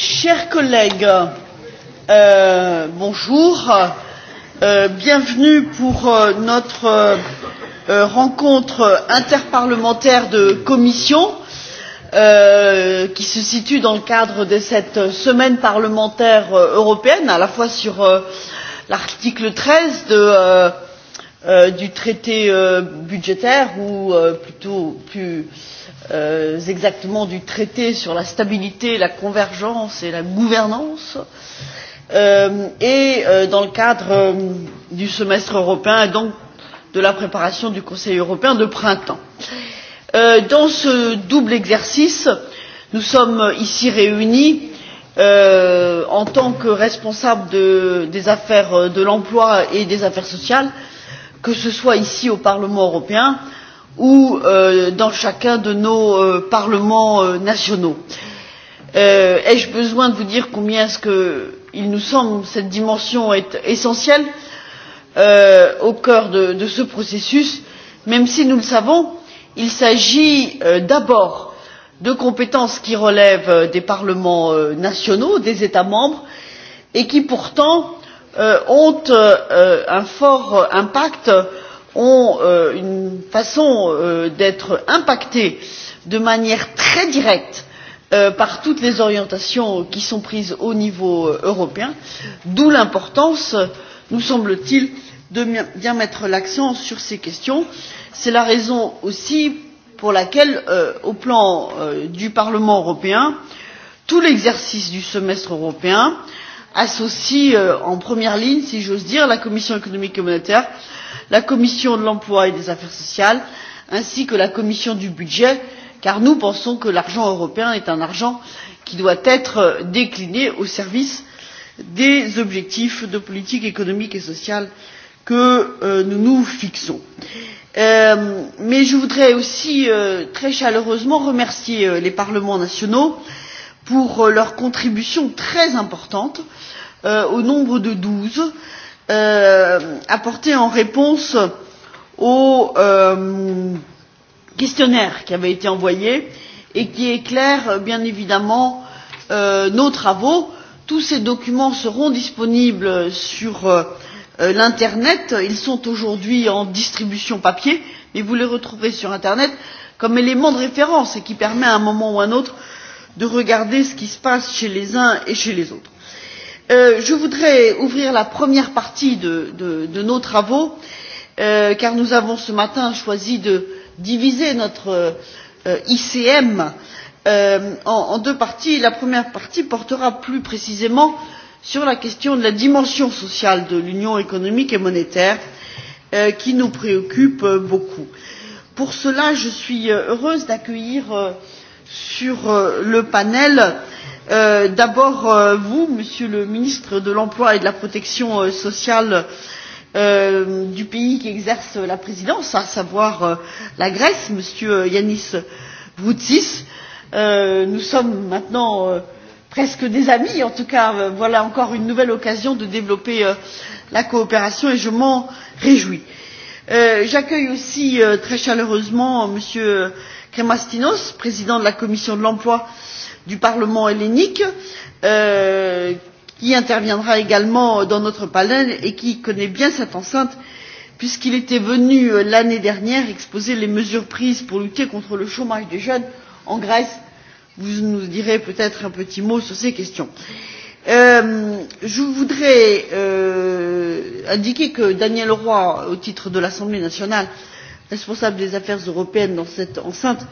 Chers collègues, euh, bonjour. Euh, bienvenue pour euh, notre euh, euh, rencontre interparlementaire de commission euh, qui se situe dans le cadre de cette semaine parlementaire euh, européenne, à la fois sur euh, l'article 13 de, euh, euh, du traité euh, budgétaire ou euh, plutôt plus euh, exactement du traité sur la stabilité, la convergence et la gouvernance. Euh, et euh, dans le cadre euh, du semestre européen et donc de la préparation du Conseil européen de printemps. Euh, dans ce double exercice, nous sommes ici réunis euh, en tant que responsables de, des affaires de l'emploi et des affaires sociales, que ce soit ici au Parlement européen, euh, ou euh, dans chacun de nos euh, parlements euh, nationaux. Euh, Ai-je besoin de vous dire combien est-ce que il nous semble cette dimension est essentielle euh, au cœur de, de ce processus, même si nous le savons, il s'agit euh, d'abord de compétences qui relèvent euh, des parlements euh, nationaux, des États membres, et qui pourtant euh, ont euh, euh un fort euh, impact euh, ont euh, une façon euh, d'être impactés de manière très directe euh, par toutes les orientations qui sont prises au niveau euh, européen, d'où l'importance, nous semble-t-il, de bien mettre l'accent sur ces questions. C'est la raison aussi pour laquelle, euh, au plan euh, du Parlement européen, tout l'exercice du semestre européen associe euh, en première ligne, si j'ose dire, la Commission économique et monétaire, euh, la commission de l'emploi et des affaires sociales ainsi que la commission du budget car nous pensons que l'argent européen est un argent qui doit être décliné au service des objectifs de politique économique et sociale que euh, nous nous fixons. Euh, mais je voudrais aussi euh, très chaleureusement remercier euh, les parlements nationaux pour euh, leur contribution très importante euh, au nombre de douze euh, euh, apporté en réponse au euh, questionnaire qui avait été envoyé et qui éclaire bien évidemment euh, nos travaux. Tous ces documents seront disponibles sur euh, euh, l'internet. Ils sont aujourd'hui en distribution papier, mais vous les retrouverez sur internet comme élément de référence et qui permet à un moment ou à un autre de regarder ce qui se passe chez les uns et chez les autres. Euh, je voudrais ouvrir la première partie de, de, de nos travaux, euh, car nous avons ce matin choisi de diviser notre euh, ICM euh, en, en deux parties. La première partie portera plus précisément sur la question de la dimension sociale de l'union économique et monétaire, euh, qui nous préoccupe euh, beaucoup. Pour cela, je suis heureuse d'accueillir euh, sur euh, le panel euh, Euh, D'abord, euh, vous, Monsieur le ministre de l'Emploi et de la Protection euh, sociale euh, du pays qui exerce la présidence, à savoir euh, la Grèce, Monsieur euh, Yanis Voutis, euh, nous sommes maintenant euh, presque des amis. En tout cas, euh, voilà encore une nouvelle occasion de développer euh, la coopération et je m'en réjouis. Euh, J'accueille aussi euh, très chaleureusement Monsieur Kremastinos, président de la Commission de l'Emploi du Parlement hellénique, euh, qui interviendra également dans notre palais et qui connaît bien cette enceinte puisqu'il était venu euh, l'année dernière exposer les mesures prises pour lutter contre le chômage des jeunes en Grèce. Vous nous direz peut-être un petit mot sur ces questions. Euh, je voudrais euh, indiquer que Daniel Roy, au titre de l'Assemblée nationale, responsable des affaires européennes dans cette enceinte,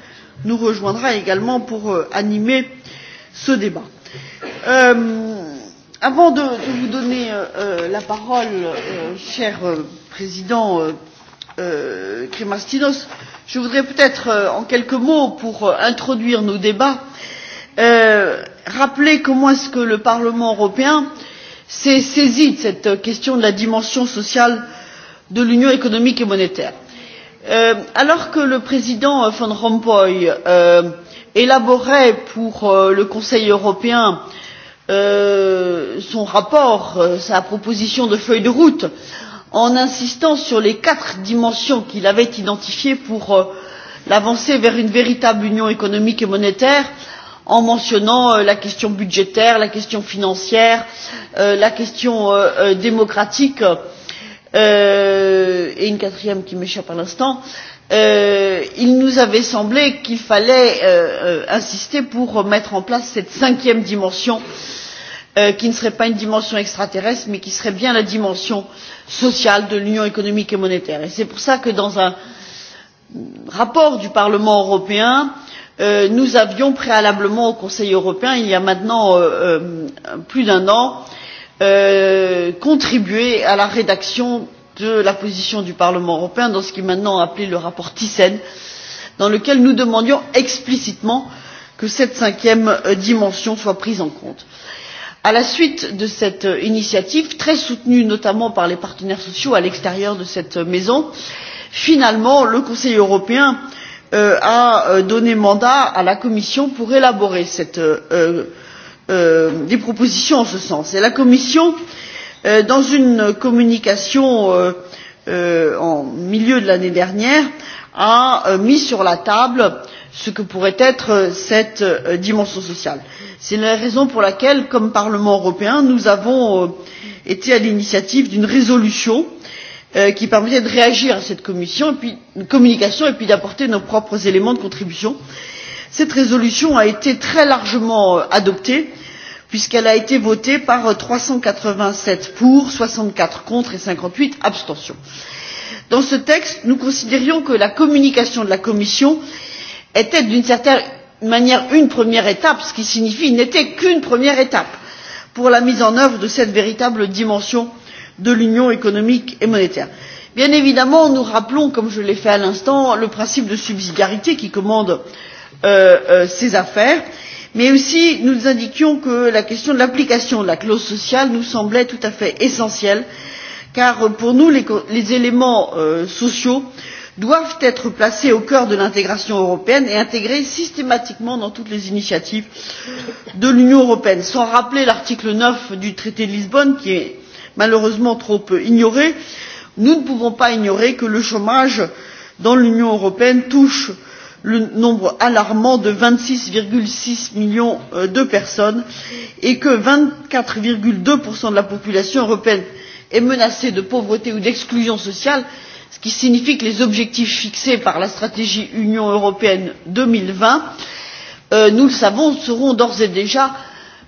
nous rejoindra également pour euh, animer ce débat. Euh, avant de, de vous donner euh, euh la parole, euh, cher euh, président euh, euh, Kremastinos, je voudrais peut-être euh, en quelques mots pour euh, introduire nos débats euh, rappeler comment est-ce que le Parlement européen s'est saisi de cette euh, question de la dimension sociale de l'union économique et monétaire Euh, alors que le président euh, Van Rompuy euh, élaborait pour euh, le Conseil européen euh, son rapport, euh, sa proposition de feuille de route, en insistant sur les quatre dimensions qu'il avait identifiées pour euh, l'avancée vers une véritable union économique et monétaire, en mentionnant euh, la question budgétaire, la question financière, euh, la question euh, euh démocratique, euh, euh, et une quatrième qui m'échappe à l'instant, euh, il nous avait semblé qu'il fallait euh, insister pour mettre en place cette cinquième dimension euh, qui ne serait pas une dimension extraterrestre mais qui serait bien la dimension sociale de l'union économique et monétaire. Et c'est pour ça que dans un rapport du Parlement européen, euh, nous avions préalablement au Conseil européen, il y a maintenant euh, euh, plus d'un an, euh, Euh, contribué à la rédaction de la position du Parlement européen dans ce qui est maintenant appelé le rapport Thyssen, dans lequel nous demandions explicitement que cette cinquième euh, dimension soit prise en compte. À la suite de cette euh, initiative, très soutenue notamment par les partenaires sociaux à l'extérieur de cette maison, finalement, le Conseil européen euh, a donné mandat à la Commission pour élaborer cette euh, euh, des propositions en ce sens. Et la Commission, euh, dans une communication euh, euh, en milieu de l'année dernière, a euh, mis sur la table ce que pourrait être euh, cette euh, dimension sociale. C'est la raison pour laquelle, comme Parlement européen, nous avons euh, été à l'initiative d'une résolution euh, qui permettait de réagir à cette commission et puis, une communication et puis d'apporter nos propres éléments de contribution. Cette résolution a été très largement euh, adoptée puisqu'elle a été votée par 387 euh, pour, 64 contre et 58 abstentions. Dans ce texte, nous considérions que la communication de la Commission était d'une certaine manière une première étape, ce qui signifie n'était qu'une première étape pour la mise en œuvre de cette véritable dimension de l'union économique et monétaire. Bien évidemment, nous rappelons, comme je l'ai fait à l'instant, le principe de subsidiarité qui commande euh, euh, ces affaires mais aussi nous indiquions que la question de l'application de la clause sociale nous semblait tout à fait essentielle car pour nous les, les éléments euh, sociaux doivent être placés au cœur de l'intégration européenne et intégrés systématiquement dans toutes les initiatives de l'Union européenne, sans rappeler l'article 9 du traité de Lisbonne qui est malheureusement trop ignoré. Nous ne pouvons pas ignorer que le chômage dans l'Union européenne touche euh, le nombre alarmant de vingt six six millions euh, de personnes et que vingt quatre deux de la population européenne est menacée de pauvreté ou d'exclusion sociale ce qui signifie que les objectifs fixés par la stratégie union européenne deux mille vingt euh, nous le savons seront d'ores et déjà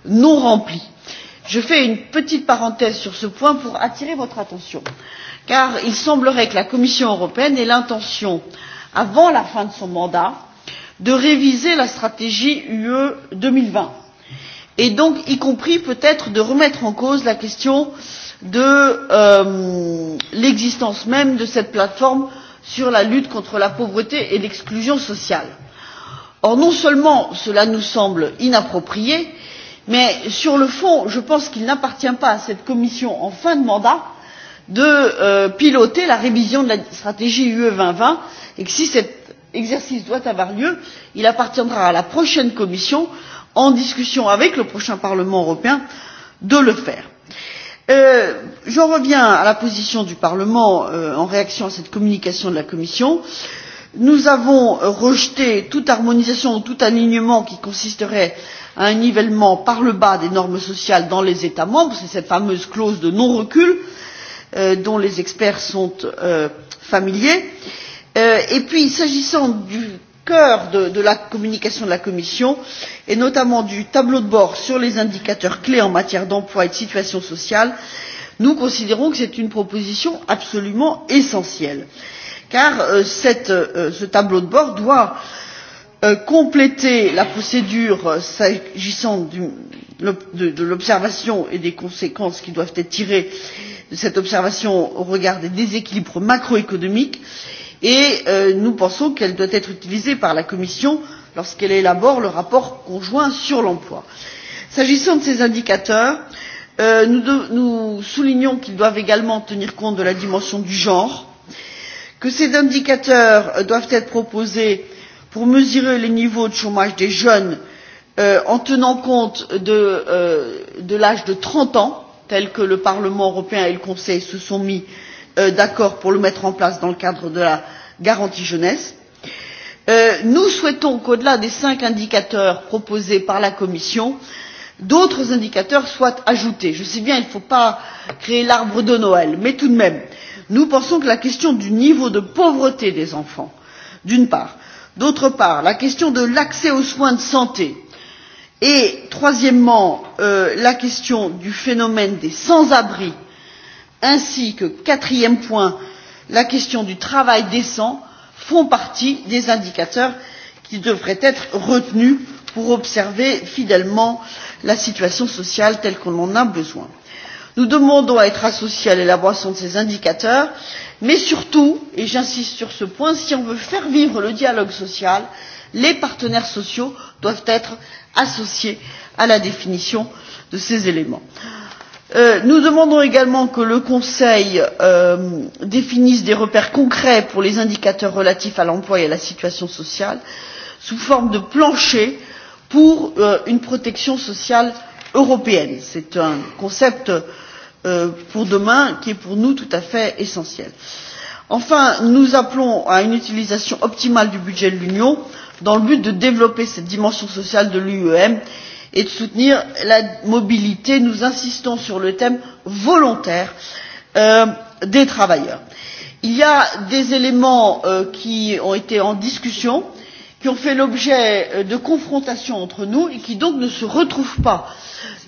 non remplis. je fais une petite parenthèse sur ce point pour attirer votre attention car il semblerait que la commission européenne ait l'intention euh, avant la fin de son mandat, de réviser la stratégie UE 2020 et donc y compris peut-être de remettre en cause la question de euh, l'existence même de cette plateforme sur la lutte contre la pauvreté et l'exclusion sociale. Or non seulement cela nous semble inapproprié, mais sur le fond, je pense qu'il n'appartient pas à cette commission en fin de mandat de euh, piloter la révision de la stratégie UE 2020 et que si cet exercice doit avoir lieu, il appartiendra à la prochaine Commission, en discussion avec le prochain Parlement européen, de le faire. Euh, J'en reviens à la position du Parlement euh, en réaction à cette communication de la Commission. Nous avons euh, rejeté toute harmonisation ou tout alignement qui consisterait à un nivellement par le bas des normes sociales dans les États membres, c'est cette fameuse clause de non-recul, euh, dont les experts sont euh, familiers. Euh, et puis, s'agissant du cœur de, de la communication de la Commission, et notamment du tableau de bord sur les indicateurs clés en matière d'emploi et de situation sociale, nous considérons que c'est une proposition absolument essentielle, car euh, cette, euh, ce tableau de bord doit euh, compléter la procédure euh, s'agissant du, de, de l'observation et des conséquences qui doivent être tirées de cette observation au regard des déséquilibres macroéconomiques et euh, nous pensons qu'elle doit être utilisée par la Commission lorsqu'elle élabore le rapport conjoint sur l'emploi. S'agissant de ces indicateurs, euh, nous, de, nous soulignons qu'ils doivent également tenir compte de la dimension du genre, que ces indicateurs euh, doivent être proposés pour mesurer les niveaux de chômage des jeunes euh, en tenant compte de, euh, de l'âge de 30 ans, tels que le Parlement européen et le Conseil se sont mis euh, d'accord pour le mettre en place dans le cadre de la garantie jeunesse. Euh, nous souhaitons qu'au delà des cinq indicateurs proposés par la Commission, d'autres indicateurs soient ajoutés. Je sais bien, qu'il ne faut pas créer l'arbre de Noël, mais tout de même, nous pensons que la question du niveau de pauvreté des enfants, d'une part, d'autre part, la question de l'accès aux soins de santé, Et troisièmement, euh, la question du phénomène des sans-abri, ainsi que quatrième point, la question du travail décent font partie des indicateurs qui devraient être retenus pour observer fidèlement la situation sociale telle qu'on en a besoin. Nous demandons à être associés à l'élaboration de ces indicateurs, mais surtout, et j'insiste sur ce point, si on veut faire vivre le dialogue social, les partenaires sociaux doivent être associés à la définition de ces éléments. Euh, nous demandons également que le Conseil euh, définisse des repères concrets pour les indicateurs relatifs à l'emploi et à la situation sociale sous forme de plancher pour euh, une protection sociale européenne. C'est un concept euh, pour demain qui est pour nous tout à fait essentiel. Enfin, nous appelons à une utilisation optimale du budget de l'Union dans le but de développer cette dimension sociale de l'UEM et de soutenir la mobilité. Nous insistons sur le thème volontaire euh, des travailleurs. Il y a des éléments euh, qui ont été en discussion, qui ont fait l'objet euh, de confrontations entre nous et qui donc ne se retrouvent pas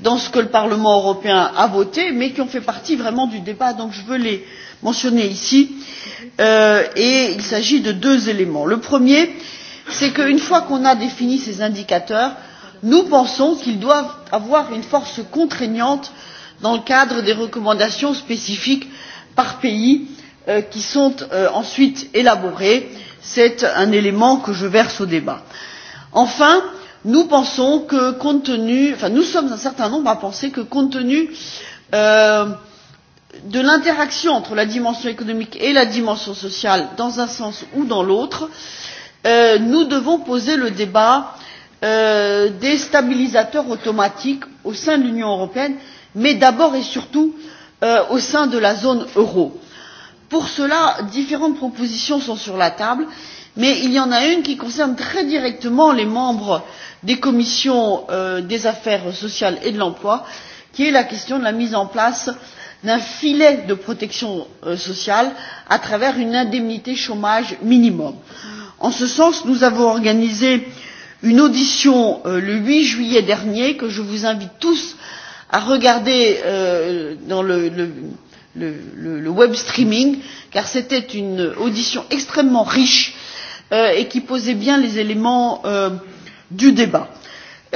dans ce que le Parlement européen a voté, mais qui ont fait partie vraiment du débat. Donc je veux les mentionner ici. Euh, et il s'agit de deux éléments. Le premier, euh, c'est qu'une fois qu'on a défini ces indicateurs, nous pensons qu'ils doivent avoir une force contraignante dans le cadre des recommandations spécifiques par pays euh, qui sont euh, ensuite élaborées. C'est un élément que je verse au débat. Enfin, nous pensons que compte tenu, enfin nous sommes un certain nombre à penser que compte tenu euh, de l'interaction entre la dimension économique et la dimension sociale dans un sens ou dans l'autre, euh, Euh, nous devons poser le débat euh, des stabilisateurs automatiques au sein de l'Union européenne, mais d'abord et surtout euh, au sein de la zone euro. Pour cela, différentes propositions sont sur la table, mais il y en a une qui concerne très directement les membres des commissions euh, des affaires sociales et de l'emploi, qui est la question de la mise en place d'un filet de protection euh, sociale à travers une indemnité chômage minimum. En ce sens, nous avons organisé une audition euh, le 8 juillet dernier que je vous invite tous à regarder euh, dans le, le, le, le, le web streaming, car c'était une audition extrêmement riche euh, et qui posait bien les éléments euh, du débat.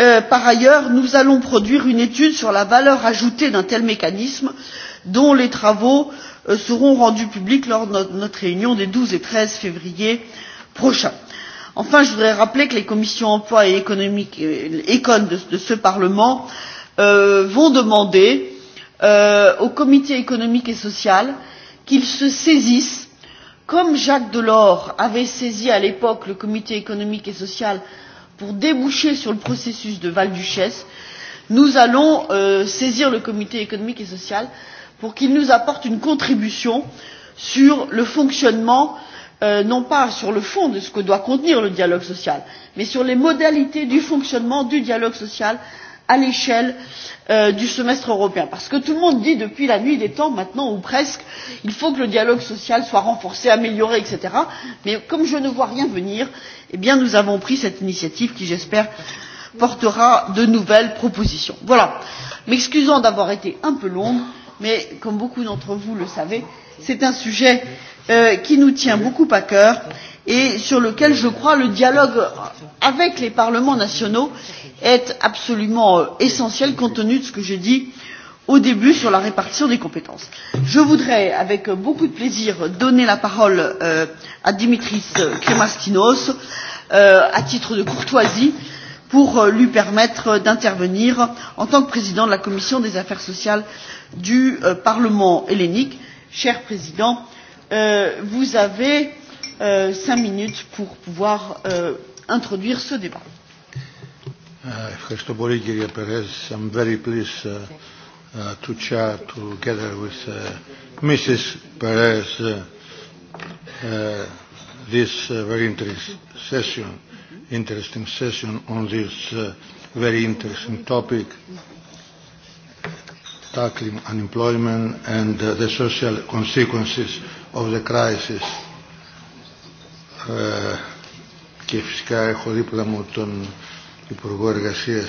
Euh, par ailleurs, nous allons produire une étude sur la valeur ajoutée d'un tel mécanisme dont les travaux euh, seront rendus publics lors de notre, réunion des 12 et 13 février prochain. Enfin, je voudrais rappeler que les commissions emploi et économique, euh, écon de, de ce Parlement euh, vont demander euh, au comité économique et social qu'il se saisisse, comme Jacques Delors avait saisi à l'époque le comité économique et social pour déboucher sur le processus de Val-Duchesse, nous allons euh, saisir le comité économique et social pour qu'il nous apporte une contribution sur le fonctionnement euh, euh, non pas sur le fond de ce que doit contenir le dialogue social, mais sur les modalités du fonctionnement du dialogue social à l'échelle euh, du semestre européen. Parce que tout le monde dit depuis la nuit des temps maintenant, ou presque, il faut que le dialogue social soit renforcé, amélioré, etc. Mais comme je ne vois rien venir, eh bien nous avons pris cette initiative qui, j'espère, portera de nouvelles propositions. Voilà. M'excusant d'avoir été un peu longue, mais comme beaucoup d'entre vous le savez, c'est un sujet Euh, qui nous tient beaucoup à cœur et sur lequel, je crois, le dialogue avec les parlements nationaux est absolument euh, essentiel compte tenu de ce que j'ai dit au début sur la répartition des compétences. Je voudrais, avec beaucoup de plaisir, donner la parole euh, à Dimitris Kremastinos euh, à titre de courtoisie pour euh, lui permettre d'intervenir en tant que président de la commission des affaires sociales du euh, Parlement hellénique. Cher président, euh, euh, vous avez euh, cinq minutes pour pouvoir euh, introduire ce débat. Ευχαριστώ πολύ κύριε Περές. I'm very pleased uh, uh, to chair together with uh, Mrs. Perez uh, uh, this uh, very interesting session, interesting session on this uh, very interesting topic tackling unemployment and uh, the social consequences of the crisis και φυσικά έχω δίπλα μου τον Υπουργό Εργασίας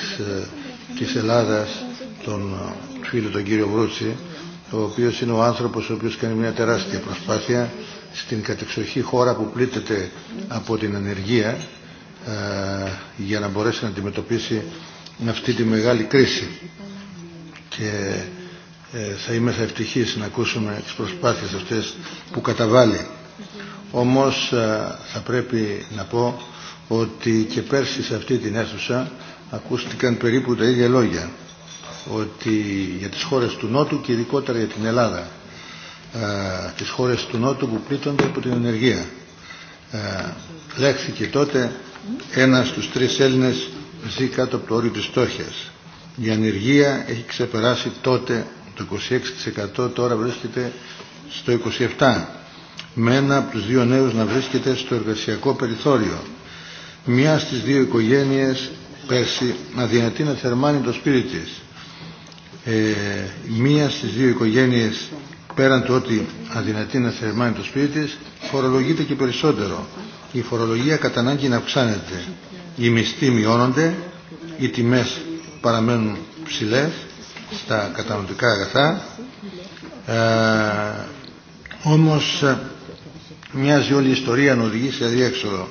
της Ελλάδας, τον φίλο τον κύριο Βρούτσι ο οποίος είναι ο άνθρωπος ο οποίος κάνει μια τεράστια προσπάθεια στην κατεξοχή χώρα που πλήττεται από την ανεργία για να μπορέσει να αντιμετωπίσει αυτή τη μεγάλη κρίση. Και θα είμαστε ευτυχείς να ακούσουμε τις προσπάθειες αυτές που καταβάλει. Όμως θα πρέπει να πω ότι και πέρσι σε αυτή την αίθουσα ακούστηκαν περίπου τα ίδια λόγια ότι για τις χώρες του Νότου και ειδικότερα για την Ελλάδα τις χώρες του Νότου που πλήττονται από την ενεργεία. Λέχθηκε τότε ένας στους τρεις Έλληνες ζει κάτω από το όριο της στόχιας. Η ανεργία έχει ξεπεράσει τότε το 26% τώρα βρίσκεται στο 27% με ένα από τους δύο νέους να βρίσκεται στο εργασιακό περιθώριο. Μια στις δύο οικογένειες πέρσι αδυνατεί να θερμάνει το σπίτι της. Ε, μία στις δύο οικογένειες πέραν του ότι αδυνατεί να θερμάνει το σπίτι της φορολογείται και περισσότερο. Η φορολογία κατά ανάγκη να αυξάνεται. Οι μισθοί μειώνονται, οι τιμές παραμένουν ψηλές στα κατανοητικά αγαθά. Ε, όμως μοιάζει όλη η ιστορία να οδηγεί σε διέξοδο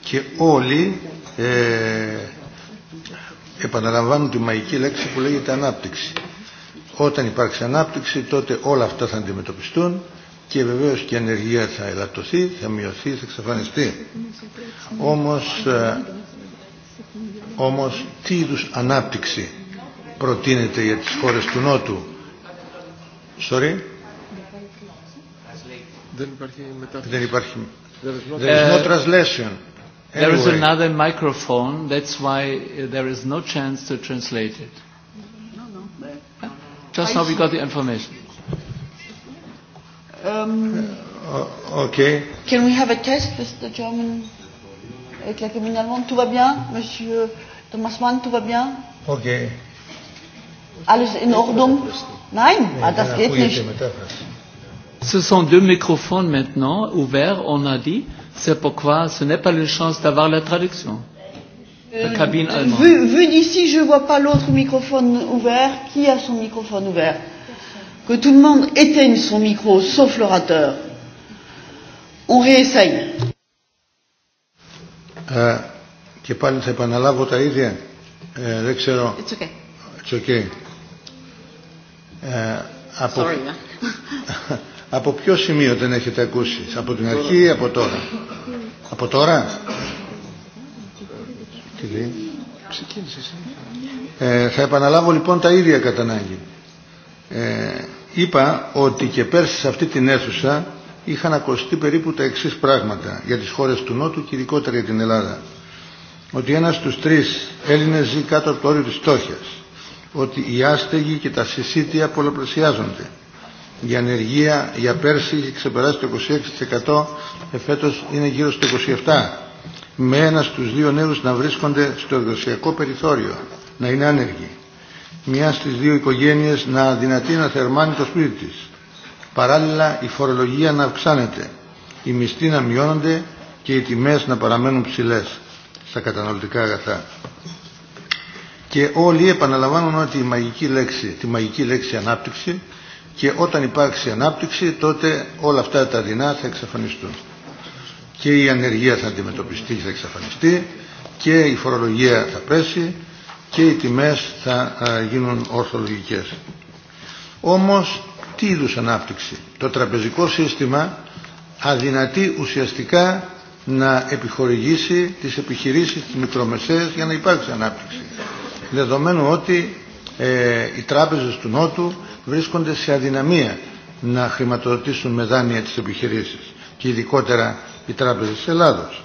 και όλοι ε, επαναλαμβάνουν τη μαγική λέξη που λέγεται ανάπτυξη. Όταν υπάρξει ανάπτυξη τότε όλα αυτά θα αντιμετωπιστούν και βεβαίως και η ανεργία θα ελαττωθεί, θα μειωθεί, θα εξαφανιστεί. Όμως, ε, όμως τι είδους ανάπτυξη προτείνεται για τις χώρες του Νότου. Sorry? Δεν υπάρχει μετάφραση. There is no translation. Anyway. There is another microphone, that's why uh, there is no chance to translate it. No, no. Just I how we got the information. Um, uh, okay. Can we have a test with the German? Avec la commune allemande, tout va bien, monsieur Thomas Mann, tout va bien? Okay. Alles in Ordnung? Nein, ah, das geht nicht. Ce sont deux microphones maintenant ouverts, on a dit. C'est pourquoi ce n'est pas une chance d'avoir la traduction. La euh, cabine allemande. Vu, vu d'ici, je ne vois pas l'autre microphone ouvert. Qui a son microphone ouvert Que tout le monde éteigne son micro, sauf l'orateur. On réessaye. Euh, και πάλι θα επαναλάβω τα ίδια. Ε, δεν ξέρω. It's okay. C'est okay από... από ποιο σημείο δεν έχετε ακούσει, από την αρχή ή από τώρα. από τώρα. Τι λέει. Ε, θα επαναλάβω λοιπόν τα ίδια κατά ανάγκη. Ε, είπα ότι και πέρσι σε αυτή την αίθουσα είχαν ακουστεί περίπου τα εξή πράγματα για τις χώρες του Νότου και ειδικότερα για την Ελλάδα. Ότι ένας στους τρεις Έλληνες ζει κάτω από το όριο της στόχιας ότι οι άστεγοι και τα συσίτια πολλαπλασιάζονται. Η ανεργία για πέρσι έχει ξεπεράσει το 26%, εφέτος είναι γύρω στο 27%. Με ένα στους δύο νέους να βρίσκονται στο εργασιακό περιθώριο, να είναι άνεργοι. Μια στις δύο οικογένειες να αδυνατεί να θερμάνει το σπίτι της. Παράλληλα η φορολογία να αυξάνεται, οι μισθοί να μειώνονται και οι τιμές να παραμένουν ψηλές στα καταναλωτικά αγαθά και όλοι επαναλαμβάνουν ότι η μαγική λέξη, τη μαγική λέξη ανάπτυξη και όταν υπάρξει ανάπτυξη τότε όλα αυτά τα δεινά θα εξαφανιστούν. Και η ανεργία θα αντιμετωπιστεί και θα εξαφανιστεί και η φορολογία θα πέσει και οι τιμές θα α, γίνουν ορθολογικές. Όμως τι είδου ανάπτυξη. Το τραπεζικό σύστημα αδυνατεί ουσιαστικά να επιχορηγήσει τις επιχειρήσεις, τις μικρομεσαίες για να υπάρξει ανάπτυξη δεδομένου ότι ε, οι τράπεζες του Νότου βρίσκονται σε αδυναμία να χρηματοδοτήσουν με δάνεια τις επιχειρήσεις και ειδικότερα οι τράπεζες της Ελλάδος.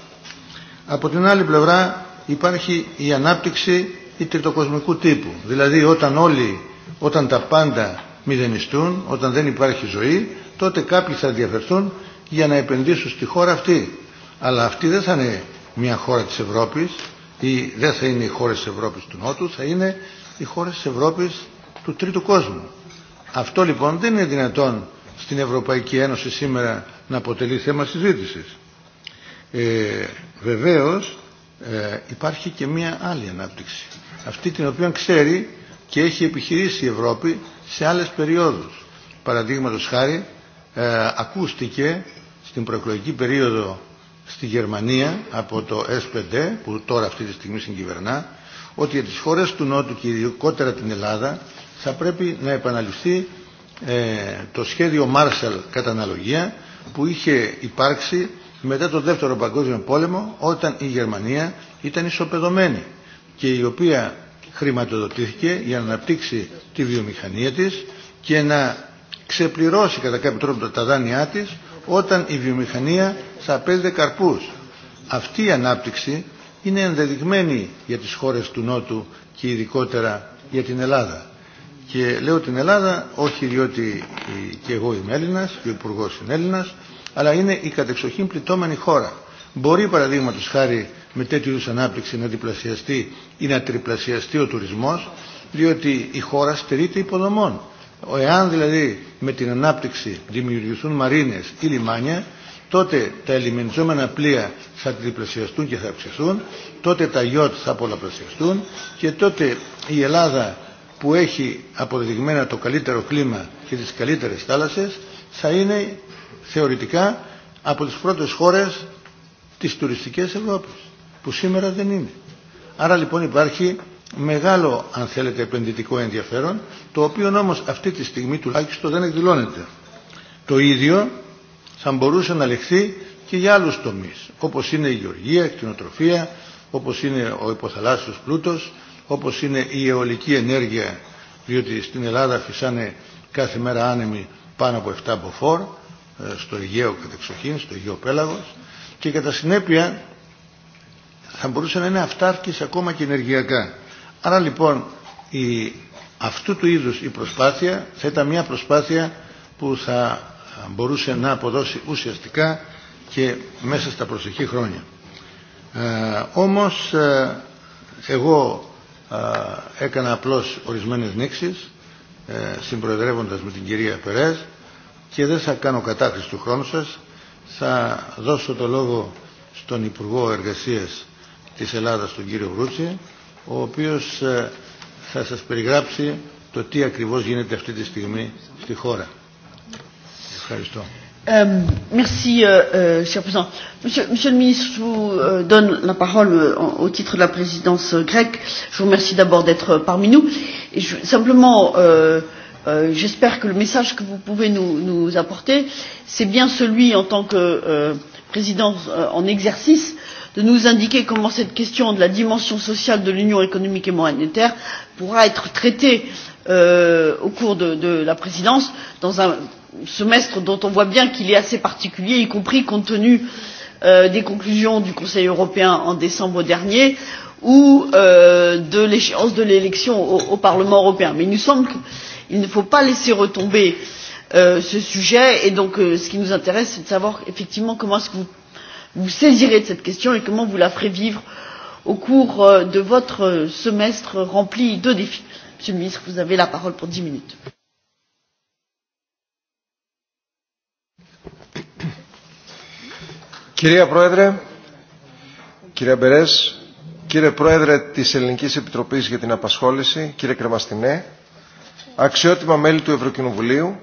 Από την άλλη πλευρά υπάρχει η ανάπτυξη η τριτοκοσμικού τύπου, δηλαδή όταν όλοι, όταν τα πάντα μηδενιστούν, όταν δεν υπάρχει ζωή, τότε κάποιοι θα διαφερθούν για να επενδύσουν στη χώρα αυτή. Αλλά αυτή δεν θα είναι μια χώρα της Ευρώπης, ή δεν θα είναι οι χώρες της Ευρώπης του Νότου, θα είναι οι χώρες της Ευρώπης του τρίτου κόσμου. Αυτό λοιπόν δεν είναι δυνατόν στην Ευρωπαϊκή Ένωση σήμερα να αποτελεί θέμα συζήτησης. Ε, βεβαίως ε, υπάρχει και μία άλλη ανάπτυξη, αυτή την οποία ξέρει και έχει επιχειρήσει η Ευρώπη σε άλλες περιόδους. Παραδείγματος χάρη, ε, ακούστηκε στην προεκλογική περίοδο στη Γερμανία από το S5 που τώρα αυτή τη στιγμή συγκυβερνά ότι για τις χώρες του Νότου και ειδικότερα την Ελλάδα θα πρέπει να επαναληφθεί ε, το σχέδιο Marshall κατά αναλογία που είχε υπάρξει μετά το δεύτερο παγκόσμιο πόλεμο όταν η Γερμανία ήταν ισοπεδωμένη και η οποία χρηματοδοτήθηκε για να αναπτύξει τη βιομηχανία της και να ξεπληρώσει κατά κάποιο τρόπο τα δάνειά της όταν η βιομηχανία στα πέντε καρπούς. Αυτή η ανάπτυξη είναι ενδεδειγμένη για τις χώρες του Νότου και ειδικότερα για την Ελλάδα. Και λέω την Ελλάδα όχι διότι και εγώ είμαι Έλληνας και ο υπουργό είναι Έλληνας, αλλά είναι η κατεξοχήν πληττόμενη χώρα. Μπορεί παραδείγματο χάρη με τέτοιου είδου ανάπτυξη να διπλασιαστεί ή να τριπλασιαστεί ο τουρισμό, διότι η χώρα στερείται υποδομών. Εάν δηλαδή με την ανάπτυξη δημιουργηθούν μαρίνες ή λιμάνια, τότε τα ελιμενιζόμενα πλοία θα τριπλασιαστούν και θα αυξηθούν, τότε τα γιότ θα πολλαπλασιαστούν και τότε η Ελλάδα που έχει αποδεδειγμένα το καλύτερο κλίμα και τις καλύτερες θάλασσες θα είναι θεωρητικά από τις πρώτες χώρες της τουριστικής Ευρώπης που σήμερα δεν είναι. Άρα λοιπόν υπάρχει μεγάλο αν θέλετε επενδυτικό ενδιαφέρον το οποίο όμως αυτή τη στιγμή τουλάχιστον δεν εκδηλώνεται. Το ίδιο θα μπορούσε να ληφθεί και για άλλους τομείς, όπως είναι η γεωργία, η κτηνοτροφία, όπως είναι ο υποθαλάσσιος πλούτος, όπως είναι η αιωλική ενέργεια, διότι στην Ελλάδα φυσάνε κάθε μέρα άνεμοι πάνω από 7 μποφόρ, στο Αιγαίο κατεξοχήν, στο Αιγαίο Πέλαγος, και κατά συνέπεια θα μπορούσε να είναι αυτάρκης ακόμα και ενεργειακά. Άρα λοιπόν η, αυτού του είδους η προσπάθεια θα ήταν μια προσπάθεια που θα μπορούσε να αποδώσει ουσιαστικά και μέσα στα προσεχή χρόνια. Ε, όμως ε, εγώ ε, έκανα απλώς ορισμένες νήξεις ε, συμπροεδρεύοντας με την κυρία Περές και δεν θα κάνω κατάχρηση του χρόνου σας θα δώσω το λόγο στον Υπουργό Εργασίας της Ελλάδας τον κύριο Βρούτση ο οποίος ε, θα σας περιγράψει το τι ακριβώς γίνεται αυτή τη στιγμή στη χώρα. Ευχαριστώ. Euh, merci, euh, euh, cher président. Monsieur, monsieur le ministre, je vous euh, donne la parole euh, au titre de la présidence euh, grecque. Je vous remercie d'abord d'être euh, parmi nous. Et je, simplement, euh, euh, j'espère que le message que vous pouvez nous, nous apporter, c'est bien celui, en tant que euh, président euh, en exercice, de nous indiquer comment cette question de la dimension sociale de l'Union économique et monétaire pourra être traitée euh, au cours de, de la présidence dans un semestre dont on voit bien qu'il est assez particulier, y compris compte tenu euh, des conclusions du Conseil européen en décembre dernier ou euh, de l'échéance de l'élection au, au Parlement européen. Mais il nous semble qu'il ne faut pas laisser retomber euh, ce sujet et donc euh, ce qui nous intéresse, c'est de savoir effectivement comment est-ce que vous vous saisirez de cette question et comment vous la ferez vivre au cours euh, de votre euh, semestre rempli de défis. Monsieur le ministre, vous avez la parole pour dix minutes. Κυρία Πρόεδρε, κύριε Μπερές, κύριε Πρόεδρε της Ελληνικής Επιτροπής για την Απασχόληση, κύριε Κρεμαστινέ, αξιότιμα μέλη του Ευρωκοινοβουλίου,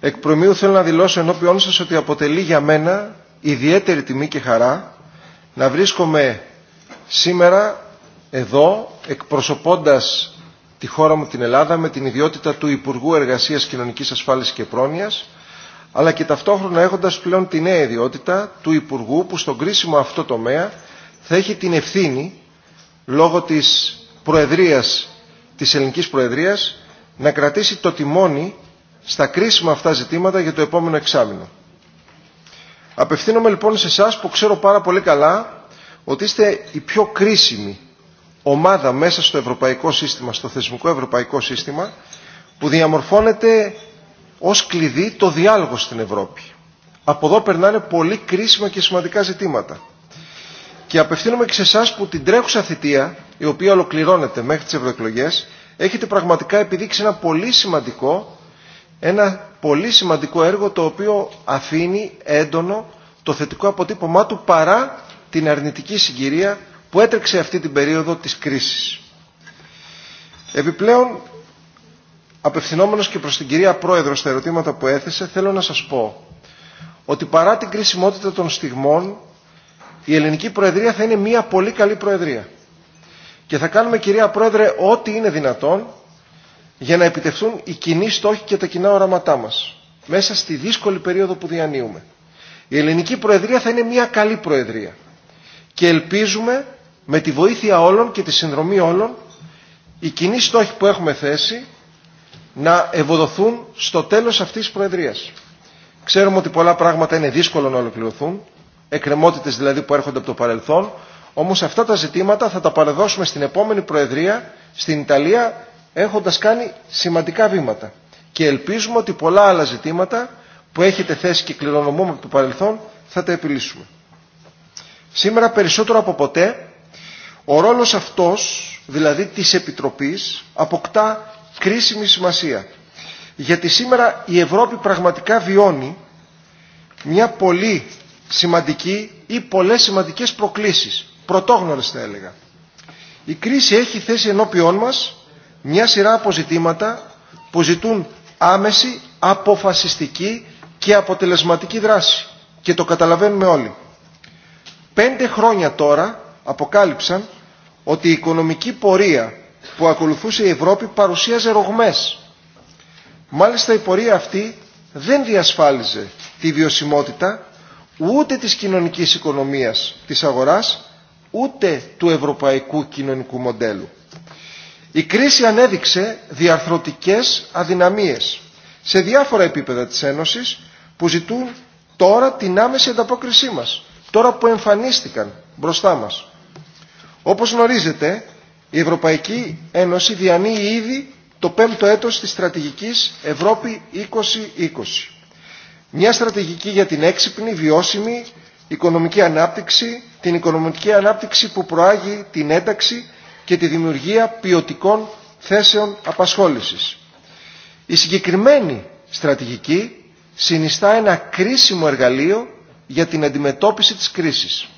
εκ προημίου θέλω να δηλώσω ενώπιόν σας ότι αποτελεί για μένα ιδιαίτερη τιμή και χαρά να βρίσκομαι σήμερα εδώ εκπροσωπώντας τη χώρα μου την Ελλάδα με την ιδιότητα του Υπουργού Εργασίας Κοινωνικής Ασφάλισης και Πρόνοιας αλλά και ταυτόχρονα έχοντας πλέον τη νέα ιδιότητα του Υπουργού που στον κρίσιμο αυτό τομέα θα έχει την ευθύνη λόγω της προεδρίας, της ελληνικής προεδρίας να κρατήσει το τιμόνι στα κρίσιμα αυτά ζητήματα για το επόμενο εξάμεινο. Απευθύνομαι λοιπόν σε εσά που ξέρω πάρα πολύ καλά ότι είστε η πιο κρίσιμη ομάδα μέσα στο ευρωπαϊκό σύστημα, στο θεσμικό ευρωπαϊκό σύστημα που διαμορφώνεται ως κλειδί το διάλογο στην Ευρώπη. Από εδώ περνάνε πολύ κρίσιμα και σημαντικά ζητήματα. Και απευθύνομαι και σε εσά που την τρέχουσα θητεία, η οποία ολοκληρώνεται μέχρι τι ευρωεκλογέ, έχετε πραγματικά επιδείξει ένα πολύ σημαντικό, ένα πολύ σημαντικό έργο το οποίο αφήνει έντονο το θετικό αποτύπωμά του παρά την αρνητική συγκυρία που έτρεξε αυτή την περίοδο της κρίσης. Επιπλέον Απευθυνόμενος και προς την κυρία Πρόεδρο στα ερωτήματα που έθεσε, θέλω να σας πω ότι παρά την κρισιμότητα των στιγμών, η ελληνική προεδρία θα είναι μια πολύ καλή προεδρία. Και θα κάνουμε, κυρία Πρόεδρε, ό,τι είναι δυνατόν για να επιτευχθούν οι κοινοί στόχοι και τα κοινά οραματά μας μέσα στη δύσκολη περίοδο που διανύουμε. Η ελληνική προεδρία θα είναι μια καλή προεδρία και ελπίζουμε με τη βοήθεια όλων και τη συνδρομή όλων οι κοινοί στόχοι που έχουμε θέσει να ευοδοθούν στο τέλος αυτής της Προεδρίας. Ξέρουμε ότι πολλά πράγματα είναι δύσκολο να ολοκληρωθούν, εκκρεμότητες δηλαδή που έρχονται από το παρελθόν, όμως αυτά τα ζητήματα θα τα παραδώσουμε στην επόμενη Προεδρία, στην Ιταλία, έχοντας κάνει σημαντικά βήματα. Και ελπίζουμε ότι πολλά άλλα ζητήματα που έχετε θέσει και κληρονομούμε από το παρελθόν θα τα επιλύσουμε. Σήμερα περισσότερο από ποτέ ο ρόλος αυτός, δηλαδή της Επιτροπής, αποκτά κρίσιμη σημασία. Γιατί σήμερα η Ευρώπη πραγματικά βιώνει μια πολύ σημαντική ή πολλές σημαντικές προκλήσεις, πρωτόγνωρες θα έλεγα. Η κρίση έχει θέσει ενώπιόν μας μια σειρά αποζητήματα που ζητούν άμεση, αποφασιστική και αποτελεσματική δράση. Και το καταλαβαίνουμε όλοι. Πέντε χρόνια τώρα αποκάλυψαν ότι η οικονομική πορεία που ακολουθούσε η Ευρώπη παρουσίαζε ρογμές. Μάλιστα η πορεία αυτή δεν διασφάλιζε τη βιωσιμότητα ούτε της κοινωνικής οικονομίας της αγοράς, ούτε του ευρωπαϊκού κοινωνικού μοντέλου. Η κρίση ανέδειξε διαρθρωτικές αδυναμίες σε διάφορα επίπεδα της Ένωσης που ζητούν τώρα την άμεση ανταπόκρισή μας, τώρα που εμφανίστηκαν μπροστά μας. Όπως γνωρίζετε, Η Ευρωπαϊκή Ένωση διανύει ήδη το πέμπτο έτος της στρατηγικής Ευρώπη 2020. Μια στρατηγική για την έξυπνη, βιώσιμη οικονομική ανάπτυξη, την οικονομική ανάπτυξη που προάγει την ένταξη και τη δημιουργία ποιοτικών θέσεων απασχόλησης. Η συγκεκριμένη στρατηγική συνιστά ένα κρίσιμο εργαλείο για την αντιμετώπιση της κρίσης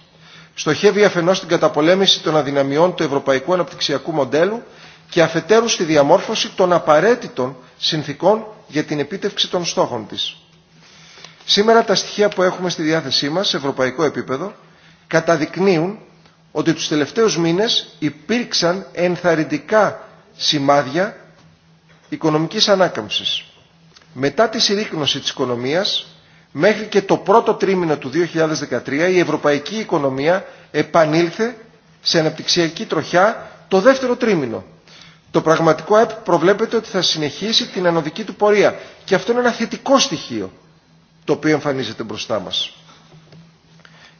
στοχεύει αφενό στην καταπολέμηση των αδυναμιών του ευρωπαϊκού αναπτυξιακού μοντέλου και αφετέρου στη διαμόρφωση των απαραίτητων συνθήκων για την επίτευξη των στόχων τη. Σήμερα τα στοιχεία που έχουμε στη διάθεσή μα, σε ευρωπαϊκό επίπεδο καταδεικνύουν ότι του τελευταίου μήνε υπήρξαν ενθαρρυντικά σημάδια οικονομική ανάκαμψη. Μετά τη συρρήκνωση τη οικονομία. Μέχρι και το πρώτο τρίμηνο του 2013 η ευρωπαϊκή οικονομία επανήλθε σε αναπτυξιακή τροχιά το δεύτερο τρίμηνο. Το πραγματικό ΕΠ προβλέπεται ότι θα συνεχίσει την ανωδική του πορεία και αυτό είναι ένα θετικό στοιχείο το οποίο εμφανίζεται μπροστά μας.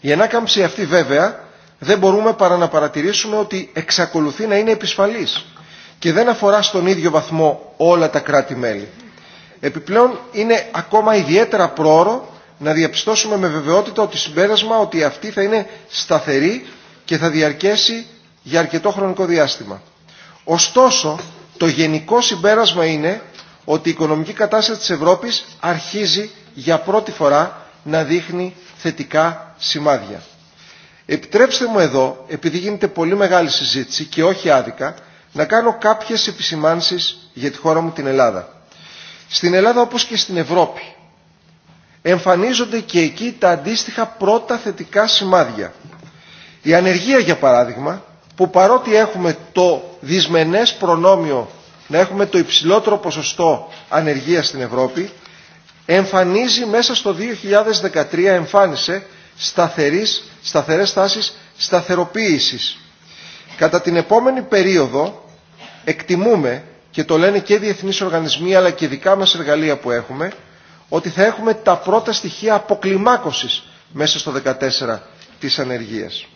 Η ανάκαμψη αυτή βέβαια δεν μπορούμε παρά να παρατηρήσουμε ότι εξακολουθεί να είναι επισφαλής και δεν αφορά στον ίδιο βαθμό όλα τα κράτη-μέλη. Επιπλέον είναι ακόμα ιδιαίτερα πρόωρο να διαπιστώσουμε με βεβαιότητα ότι συμπέρασμα ότι αυτή θα είναι σταθερή και θα διαρκέσει για αρκετό χρονικό διάστημα. Ωστόσο, το γενικό συμπέρασμα είναι ότι η οικονομική κατάσταση της Ευρώπης αρχίζει για πρώτη φορά να δείχνει θετικά σημάδια. Επιτρέψτε μου εδώ, επειδή γίνεται πολύ μεγάλη συζήτηση και όχι άδικα, να κάνω κάποιες επισημάνσεις για τη χώρα μου την Ελλάδα. Στην Ελλάδα όπως και στην Ευρώπη εμφανίζονται και εκεί τα αντίστοιχα πρώτα θετικά σημάδια. Η ανεργία για παράδειγμα που παρότι έχουμε το δυσμενές προνόμιο να έχουμε το υψηλότερο ποσοστό ανεργία στην Ευρώπη εμφανίζει μέσα στο 2013 εμφάνισε σταθερής, σταθερές τάσεις σταθεροποίησης. Κατά την επόμενη περίοδο εκτιμούμε και το λένε και διεθνείς οργανισμοί αλλά και δικά μας εργαλεία που έχουμε, ότι θα έχουμε τα πρώτα στοιχεία αποκλιμάκωσης μέσα στο 14 της ανεργίας.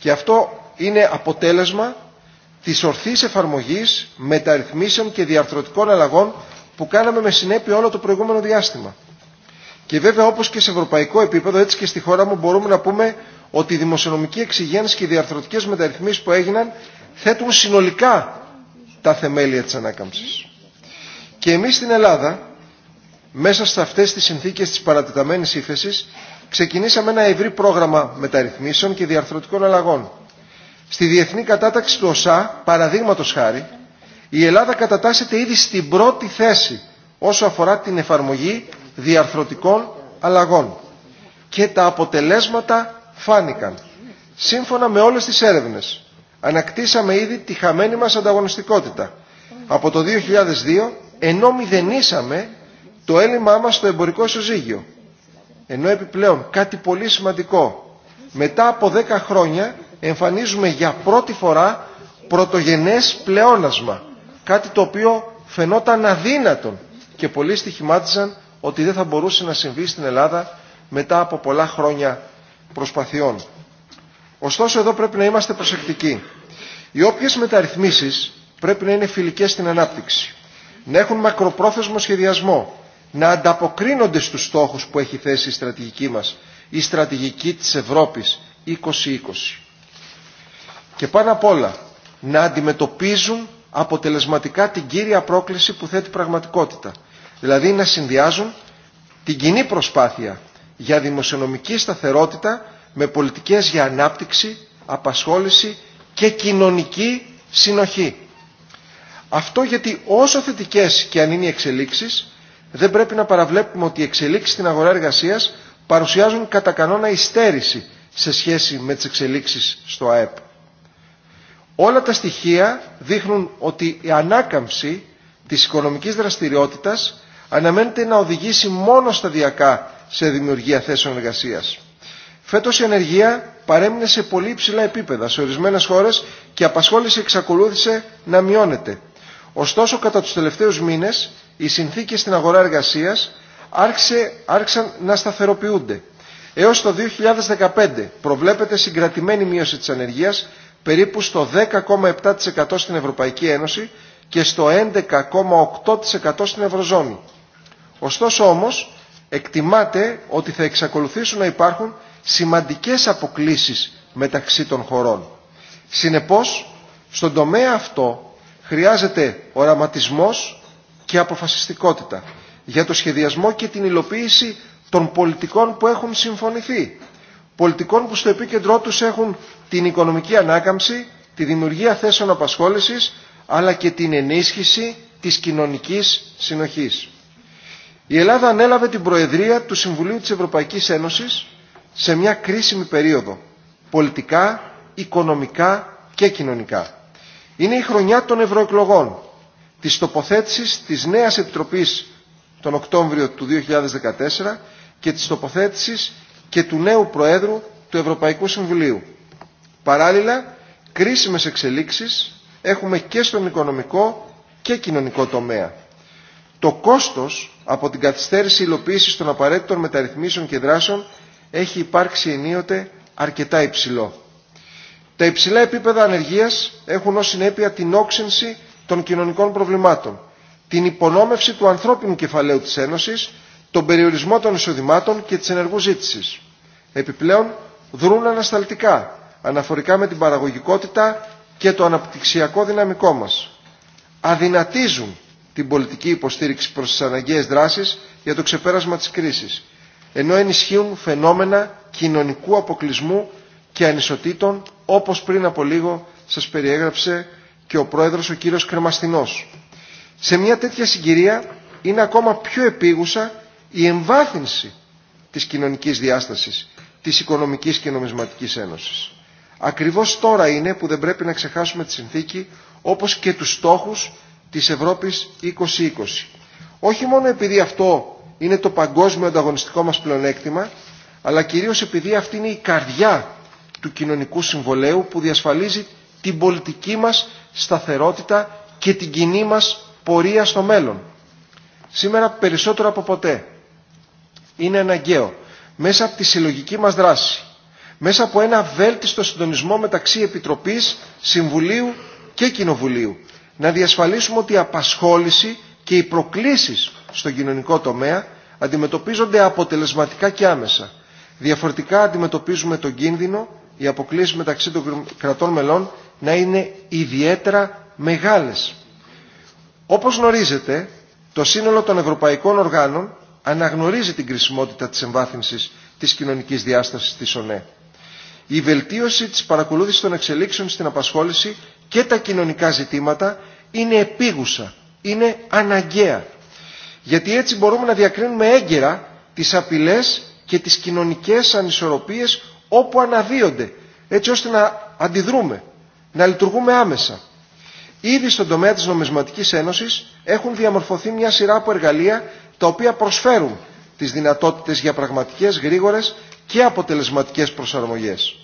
Και αυτό είναι αποτέλεσμα της ορθής εφαρμογής μεταρρυθμίσεων και διαρθρωτικών αλλαγών που κάναμε με συνέπεια όλο το προηγούμενο διάστημα. Και βέβαια όπως και σε ευρωπαϊκό επίπεδο έτσι και στη χώρα μου μπορούμε να πούμε ότι η δημοσιονομική εξυγένεια και οι διαρθρωτικές μεταρρυθμίσεις που έγιναν θέτουν συνολικά τα θεμέλια της ανάκαμψης. Και εμείς στην Ελλάδα, μέσα σε αυτές τις συνθήκες της παρατεταμένης ύφεση, ξεκινήσαμε ένα ευρύ πρόγραμμα μεταρρυθμίσεων και διαρθρωτικών αλλαγών. Στη διεθνή κατάταξη του ΟΣΑ, παραδείγματο χάρη, η Ελλάδα κατατάσσεται ήδη στην πρώτη θέση όσο αφορά την εφαρμογή διαρθρωτικών αλλαγών. Και τα αποτελέσματα φάνηκαν. Σύμφωνα με όλες τις έρευνες, ανακτήσαμε ήδη τη χαμένη μας ανταγωνιστικότητα. Από το 2002, ενώ μηδενίσαμε το έλλειμμά μας στο εμπορικό ισοζύγιο. Ενώ επιπλέον κάτι πολύ σημαντικό, μετά από 10 χρόνια εμφανίζουμε για πρώτη φορά πρωτογενές πλεόνασμα. Κάτι το οποίο φαινόταν αδύνατον και πολλοί στοιχημάτιζαν ότι δεν θα μπορούσε να συμβεί στην Ελλάδα μετά από πολλά χρόνια προσπαθειών. Ωστόσο εδώ πρέπει να είμαστε προσεκτικοί. Οι όποιες μεταρρυθμίσεις πρέπει να είναι φιλικές στην ανάπτυξη, να έχουν μακροπρόθεσμο σχεδιασμό, να ανταποκρίνονται στους στόχους που έχει θέσει η στρατηγική μας, η στρατηγική της Ευρώπης 2020. Και πάνω απ' όλα, να αντιμετωπίζουν αποτελεσματικά την κύρια πρόκληση που θέτει πραγματικότητα, δηλαδή να συνδυάζουν την κοινή προσπάθεια για δημοσιονομική σταθερότητα με πολιτικές για ανάπτυξη, απασχόληση και κοινωνική συνοχή. Αυτό γιατί όσο θετικές και αν είναι οι εξελίξεις, δεν πρέπει να παραβλέπουμε ότι οι εξελίξεις στην αγορά εργασίας παρουσιάζουν κατά κανόνα υστέρηση σε σχέση με τις εξελίξεις στο ΑΕΠ. Όλα τα στοιχεία δείχνουν ότι η ανάκαμψη της οικονομικής δραστηριότητας αναμένεται να οδηγήσει μόνο σταδιακά σε δημιουργία θέσεων εργασίας. Φέτο η ενεργεία παρέμεινε σε πολύ ψηλά επίπεδα σε ορισμένε χώρε και η απασχόληση εξακολούθησε να μειώνεται. Ωστόσο, κατά του τελευταίου μήνε οι συνθήκε στην αγορά εργασία άρχισαν να σταθεροποιούνται. Έω το 2015 προβλέπεται συγκρατημένη μείωση τη ανεργία περίπου στο 10,7% στην Ευρωπαϊκή Ένωση και στο 11,8% στην Ευρωζώνη. Ωστόσο όμως, εκτιμάται ότι θα εξακολουθήσουν να υπάρχουν σημαντικές αποκλίσεις μεταξύ των χωρών. Συνεπώς, στον τομέα αυτό χρειάζεται οραματισμός και αποφασιστικότητα για το σχεδιασμό και την υλοποίηση των πολιτικών που έχουν συμφωνηθεί. Πολιτικών που στο επίκεντρό τους έχουν την οικονομική ανάκαμψη, τη δημιουργία θέσεων απασχόλησης, αλλά και την ενίσχυση της κοινωνικής συνοχής. Η Ελλάδα ανέλαβε την Προεδρία του Συμβουλίου της Ευρωπαϊκής Ένωσης σε μια κρίσιμη περίοδο, πολιτικά, οικονομικά και κοινωνικά. Είναι η χρονιά των ευρωεκλογών, της τοποθέτησης της νέας Επιτροπής τον Οκτώβριο του 2014 και της τοποθέτησης και του νέου Προέδρου του Ευρωπαϊκού Συμβουλίου. Παράλληλα, κρίσιμες εξελίξεις έχουμε και στον οικονομικό και κοινωνικό τομέα. Το κόστος από την καθυστέρηση υλοποίησης των απαραίτητων μεταρρυθμίσεων και δράσεων έχει υπάρξει ενίοτε αρκετά υψηλό. Τα υψηλά επίπεδα ανεργίας έχουν ως συνέπεια την όξυνση των κοινωνικών προβλημάτων, την υπονόμευση του ανθρώπινου κεφαλαίου της Ένωσης, τον περιορισμό των εισοδημάτων και της ενεργού ζήτησης. Επιπλέον, δρούν ανασταλτικά αναφορικά με την παραγωγικότητα και το αναπτυξιακό δυναμικό μας. Αδυνατίζουν την πολιτική υποστήριξη προς τις αναγκαίες δράσεις για το ξεπέρασμα της κρίσης ενώ ενισχύουν φαινόμενα κοινωνικού αποκλεισμού και ανισοτήτων όπως πριν από λίγο σας περιέγραψε και ο πρόεδρος ο κύριος Κρεμαστινός. Σε μια τέτοια συγκυρία είναι ακόμα πιο επίγουσα η εμβάθυνση της κοινωνικής διάστασης της Οικονομικής και Νομισματικής Ένωσης. Ακριβώς τώρα είναι που δεν πρέπει να ξεχάσουμε τη συνθήκη όπως και τους στόχους της Ευρώπης 2020. Όχι μόνο επειδή αυτό είναι το παγκόσμιο ανταγωνιστικό μας πλεονέκτημα, αλλά κυρίως επειδή αυτή είναι η καρδιά του κοινωνικού συμβολέου που διασφαλίζει την πολιτική μας σταθερότητα και την κοινή μας πορεία στο μέλλον. Σήμερα περισσότερο από ποτέ είναι αναγκαίο μέσα από τη συλλογική μας δράση, μέσα από ένα βέλτιστο συντονισμό μεταξύ Επιτροπής, Συμβουλίου και Κοινοβουλίου, να διασφαλίσουμε ότι η απασχόληση και οι προκλήσεις στο κοινωνικό τομέα αντιμετωπίζονται αποτελεσματικά και άμεσα. Διαφορετικά αντιμετωπίζουμε τον κίνδυνο οι αποκλήσει μεταξύ των κρατών μελών να είναι ιδιαίτερα μεγάλες. Όπως γνωρίζετε, το σύνολο των ευρωπαϊκών οργάνων αναγνωρίζει την κρισιμότητα της εμβάθυνσης της κοινωνικής διάστασης της ΟΝΕ. Η βελτίωση της παρακολούθησης των εξελίξεων στην απασχόληση και τα κοινωνικά ζητήματα είναι επίγουσα, είναι αναγκαία γιατί έτσι μπορούμε να διακρίνουμε έγκαιρα τις απειλές και τις κοινωνικές ανισορροπίες όπου αναδύονται, έτσι ώστε να αντιδρούμε, να λειτουργούμε άμεσα. Ήδη στον τομέα της Νομισματικής Ένωσης έχουν διαμορφωθεί μια σειρά από εργαλεία τα οποία προσφέρουν τις δυνατότητες για πραγματικές, γρήγορες και αποτελεσματικές προσαρμογές.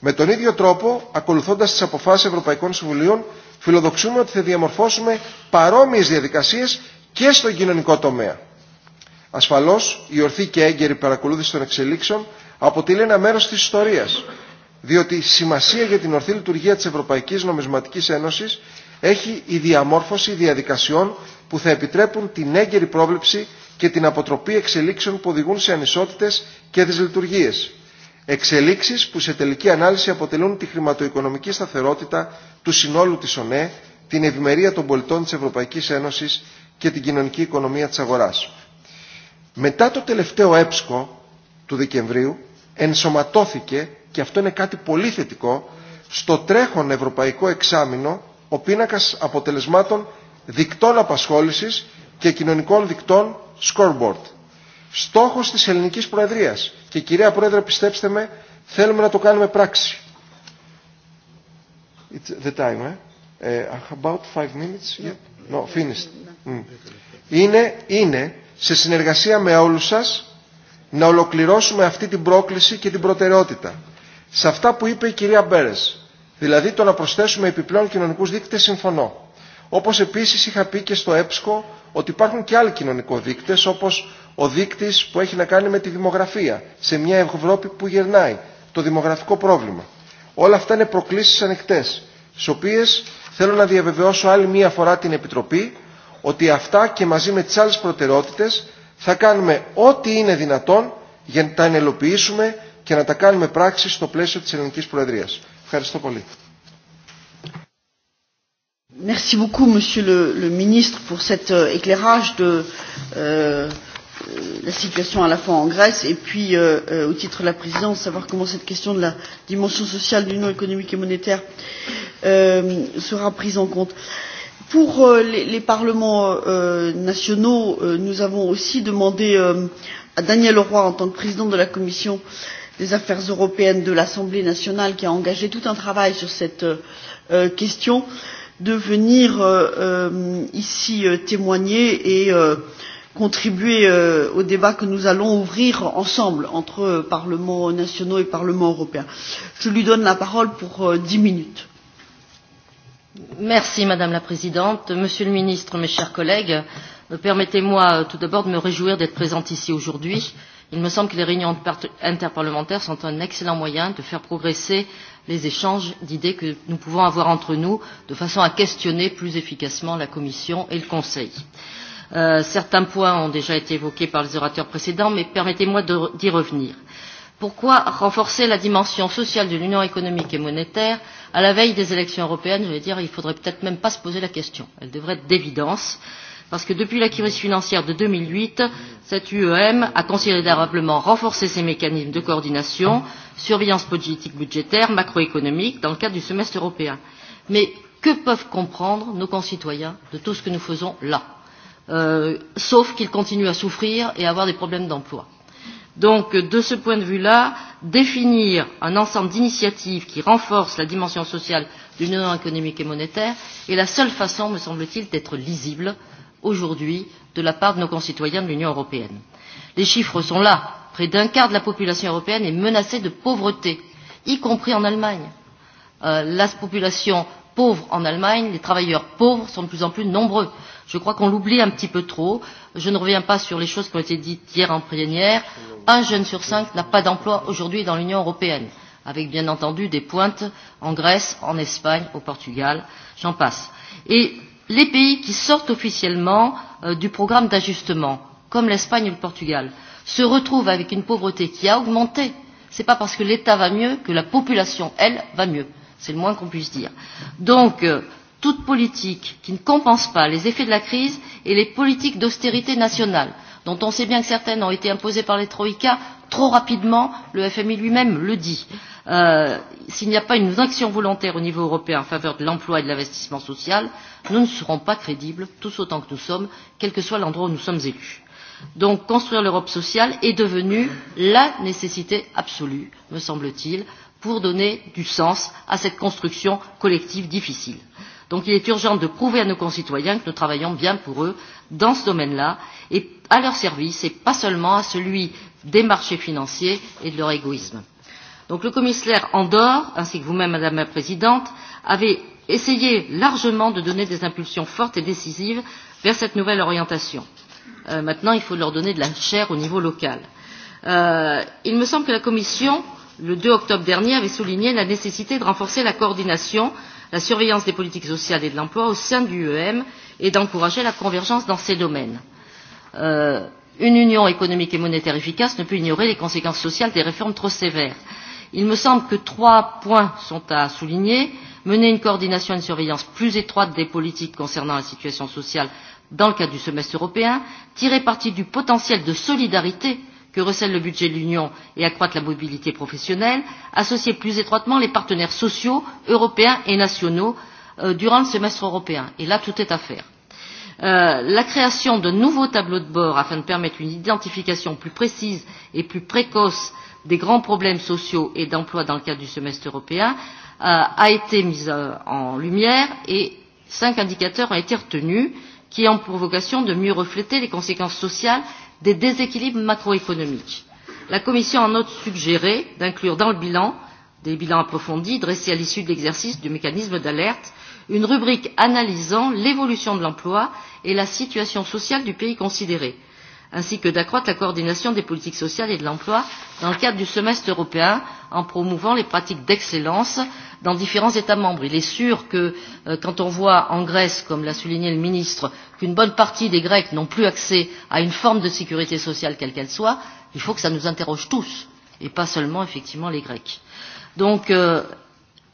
Με τον ίδιο τρόπο, ακολουθώντας τις αποφάσεις Ευρωπαϊκών Συμβουλίων, φιλοδοξούμε ότι θα διαμορφώσουμε παρόμοιες διαδικασίες και στο κοινωνικό τομέα. Ασφαλώς, η ορθή και έγκαιρη παρακολούθηση των εξελίξεων αποτελεί ένα μέρος της ιστορίας, διότι σημασία για την ορθή λειτουργία της Ευρωπαϊκής Νομισματικής Ένωσης έχει η διαμόρφωση διαδικασιών που θα επιτρέπουν την έγκαιρη πρόβλεψη και την αποτροπή εξελίξεων που οδηγούν σε ανισότητες και δυσλειτουργίες. Εξελίξεις που σε τελική ανάλυση αποτελούν τη χρηματοοικονομική σταθερότητα του συνόλου της ΟΝΕ, την ευημερία των πολιτών της Ευρωπαϊκής Ένωσης και την κοινωνική οικονομία της αγοράς. Μετά το τελευταίο έψκο του Δεκεμβρίου ενσωματώθηκε, και αυτό είναι κάτι πολύ θετικό, στο τρέχον ευρωπαϊκό εξάμεινο ο πίνακας αποτελεσμάτων δικτών απασχόλησης και κοινωνικών δικτών scoreboard. Στόχος της ελληνικής προεδρίας και κυρία Πρόεδρε πιστέψτε με θέλουμε να το κάνουμε πράξη. It's the time, eh? Uh, about five minutes? Yeah. No, finished. Mm. Είναι, είναι σε συνεργασία με όλους σας να ολοκληρώσουμε αυτή την πρόκληση και την προτεραιότητα. Σε αυτά που είπε η κυρία Μπέρες, δηλαδή το να προσθέσουμε επιπλέον κοινωνικούς δείκτες, συμφωνώ. Όπως επίσης είχα πει και στο ΕΠΣΚΟ ότι υπάρχουν και άλλοι κοινωνικοί δείκτες, όπως ο δείκτης που έχει να κάνει με τη δημογραφία, σε μια Ευρώπη που γερνάει, το δημογραφικό πρόβλημα. Όλα αυτά είναι προκλήσεις ανοιχτές, στις οποίες Θέλω να διαβεβαιώσω άλλη μία φορά την Επιτροπή ότι αυτά και μαζί με τις άλλες προτεραιότητες θα κάνουμε ό,τι είναι δυνατόν για να τα ενελοποιήσουμε και να τα κάνουμε πράξη στο πλαίσιο της Ελληνικής Προεδρίας. Ευχαριστώ πολύ. Merci beaucoup, Monsieur le, le Ministre, pour cet euh, éclairage de, euh, la situation à la fois en Grèce et puis euh, euh, au titre de la présidence, savoir comment cette question de la dimension sociale de l'Union économique et monétaire euh, sera prise en compte. Pour euh, les, les parlements euh, nationaux, euh, nous avons aussi demandé euh, à Daniel Leroy, en tant que président de la commission des affaires européennes de l'Assemblée nationale, qui a engagé tout un travail sur cette euh, euh question, de venir euh, euh, ici euh, témoigner et euh, contribuer euh, au débat que nous allons ouvrir ensemble entre euh, parlements nationaux et parlements européens. Je lui donne la parole pour euh, dix minutes. Merci Madame la Présidente, Monsieur le Ministre, mes chers collègues. Euh, permettez-moi euh, tout d'abord de me réjouir d'être présente ici aujourd'hui. Il me semble que les réunions interparlementaires sont un excellent moyen de faire progresser les échanges d'idées que nous pouvons avoir entre nous de façon à questionner plus efficacement la Commission et le Conseil. Euh, Euh, certains points ont déjà été évoqués par les orateurs précédents, mais permettez-moi d'y revenir. Pourquoi renforcer la dimension sociale de l'Union économique et monétaire à la veille des élections européennes Je vais dire, il ne faudrait peut-être même pas se poser la question. Elle devrait être d'évidence, parce que depuis la crise financière de 2008, cette UEM a considérablement renforcé ses mécanismes de coordination, surveillance politique budgétaire, macroéconomique, dans le cadre du semestre européen. Mais que peuvent comprendre nos concitoyens de tout ce que nous faisons là euh, sauf qu'ils continuent à souffrir et à avoir des problèmes d'emploi. Donc, euh, de ce point de vue-là, définir un ensemble d'initiatives qui renforcent la dimension sociale de l'Union économique et monétaire est la seule façon, me semble-t-il, d'être lisible aujourd'hui de la part de nos concitoyens de l'Union européenne. Les chiffres sont là. Près d'un quart de la population européenne est menacée de pauvreté, y compris en Allemagne. Euh, la population pauvre en Allemagne, les travailleurs pauvres sont de plus en plus nombreux. Euh, Je crois qu'on l'oublie un petit peu trop. Je ne reviens pas sur les choses qui ont été dites hier en plénière. Un jeune sur cinq n'a pas d'emploi aujourd'hui dans l'Union européenne, avec bien entendu des pointes en Grèce, en Espagne, au Portugal, j'en passe. Et les pays qui sortent officiellement euh, du programme d'ajustement, comme l'Espagne ou le Portugal, se retrouvent avec une pauvreté qui a augmenté. Ce n'est pas parce que l'État va mieux que la population, elle, va mieux. C'est le moins qu'on puisse dire. Donc, euh, toute politique qui ne compense pas les effets de la crise et les politiques d'austérité nationale, dont on sait bien que certaines ont été imposées par les troïkas trop rapidement, le FMI lui-même le dit. Euh, S'il n'y a pas une action volontaire au niveau européen en faveur de l'emploi et de l'investissement social, nous ne serons pas crédibles, tous autant que nous sommes, quel que soit l'endroit où nous sommes élus. Donc construire l'Europe sociale est devenue la nécessité absolue, me semble-t-il, pour donner du sens à cette construction collective difficile. Euh, Donc il est urgent de prouver à nos concitoyens que nous travaillons bien pour eux dans ce domaine-là et à leur service et pas seulement à celui des marchés financiers et de leur égoïsme. Donc le commissaire Andorre, ainsi que vous-même, Madame la Présidente, avait essayé largement de donner des impulsions fortes et décisives vers cette nouvelle orientation. Euh, maintenant, il faut leur donner de la chair au niveau local. Euh, il me semble que la Commission, le 2 octobre dernier, avait souligné la nécessité de renforcer la coordination la surveillance des politiques sociales et de l'emploi au sein de l'UEM et d'encourager la convergence dans ces domaines. Euh, une union économique et monétaire efficace ne peut ignorer les conséquences sociales des réformes trop sévères. Il me semble que trois points sont à souligner mener une coordination et une surveillance plus étroite des politiques concernant la situation sociale dans le cadre du semestre européen, tirer parti du potentiel de solidarité euh, que recèle le budget de l'Union et accroître la mobilité professionnelle, associer plus étroitement les partenaires sociaux, européens et nationaux euh, durant le semestre européen. Et là, tout est à faire. Euh, la création d'un nouveau tableau de bord afin de permettre une identification plus précise et plus précoce des grands problèmes sociaux et d'emploi dans le cadre du semestre européen euh, a été mise euh, en lumière et cinq indicateurs ont été retenus qui ont pour vocation de mieux refléter les conséquences sociales des déséquilibres macroéconomiques. La Commission en note suggéré d'inclure dans le bilan des bilans approfondis dressés à l'issue de l'exercice du mécanisme d'alerte une rubrique analysant l'évolution de l'emploi et la situation sociale du pays considéré, ainsi que d'accroître la coordination des politiques sociales et de l'emploi dans le cadre du semestre européen en promouvant les pratiques d'excellence dans différents États membres. Il est sûr que euh, quand on voit en Grèce, comme l'a souligné le ministre, qu'une bonne partie des Grecs n'ont plus accès à une forme de sécurité sociale quelle qu'elle soit, il faut que ça nous interroge tous, et pas seulement effectivement les Grecs. Donc euh,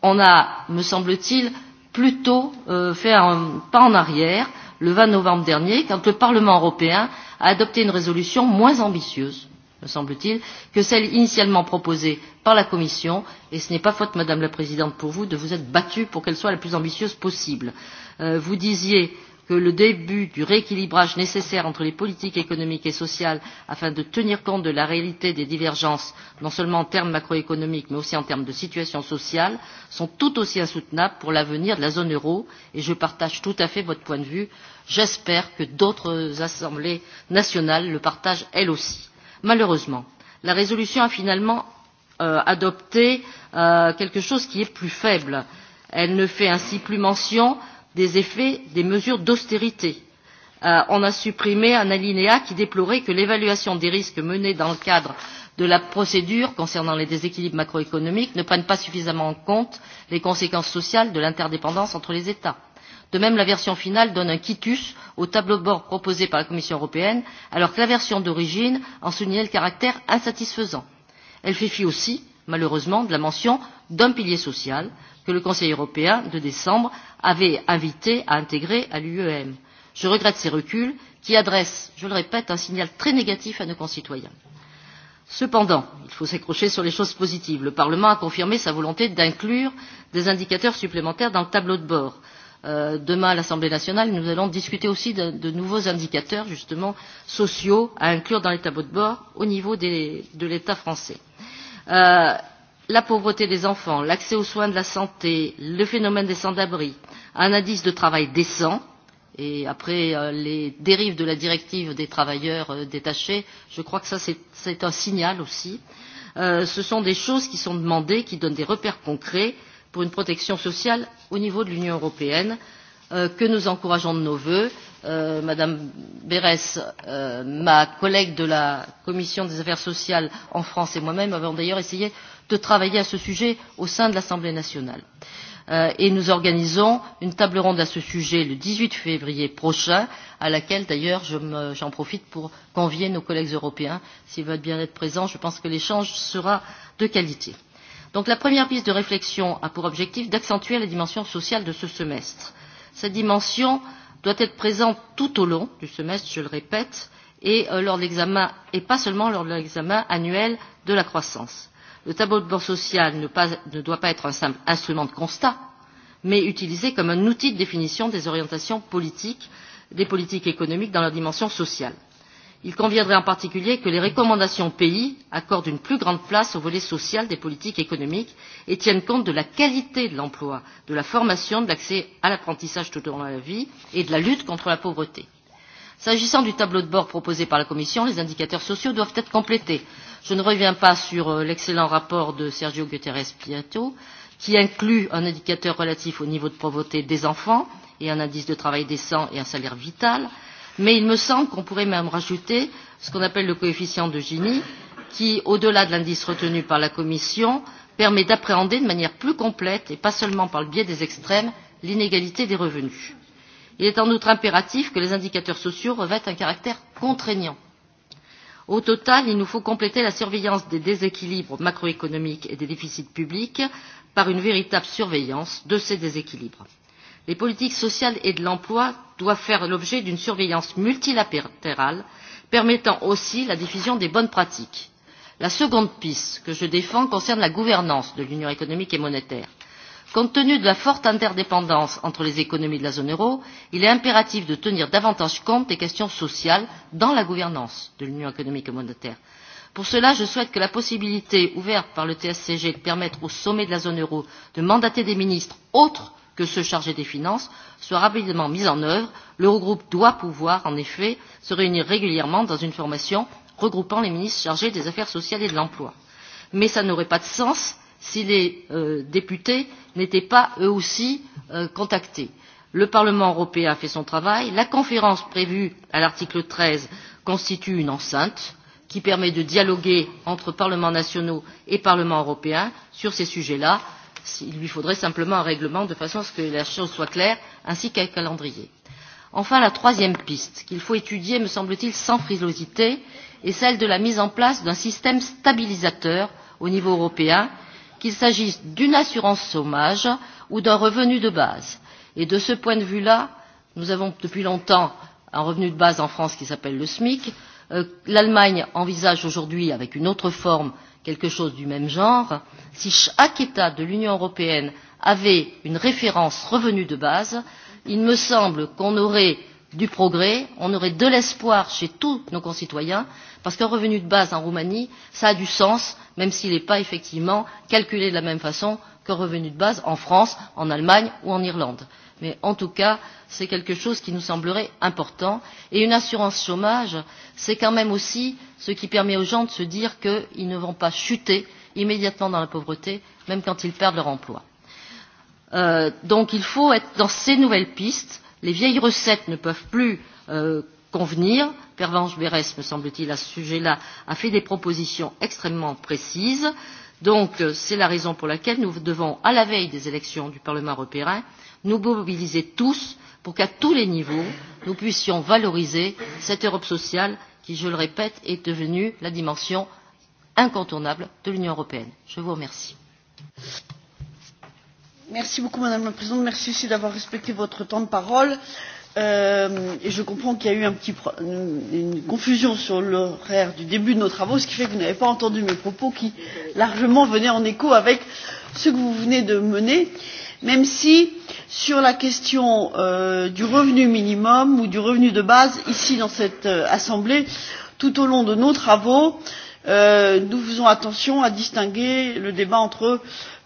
on a, me semble-t-il, plutôt euh, fait un pas en arrière le 20 novembre dernier, quand le Parlement européen a adopté une résolution moins ambitieuse, me semble-t-il, que celle initialement proposée par la Commission, et ce n'est pas faute, Madame la Présidente, pour vous de vous être battue pour qu'elle soit la plus ambitieuse possible. Euh, vous disiez que le début du rééquilibrage nécessaire entre les politiques économiques et sociales afin de tenir compte de la réalité des divergences, non seulement en termes macroéconomiques, mais aussi en termes de situation sociale, sont tout aussi insoutenables pour l'avenir de la zone euro, et je partage tout à fait votre point de vue. J'espère que d'autres assemblées nationales le partagent elles aussi. Malheureusement, la résolution a finalement euh, adopter euh, quelque chose qui est plus faible. Elle ne fait ainsi plus mention des effets des mesures d'austérité. Euh, on a supprimé un alinéa qui déplorait que l'évaluation des risques menés dans le cadre de la procédure concernant les déséquilibres macroéconomiques ne prenne pas suffisamment en compte les conséquences sociales de l'interdépendance entre les États. De même, la version finale donne un quitus au tableau de bord proposé par la Commission européenne, alors que la version d'origine en soulignait le caractère insatisfaisant. Elle fait fi aussi, malheureusement, de la mention d'un pilier social que le Conseil européen de décembre avait invité à intégrer à l'UEM. Je regrette ces reculs qui adressent, je le répète, un signal très négatif à nos concitoyens. Cependant, il faut s'accrocher sur les choses positives. Le Parlement a confirmé sa volonté d'inclure des indicateurs supplémentaires dans le tableau de bord. Euh, demain à l'Assemblée nationale, nous allons discuter aussi de, de nouveaux indicateurs, justement, sociaux à inclure dans les tableaux de bord au niveau des, de l'État français. Euh, la pauvreté des enfants, l'accès aux soins de la santé, le phénomène des sans-abri, un indice de travail décent, et après euh, les dérives de la directive des travailleurs euh, détachés, je crois que ça c'est un signal aussi. Euh, ce sont des choses qui sont demandées, qui donnent des repères concrets pour une protection sociale au niveau de l'Union européenne, euh, que nous encourageons de nos voeux euh, Madame Bérès, euh, ma collègue de la Commission des affaires sociales en France et moi-même avons d'ailleurs essayé de travailler à ce sujet au sein de l'Assemblée nationale. Euh, et nous organisons une table ronde à ce sujet le 18 février prochain, à laquelle d'ailleurs j'en je profite pour convier nos collègues européens. S'ils veulent bien être présents, je pense que l'échange sera de qualité. Donc la première piste de réflexion a pour objectif d'accentuer la dimension sociale de ce semestre. Cette dimension euh, doit être présent tout au long du semestre, je le répète, et euh, lors de l'examen, et pas seulement lors de l'examen annuel de la croissance. Le tableau de bord social ne, pas, ne doit pas être un simple instrument de constat, mais utilisé comme un outil de définition des orientations politiques, des politiques économiques dans leur dimension sociale. Il conviendrait en particulier que les recommandations pays accordent une plus grande place au volet social des politiques économiques et tiennent compte de la qualité de l'emploi, de la formation, de l'accès à l'apprentissage tout au long de la vie et de la lutte contre la pauvreté. S'agissant du tableau de bord proposé par la Commission, les indicateurs sociaux doivent être complétés. Je ne reviens pas sur euh, l'excellent rapport de Sergio Guterres Piato, qui inclut un indicateur relatif au niveau de pauvreté des enfants et un indice de travail décent et un salaire vital, Mais il me semble qu'on pourrait même rajouter ce qu'on appelle le coefficient de Gini, qui, au-delà de l'indice retenu par la Commission, permet d'appréhender de manière plus complète, et pas seulement par le biais des extrêmes, l'inégalité des revenus. Il est en outre impératif que les indicateurs sociaux revêtent un caractère contraignant. Au total, il nous faut compléter la surveillance des déséquilibres macroéconomiques et des déficits publics par une véritable surveillance de ces déséquilibres. Les politiques sociales et de l'emploi doit faire l'objet d'une surveillance multilatérale permettant aussi la diffusion des bonnes pratiques. La seconde piste que je défends concerne la gouvernance de l'Union économique et monétaire. Compte tenu de la forte interdépendance entre les économies de la zone euro, il est impératif de tenir davantage compte des questions sociales dans la gouvernance de l'Union économique et monétaire. Pour cela, je souhaite que la possibilité ouverte par le TSCG de permettre au sommet de la zone euro de mandater des ministres autres que ce chargé des finances soit rapidement mis en œuvre. L'Eurogroupe doit pouvoir, en effet, se réunir régulièrement dans une formation regroupant les ministres chargés des affaires sociales et de l'emploi. Mais ça n'aurait pas de sens si les euh, députés n'étaient pas eux aussi euh, contactés. Le Parlement européen a fait son travail. La conférence prévue à l'article 13 constitue une enceinte qui permet de dialoguer entre parlements nationaux et parlements européens sur ces sujets-là. Il lui faudrait simplement un règlement de façon à ce que la chose soit claire, ainsi qu'un calendrier. Enfin, la troisième piste, qu'il faut étudier, me semble-t-il, sans frilosité, est celle de la mise en place d'un système stabilisateur au niveau européen, qu'il s'agisse d'une assurance chômage ou d'un revenu de base. Et de ce point de vue-là, nous avons depuis longtemps un revenu de base en France qui s'appelle le SMIC. Euh, L'Allemagne envisage aujourd'hui, avec une autre forme, quelque chose du même genre, si chaque État de l'Union européenne avait une référence revenu de base, il me semble qu'on aurait du progrès, on aurait de l'espoir chez tous nos concitoyens, parce qu'un revenu de base en Roumanie, ça a du sens, même s'il n'est pas effectivement calculé de la même façon qu'un revenu de base en France, en Allemagne ou en Irlande mais en tout cas, c'est quelque chose qui nous semblerait important. Et une assurance chômage, c'est quand même aussi ce qui permet aux gens de se dire qu'ils ne vont pas chuter immédiatement dans la pauvreté, même quand ils perdent leur emploi. Euh, donc il faut être dans ces nouvelles pistes. Les vieilles recettes ne peuvent plus euh, convenir. Pervenche Berès, me semble-t-il, à ce sujet-là, a fait des propositions extrêmement précises. Donc euh, c'est la raison pour laquelle nous devons, à la veille des élections du Parlement européen, nous mobiliser tous pour qu'à tous les niveaux, nous puissions valoriser cette Europe sociale qui, je le répète, est devenue la dimension incontournable de l'Union européenne. Je vous remercie. Merci beaucoup, Madame la Présidente. Merci aussi d'avoir respecté votre temps de parole. Euh, et je comprends qu'il y a eu un petit une confusion sur l'horaire du début de nos travaux, ce qui fait que vous n'avez pas entendu mes propos qui largement venaient en écho avec ceux que vous venez de mener. Euh, même si sur la question euh, du revenu minimum ou du revenu de base, ici dans cette euh, Assemblée, tout au long de nos travaux, euh, nous faisons attention à distinguer le débat entre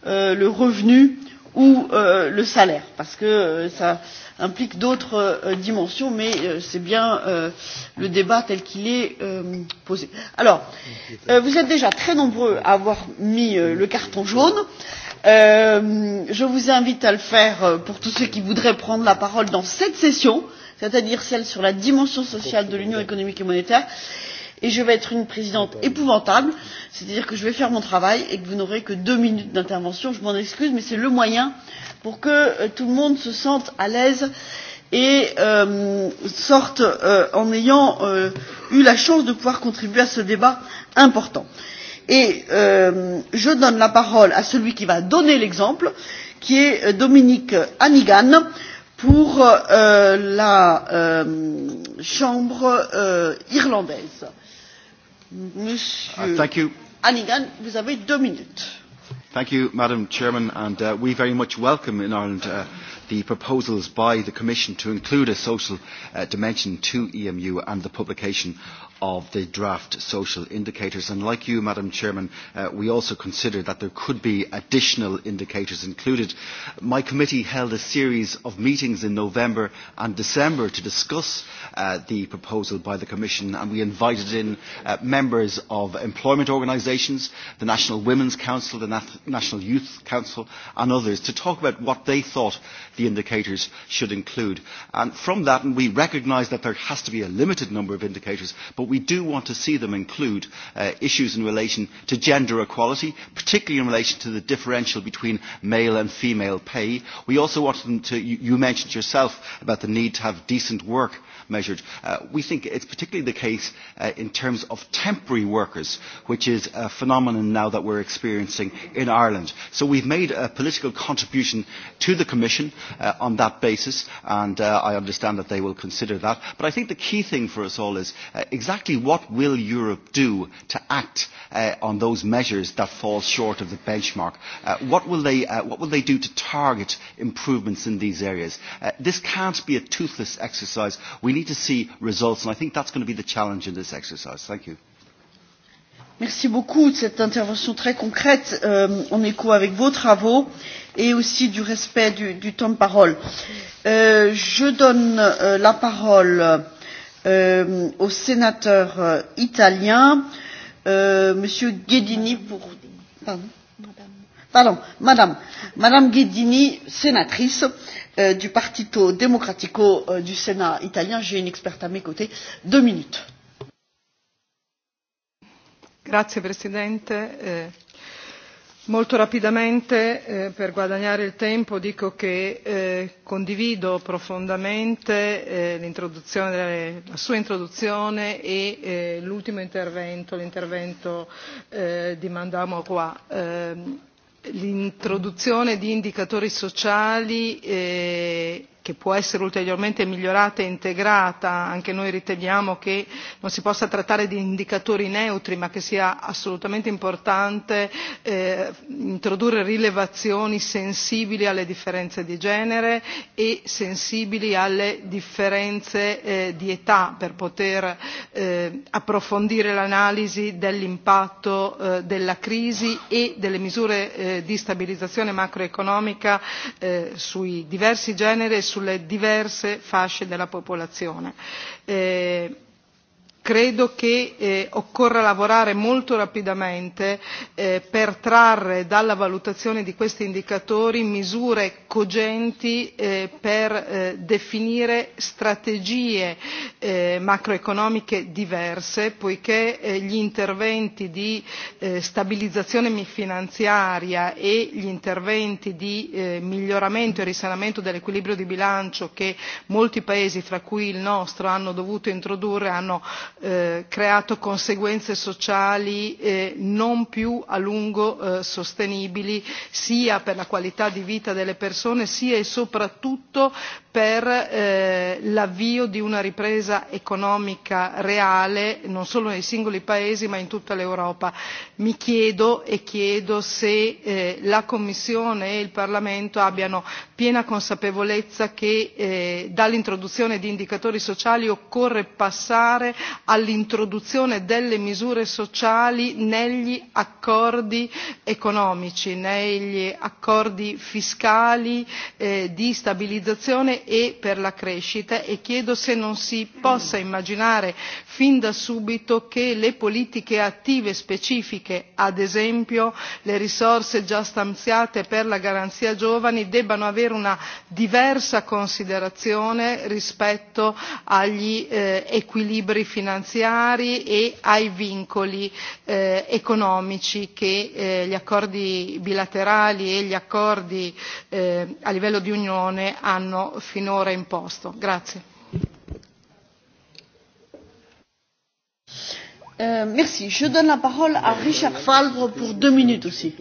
euh, le revenu ou euh, le salaire, parce que euh, ça implique d'autres euh, dimensions, mais euh, c'est bien euh, le débat tel qu'il est euh, posé. Alors, euh, vous êtes déjà très nombreux à avoir mis euh, le carton jaune. Euh, Euh, je vous invite à le faire euh, pour tous ceux qui voudraient prendre la parole dans cette session, c'est-à-dire celle sur la dimension sociale de l'Union économique et monétaire. Et je vais être une présidente épouvantable, c'est-à-dire que je vais faire mon travail et que vous n'aurez que deux minutes d'intervention. Je m'en excuse, mais c'est le moyen pour que euh, tout le monde se sente à l'aise et euh, sorte euh, en ayant euh, eu la chance de pouvoir contribuer à ce débat important. Euh, Et euh, je donne la parole à celui qui va donner l'exemple, qui est euh, Dominique Hannigan pour euh, la euh, Chambre euh, irlandaise. Monsieur uh, thank you. Hannigan, vous avez deux minutes. Thank you, Madam Chairman, and uh, we very much welcome in Ireland uh, the proposals by the Commission to include a social uh, dimension to EMU and the publication of the draft social indicators. And like you, Madam Chairman, uh, we also consider that there could be additional indicators included. My committee held a series of meetings in November and December to discuss uh, the proposal by the Commission, and we invited in uh, members of employment organisations, the National Women's Council, the Nat National Youth Council, and others to talk about what they thought the indicators should include. And from that, and we recognise that there has to be a limited number of indicators, but but we do want to see them include uh, issues in relation to gender equality, particularly in relation to the differential between male and female pay. We also want them to, you, you mentioned yourself about the need to have decent work measured. Uh, we think it's particularly the case uh, in terms of temporary workers, which is a phenomenon now that we're experiencing in Ireland. So we've made a political contribution to the Commission uh, on that basis, and uh, I understand that they will consider that. But I think the key thing for us all is uh, exactly what will Europe do to act uh, on those measures that fall short of the benchmark? Uh, what, will they, uh, what will they do to target improvements in these areas? Uh, this can't be a toothless exercise. We need to see results, and I think that's going to be the challenge in this exercise. Thank you. Merci beaucoup de cette intervention très concrète euh, en écho avec vos travaux et aussi du respect du, du temps de parole. Euh, je donne euh, la parole euh, au sénateur euh, italien, euh, Monsieur Guedini, pour. Pardon, pardon Madame, Madame Guedini, sénatrice, euh, euh, du Partito Democratico euh, du Sénat italien. J'ai une experte à mes côtés. Deux minutes. Grazie Presidente. Eh, molto rapidamente, eh, per guadagnare il tempo, dico che eh, condivido profondamente eh, l'introduzione, la sua introduzione e eh, l'ultimo intervento, l'intervento eh, di Mandamo qua. Eh, l'introduzione di indicatori sociali eh, che può essere ulteriormente migliorata e integrata, anche noi riteniamo che non si possa trattare di indicatori neutri, ma che sia assolutamente importante eh, introdurre rilevazioni sensibili alle differenze di genere e sensibili alle differenze eh, di età per poter eh, approfondire l'analisi dell'impatto eh, della crisi e delle misure eh, di stabilizzazione macroeconomica eh, sui diversi generi e sulle diverse fasce della popolazione. Eh, credo che eh, occorra lavorare molto rapidamente eh, per trarre dalla valutazione di questi indicatori misure cogenti eh, per eh, definire strategie eh, macroeconomiche diverse poiché eh, gli interventi di eh, stabilizzazione finanziaria e gli interventi di eh, miglioramento e risanamento dell'equilibrio di bilancio che molti paesi fra cui il nostro hanno dovuto introdurre hanno Eh, creato conseguenze sociali eh, non più a lungo eh, sostenibili sia per la qualità di vita delle persone sia e soprattutto per eh, l'avvio di una ripresa economica reale non solo nei singoli paesi ma in tutta l'Europa. Mi chiedo e chiedo se eh, la Commissione e il Parlamento abbiano piena consapevolezza che eh, dall'introduzione di indicatori sociali occorre passare all'introduzione delle misure sociali negli accordi economici, negli accordi fiscali eh, di stabilizzazione e per la crescita e chiedo se non si possa immaginare fin da subito che le politiche attive specifiche, ad esempio le risorse già stanziate per la garanzia giovani, debbano avere una diversa considerazione rispetto agli eh, equilibri finanziari finanziari e ai vincoli eh, economici che eh, gli accordi bilaterali e gli accordi eh, a livello di Unione hanno finora imposto. Grazie. Euh, merci. Je donne la parole à Richard Falbre pour deux minutes aussi.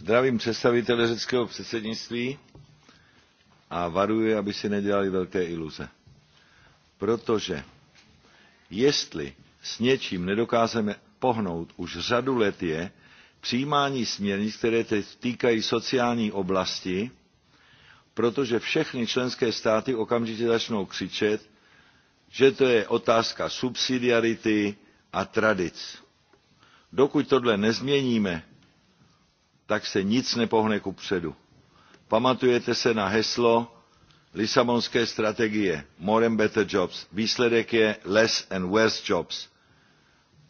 Zdravím představitele řeckého předsednictví a varuje, aby si nedělali velké iluze. Protože jestli s něčím nedokážeme pohnout už řadu let je, přijímání směrnic, které teď týkají sociální oblasti, protože všechny členské státy okamžitě začnou křičet, že to je otázka subsidiarity a tradic. Dokud tohle nezměníme, tak se nic nepohne ku předu. Pamatujete se na heslo Lisabonské strategie More and Better Jobs. Výsledek je Less and Worse Jobs.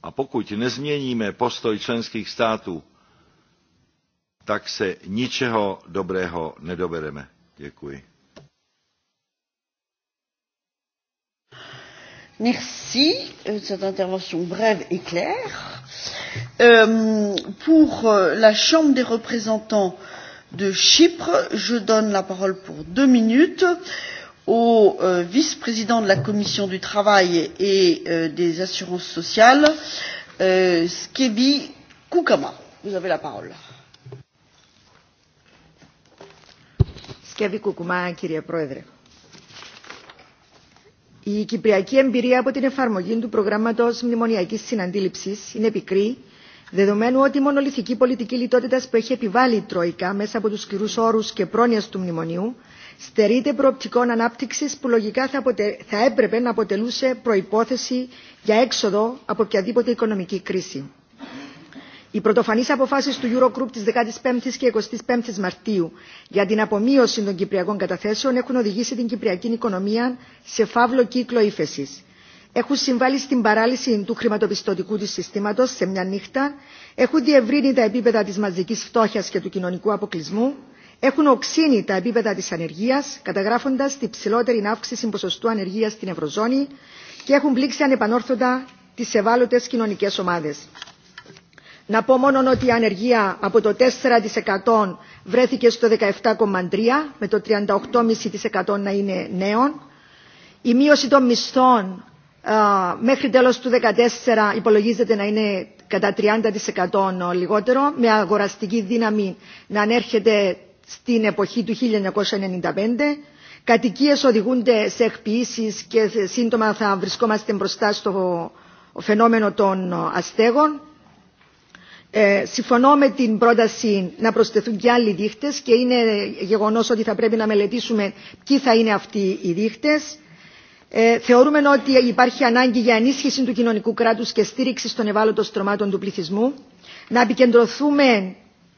A pokud nezměníme postoj členských států, tak se ničeho dobrého nedobereme. Děkuji. Merci de euh, cette intervention brève et claire. Euh, pour euh, la Chambre des représentants, euh, de Chypre. Je donne la parole pour deux minutes au euh, vice-président de la Commission du travail et euh, des assurances sociales, euh, Skebi Koukama. Vous avez la parole. Skebi Koukama, Kyria Proedre. Η κυπριακή εμπειρία από την εφαρμογή του προγράμματος μνημονιακής συναντήληψης είναι πικρή Δεδομένου ότι η λυθική πολιτική λιτότητα που έχει επιβάλει η Τρόικα μέσα από του σκληρού όρου και πρόνοια του μνημονίου, στερείται προοπτικών ανάπτυξη που λογικά θα, αποτε... θα έπρεπε να αποτελούσε προπόθεση για έξοδο από οποιαδήποτε οικονομική κρίση. Οι πρωτοφανεί αποφάσει του Eurogroup τη 15η και 25η Μαρτίου για την απομείωση των κυπριακών καταθέσεων έχουν οδηγήσει την κυπριακή οικονομία σε φαύλο κύκλο ύφεση έχουν συμβάλει στην παράλυση του χρηματοπιστωτικού του συστήματο σε μια νύχτα, έχουν διευρύνει τα επίπεδα τη μαζική φτώχεια και του κοινωνικού αποκλεισμού, έχουν οξύνει τα επίπεδα της ανεργίας, καταγράφοντας τη ψηλότερη αύξηση ποσοστού ανεργίας στην Ευρωζώνη και έχουν πλήξει ανεπανόρθωτα τις ευάλωτες κοινωνικές ομάδες. Να πω μόνο ότι η ανεργία από το 4% βρέθηκε στο 17,3% με το 38,5% να είναι νέων. Η μείωση των μισθών μέχρι τέλος του 2014 υπολογίζεται να είναι κατά 30% λιγότερο, με αγοραστική δύναμη να ανέρχεται στην εποχή του 1995. Κατοικίες οδηγούνται σε εκποιήσεις και σύντομα θα βρισκόμαστε μπροστά στο φαινόμενο των αστέγων. Ε, συμφωνώ με την πρόταση να προσθεθούν και άλλοι δείχτες και είναι γεγονός ότι θα πρέπει να μελετήσουμε ποιοι θα είναι αυτοί οι δείχτες. Ε, θεωρούμε ότι υπάρχει ανάγκη για ενίσχυση του κοινωνικού κράτους και στήριξη των ευάλωτων στρωμάτων του πληθυσμού, να επικεντρωθούμε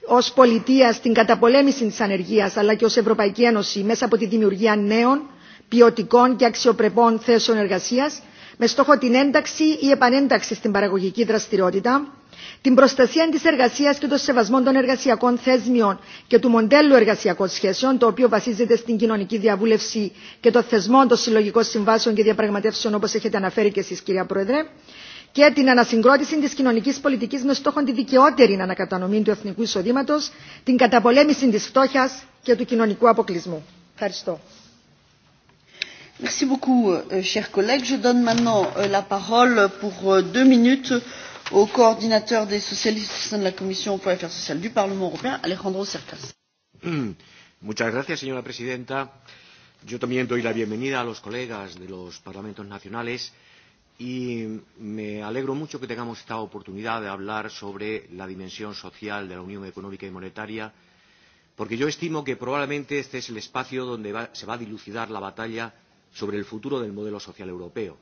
ω πολιτεία στην καταπολέμηση τη ανεργία αλλά και ω Ευρωπαϊκή Ένωση μέσα από τη δημιουργία νέων, ποιοτικών και αξιοπρεπών θέσεων εργασία με στόχο την ένταξη ή επανένταξη στην παραγωγική δραστηριότητα, την προστασία τη εργασία και των σεβασμών των εργασιακών θεσμιών και του μοντέλου εργασιακών σχέσεων, το οποίο βασίζεται στην κοινωνική διαβούλευση και των θεσμών των συλλογικών συμβάσεων και διαπραγματεύσεων, όπω έχετε αναφέρει και εσεί, κυρία Πρόεδρε, και την ανασυγκρότηση τη κοινωνική πολιτική με στόχο τη δικαιότερη ανακατανομή του εθνικού εισοδήματο, την καταπολέμηση τη φτώχεια και του κοινωνικού αποκλεισμού. Ευχαριστώ. Merci beaucoup, euh, chers collègues. Je donne maintenant euh, la parole pour euh, deux minutes au coordinateur des socialistes au sein de la Commission pour les affaires sociales du Parlement européen, Alejandro Cercas. Mm. Muchas gracias, señora presidenta. Yo también doy la bienvenida a los colegas de los parlamentos nacionales y me alegro mucho que tengamos esta oportunidad de hablar sobre la dimensión social de la Unión Económica y Monetaria, porque yo estimo que probablemente este es el espacio donde va, se va a dilucidar la batalla sobre el futuro del modelo social europeo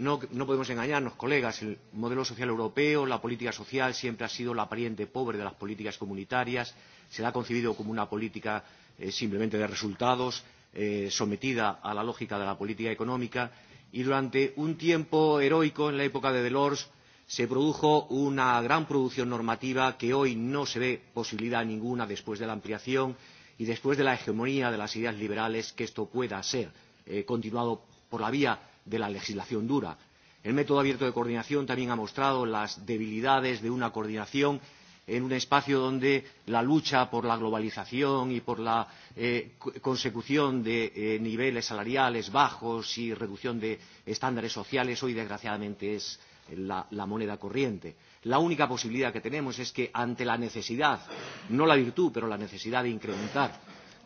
No, no podemos engañarnos, colegas, el modelo social europeo, la política social siempre ha sido la pariente pobre de las políticas comunitarias, se la ha concebido como una política eh, simplemente de resultados, eh, sometida a la lógica de la política económica, y durante un tiempo heroico, en la época de Delors, se produjo una gran producción normativa que hoy no se ve posibilidad ninguna después de la ampliación y después de la hegemonía de las ideas liberales que esto pueda ser eh, continuado por la vía de la legislación dura. El método abierto de coordinación también ha mostrado las debilidades de una coordinación en un espacio donde la lucha por la globalización y por la eh, consecución de eh, niveles salariales bajos y reducción de estándares sociales hoy desgraciadamente es la, la moneda corriente. La única posibilidad que tenemos es que ante la necesidad, no la virtud, pero la necesidad de incrementar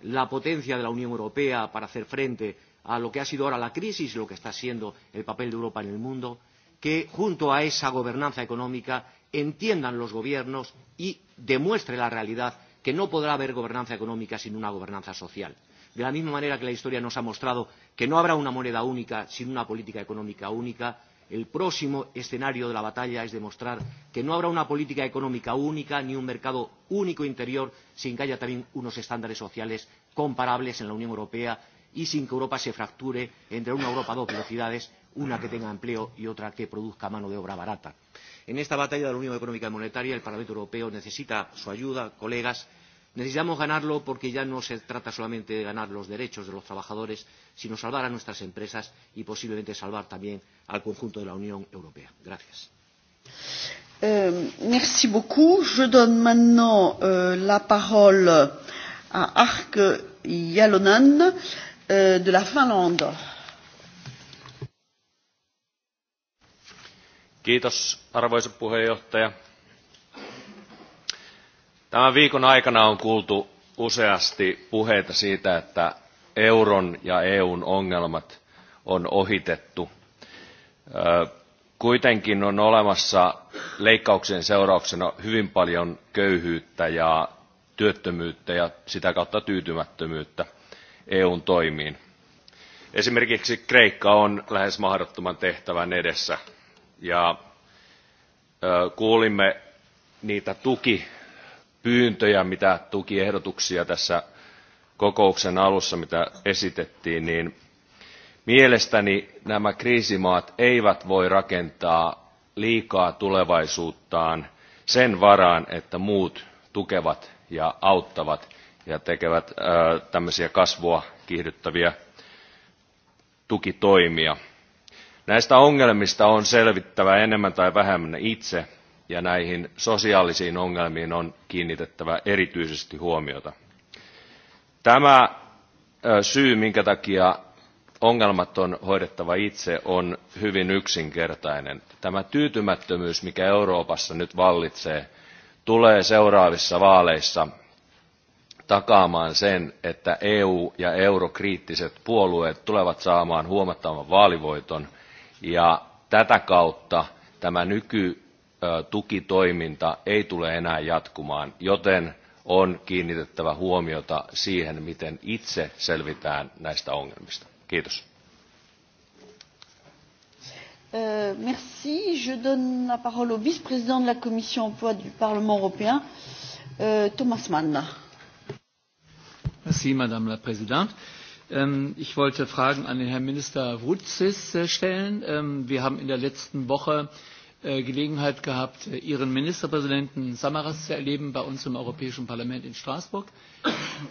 la potencia de la Unión Europea para hacer frente a lo que ha sido ahora la crisis, lo que está siendo el papel de Europa en el mundo, que junto a esa gobernanza económica entiendan los gobiernos y demuestre la realidad que no podrá haber gobernanza económica sin una gobernanza social. De la misma manera que la historia nos ha mostrado que no habrá una moneda única sin una política económica única, el próximo escenario de la batalla es demostrar que no habrá una política económica única ni un mercado único interior sin que haya también unos estándares sociales comparables en la Unión Europea y sin que Europa se fracture entre una Europa a dos velocidades, una que tenga empleo y otra que produzca mano de obra barata. En esta batalla de la Unión Económica y Monetaria el Parlamento Europeo necesita su ayuda, colegas. Necesitamos ganarlo porque ya no se trata solamente de ganar los derechos de los trabajadores, sino salvar a nuestras empresas y posiblemente salvar también al conjunto de la Unión Europea. Gracias. Eh, merci beaucoup. Je donne maintenant euh, la parole à Arc Yalonan Euh, de la Finlande. Kiitos, arvoisa puheenjohtaja. Tämän viikon aikana on kuultu useasti puheita siitä, että euron ja EUn ongelmat on ohitettu. Kuitenkin on olemassa leikkauksien seurauksena hyvin paljon köyhyyttä ja työttömyyttä ja sitä kautta tyytymättömyyttä. EUn toimiin. Esimerkiksi Kreikka on lähes mahdottoman tehtävän edessä ja kuulimme niitä tukipyyntöjä, mitä tukiehdotuksia tässä kokouksen alussa, mitä esitettiin, niin mielestäni nämä kriisimaat eivät voi rakentaa liikaa tulevaisuuttaan sen varaan, että muut tukevat ja auttavat ja tekevät tämmöisiä kasvua kiihdyttäviä tukitoimia. Näistä ongelmista on selvittävä enemmän tai vähemmän itse, ja näihin sosiaalisiin ongelmiin on kiinnitettävä erityisesti huomiota. Tämä syy, minkä takia ongelmat on hoidettava itse, on hyvin yksinkertainen. Tämä tyytymättömyys, mikä Euroopassa nyt vallitsee, tulee seuraavissa vaaleissa takaamaan sen, että EU- ja eurokriittiset puolueet tulevat saamaan huomattavan vaalivoiton, ja tätä kautta tämä nykytukitoiminta ei tule enää jatkumaan, joten on kiinnitettävä huomiota siihen, miten itse selvitään näistä ongelmista. Kiitos. Euh, merci. Je donne la parole au vice-président de la Commission emploi du Parlement européen, euh, Thomas Mann. Merci, Madame la Présidente. Ähm, ich wollte Fragen an den Herrn Minister Wutzis äh, stellen. Ähm, wir haben in der letzten Woche äh, Gelegenheit gehabt, äh, Ihren Ministerpräsidenten Samaras zu erleben bei uns im Europäischen Parlament in Straßburg.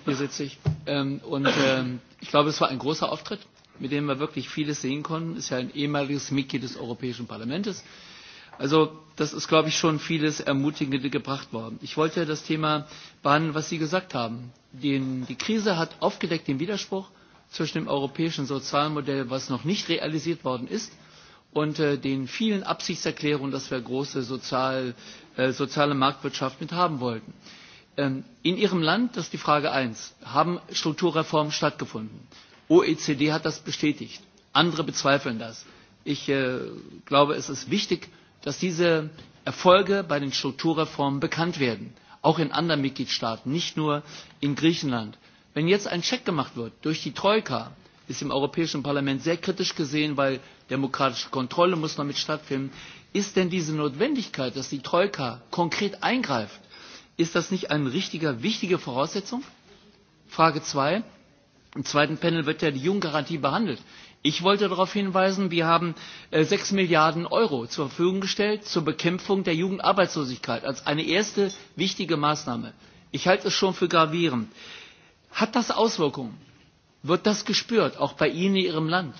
Hier sitze ich. Ähm, und ähm, ich glaube, es war ein großer Auftritt, mit dem wir wirklich vieles sehen konnten. Ist ja ein ehemaliges Mitglied des Europäischen Parlaments Also das ist, glaube ich, schon vieles Ermutigende gebracht worden. Ich wollte das Thema behandeln, was Sie gesagt haben. Den, die Krise hat aufgedeckt den Widerspruch zwischen dem europäischen Sozialmodell, was noch nicht realisiert worden ist, und äh, den vielen Absichtserklärungen, dass wir große sozial, äh, soziale Marktwirtschaft mit haben wollten. Ähm, in Ihrem Land, das ist die Frage eins, haben Strukturreformen stattgefunden. OECD hat das bestätigt. Andere bezweifeln das. Ich äh, glaube, es ist wichtig, dass diese Erfolge bei den Strukturreformen bekannt werden, auch in anderen Mitgliedstaaten, nicht nur in Griechenland. Wenn jetzt ein Check gemacht wird durch die Troika, ist im Europäischen Parlament sehr kritisch gesehen, weil demokratische Kontrolle muss damit stattfinden. Ist denn diese Notwendigkeit, dass die Troika konkret eingreift, ist das nicht eine richtige, wichtige Voraussetzung? Frage 2. Im zweiten Panel wird ja die Jugendgarantie behandelt. Ich wollte darauf hinweisen, wir haben äh, sechs Milliarden Euro zur Verfügung gestellt zur Bekämpfung der Jugendarbeitslosigkeit als eine erste wichtige Maßnahme. Ich halte es schon für gravierend. Hat das Auswirkungen? Wird das gespürt, auch bei Ihnen in Ihrem Land?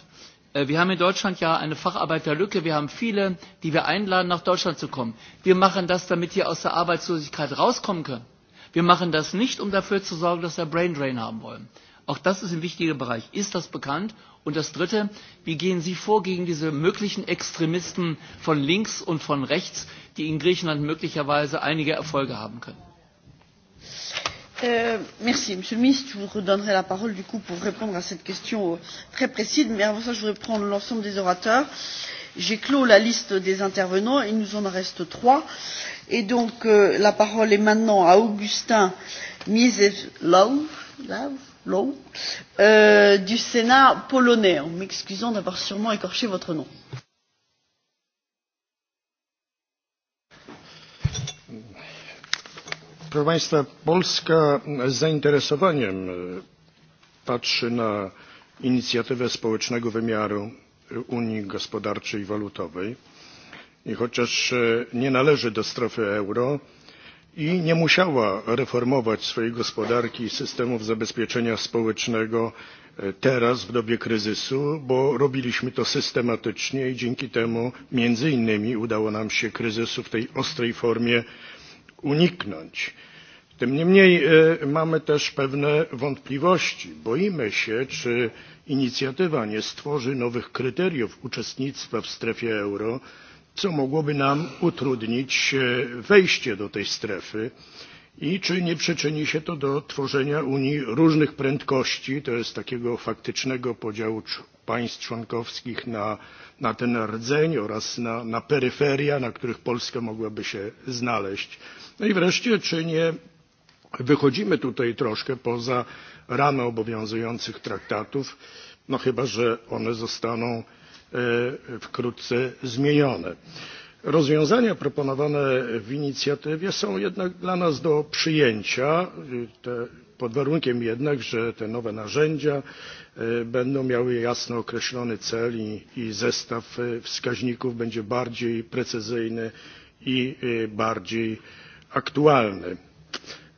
Äh, wir haben in Deutschland ja eine Facharbeiterlücke. Wir haben viele, die wir einladen, nach Deutschland zu kommen. Wir machen das, damit die aus der Arbeitslosigkeit rauskommen können. Wir machen das nicht, um dafür zu sorgen, dass wir Brain Drain haben wollen. Auch das ist ein wichtiger Bereich. Ist das bekannt? Und das Dritte, wie gehen Sie vor gegen diese möglichen Extremisten von links und von rechts, die in Griechenland möglicherweise einige Erfolge haben können? Euh, merci, Monsieur le Ministre. Je vous redonnerai la parole du coup pour répondre à cette question très précise. Mais avant ça, je voudrais prendre l'ensemble des orateurs. J'ai clos la liste des intervenants. Il nous en reste trois. Et donc, euh, la parole est maintenant à Augustin Miesev-Love long, euh, du Sénat polonais, en m'excusant d'avoir sûrement écorché votre nom. Proszę Państwa, Polska z zainteresowaniem e, patrzy na inicjatywę społecznego wymiaru Unii Gospodarczej i Walutowej. I chociaż e, nie należy do strefy euro, i nie musiała reformować swojej gospodarki i systemów zabezpieczenia społecznego e, teraz w dobie kryzysu, bo robiliśmy to systematycznie i dzięki temu między innymi udało nam się kryzysu w tej ostrej formie uniknąć. Tym niemniej e, mamy też pewne wątpliwości. Boimy się, czy inicjatywa nie stworzy nowych kryteriów uczestnictwa w strefie euro, co mogłoby nam utrudnić e, wejście do tej strefy i czy nie przyczyni się to do tworzenia Unii różnych prędkości, to jest takiego faktycznego podziału państw członkowskich na, na ten rdzeń oraz na, na peryferia, na których Polska mogłaby się znaleźć. No i wreszcie, czy nie wychodzimy tutaj troszkę poza ramy obowiązujących traktatów, no chyba, że one zostaną E, wkrótce zmienione. Rozwiązania proponowane w inicjatywie są jednak dla nas do przyjęcia, te, pod warunkiem jednak, że te nowe narzędzia e, będą miały jasno określony cel i, i zestaw e, wskaźników będzie bardziej precyzyjny i bardziej aktualny.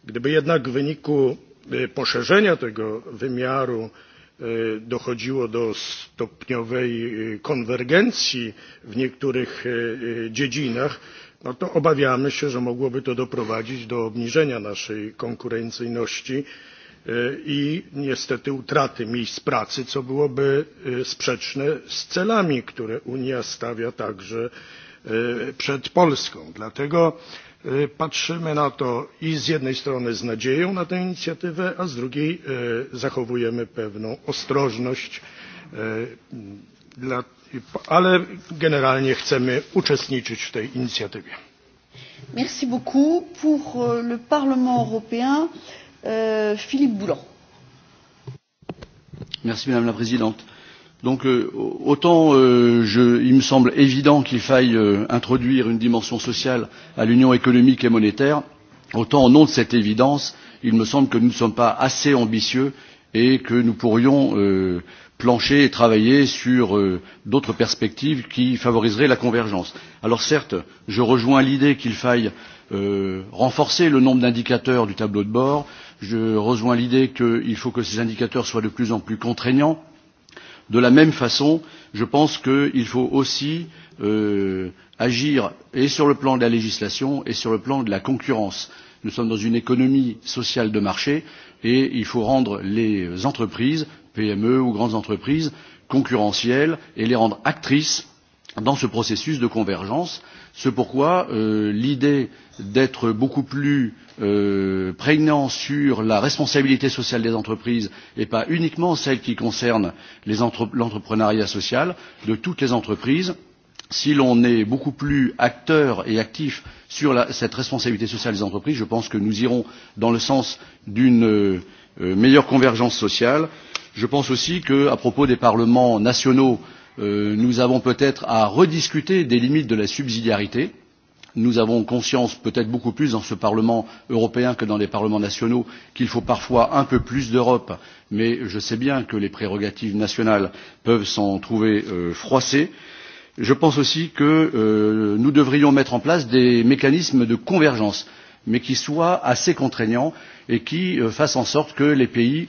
Gdyby jednak w wyniku poszerzenia tego wymiaru E, dochodziło do stopniowej e, konwergencji w niektórych e, dziedzinach, no to obawiamy się, że mogłoby to doprowadzić do obniżenia naszej konkurencyjności i niestety utraty miejsc pracy, co byłoby sprzeczne z celami, które Unia stawia także przed Polską. Dlatego E, patrzymy na to i z jednej strony z nadzieją na tę inicjatywę, a z drugiej e, zachowujemy pewną ostrożność, e, ale generalnie chcemy uczestniczyć w tej inicjatywie. Merci beaucoup pour le Parlement européen, Philippe Boulan. Merci Madame la Présidente. Donc euh, autant euh, je, il me semble évident qu'il faille euh, introduire une dimension sociale à l'union économique et monétaire, autant au nom de cette évidence, il me semble que nous ne sommes pas assez ambitieux et que nous pourrions euh, plancher et travailler sur euh, d'autres perspectives qui favoriseraient la convergence. Alors certes, je rejoins l'idée qu'il faille euh, renforcer le nombre d'indicateurs du tableau de bord, je rejoins l'idée qu'il faut que ces indicateurs soient de plus en plus contraignants, De la même façon, je pense qu'il faut aussi euh, agir et sur le plan de la législation et sur le plan de la concurrence. Nous sommes dans une économie sociale de marché et il faut rendre les entreprises, PME ou grandes entreprises, concurrentielles et les rendre actrices dans ce processus de convergence. C'est pourquoi euh, l'idée d'être beaucoup plus euh, prégnant sur la responsabilité sociale des entreprises et pas uniquement celle qui concerne l'entrepreneuriat social de toutes les entreprises, si l'on est beaucoup plus acteur et actif sur la, cette responsabilité sociale des entreprises, je pense que nous irons dans le sens d'une euh, euh meilleure convergence sociale. Je pense aussi qu'à propos des parlements nationaux, Euh, nous avons peut-être à rediscuter des limites de la subsidiarité. Nous avons conscience, peut-être beaucoup plus dans ce Parlement européen que dans les parlements nationaux, qu'il faut parfois un peu plus d'Europe, mais je sais bien que les prérogatives nationales peuvent s'en trouver euh, froissées. Je pense aussi que euh, nous devrions mettre en place des mécanismes de convergence, mais qui soient assez contraignants et qui euh, fassent en sorte que les pays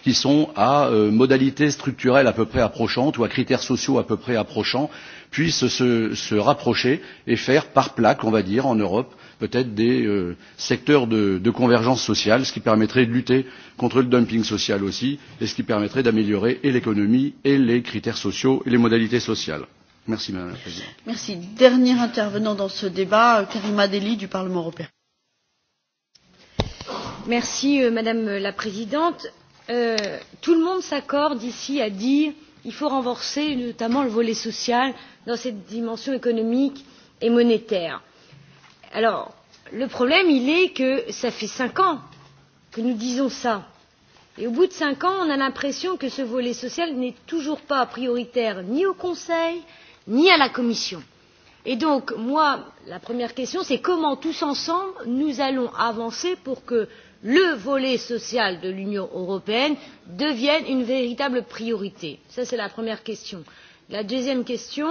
qui sont à euh, modalités structurelles à peu près approchantes ou à critères sociaux à peu près approchants puissent se, se rapprocher et faire par plaque, on va dire, en Europe, peut-être des euh, secteurs de, de convergence sociale, ce qui permettrait de lutter contre le dumping social aussi et ce qui permettrait d'améliorer et l'économie et les critères sociaux et les modalités sociales. Merci Madame la Présidente. Merci. Dernier intervenant dans ce débat, euh, Karima Deli du Parlement européen. Merci euh, Madame la Présidente Euh, tout le monde s'accorde ici à dire qu'il faut renforcer notamment le volet social dans cette dimension économique et monétaire. Alors, le problème, il est que ça fait cinq ans que nous disons ça. Et au bout de cinq ans, on a l'impression que ce volet social n'est toujours pas prioritaire ni au Conseil, ni à la Commission. Et donc, moi, la première question, c'est comment tous ensemble nous allons avancer pour que le volet social de l'Union européenne devienne une véritable priorité Ça, c'est la première question. La deuxième question,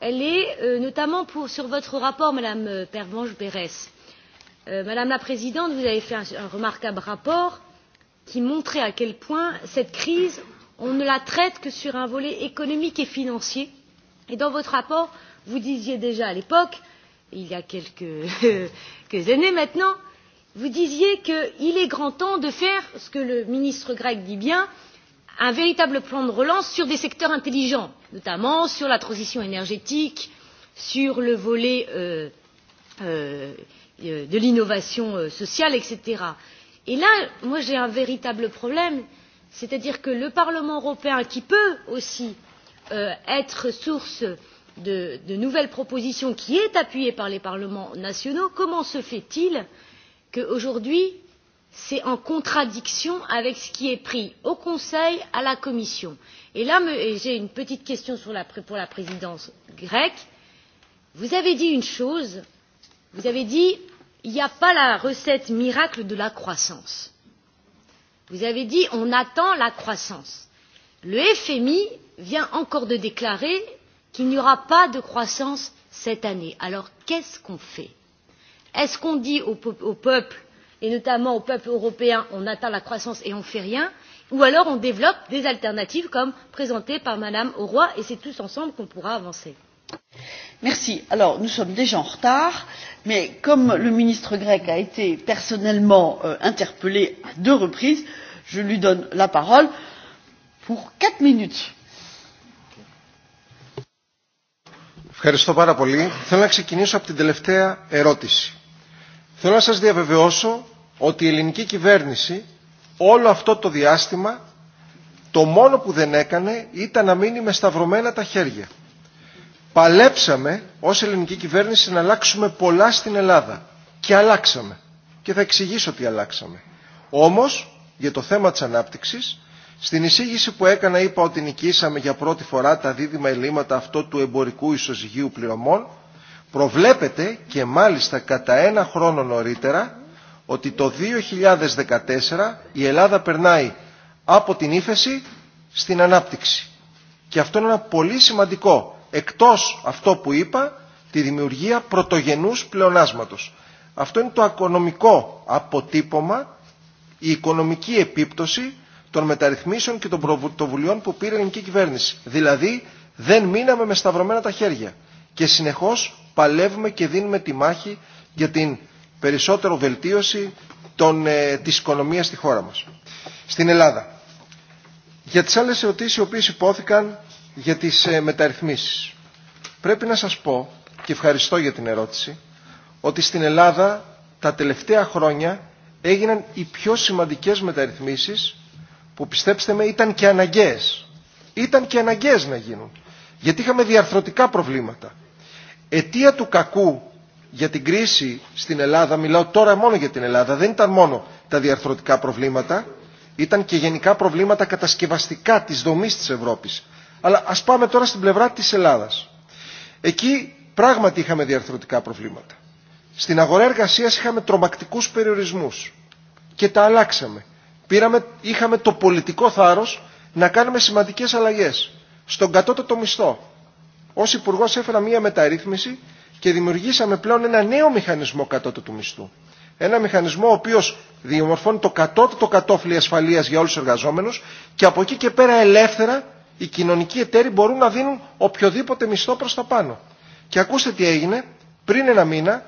elle est euh, notamment pour, sur votre rapport, Madame euh, Pervenche Berès. Euh, Madame la Présidente, vous avez fait un, un remarquable rapport qui montrait à quel point cette crise, on ne la traite que sur un volet économique et financier. Et dans votre rapport, vous disiez déjà à l'époque, il y a quelques, quelques années maintenant, vous disiez qu'il est grand temps de faire ce que le ministre grec dit bien un véritable plan de relance sur des secteurs intelligents, notamment sur la transition énergétique, sur le volet euh, euh, de l'innovation euh, sociale, etc. Et là, moi j'ai un véritable problème, c'est-à-dire que le Parlement européen, qui peut aussi euh, être source de, de nouvelles propositions, qui est appuyée par les parlements nationaux, comment se fait-il euh, qu'aujourd'hui, c'est en contradiction avec ce qui est pris au Conseil, à la Commission. Et là, j'ai une petite question sur la, pour la présidence grecque. Vous avez dit une chose, vous avez dit il n'y a pas la recette miracle de la croissance. Vous avez dit on attend la croissance. Le FMI vient encore de déclarer qu'il n'y aura pas de croissance cette année. Alors qu'est-ce qu'on fait Est-ce qu'on dit au, au peuple, et notamment au peuple européen, on atteint la croissance et on ne fait rien Ou alors on développe des alternatives comme présentées par Madame Auroy, et c'est tous ensemble qu'on pourra avancer. Merci. Alors, nous sommes déjà en retard, mais comme le ministre grec a été personnellement euh, interpellé à deux reprises, je lui donne la parole pour quatre minutes. Ευχαριστώ πάρα πολύ. Θέλω να ξεκινήσω από την τελευταία ερώτηση. Θέλω να σας διαβεβαιώσω ότι η ελληνική κυβέρνηση όλο αυτό το διάστημα το μόνο που δεν έκανε ήταν να μείνει με σταυρωμένα τα χέρια. Παλέψαμε ως ελληνική κυβέρνηση να αλλάξουμε πολλά στην Ελλάδα και αλλάξαμε και θα εξηγήσω τι αλλάξαμε. Όμως για το θέμα της ανάπτυξης στην εισήγηση που έκανα είπα ότι νικήσαμε για πρώτη φορά τα δίδυμα ελλείμματα αυτό του εμπορικού ισοζυγίου πληρωμών προβλέπεται και μάλιστα κατά ένα χρόνο νωρίτερα ότι το 2014 η Ελλάδα περνάει από την ύφεση στην ανάπτυξη. Και αυτό είναι ένα πολύ σημαντικό, εκτός αυτό που είπα, τη δημιουργία πρωτογενούς πλεονάσματος. Αυτό είναι το οικονομικό αποτύπωμα, η οικονομική επίπτωση των μεταρρυθμίσεων και των πρωτοβουλειών που πήρε η ελληνική κυβέρνηση. Δηλαδή, δεν μείναμε με σταυρωμένα τα χέρια. Και συνεχώς παλεύουμε και δίνουμε τη μάχη για την περισσότερο βελτίωση των, ε, της οικονομίας στη χώρα μας. Στην Ελλάδα. Για τις άλλες ερωτήσεις οι οποίες υπόθηκαν για τις ε, μεταρρυθμίσεις. Πρέπει να σας πω, και ευχαριστώ για την ερώτηση, ότι στην Ελλάδα τα τελευταία χρόνια έγιναν οι πιο σημαντικές μεταρρυθμίσεις που πιστέψτε με ήταν και αναγκαίες. Ήταν και αναγκαίες να γίνουν. Γιατί είχαμε διαρθρωτικά προβλήματα αιτία του κακού για την κρίση στην Ελλάδα, μιλάω τώρα μόνο για την Ελλάδα, δεν ήταν μόνο τα διαρθρωτικά προβλήματα, ήταν και γενικά προβλήματα κατασκευαστικά της δομής της Ευρώπης. Αλλά ας πάμε τώρα στην πλευρά της Ελλάδας. Εκεί πράγματι είχαμε διαρθρωτικά προβλήματα. Στην αγορά εργασία είχαμε τρομακτικούς περιορισμούς και τα αλλάξαμε. Πήραμε, είχαμε το πολιτικό θάρρος να κάνουμε σημαντικές αλλαγές στον κατώτατο μισθό, Ως υπουργό έφερα μία μεταρρύθμιση και δημιουργήσαμε πλέον ένα νέο μηχανισμό κατώτατου μισθού. Ένα μηχανισμό ο οποίο διαμορφώνει το κατώτατο κατόφλι ασφαλεία για όλου τους εργαζόμενου και από εκεί και πέρα ελεύθερα οι κοινωνικοί εταίροι μπορούν να δίνουν οποιοδήποτε μισθό προ τα πάνω. Και ακούστε τι έγινε, πριν ένα μήνα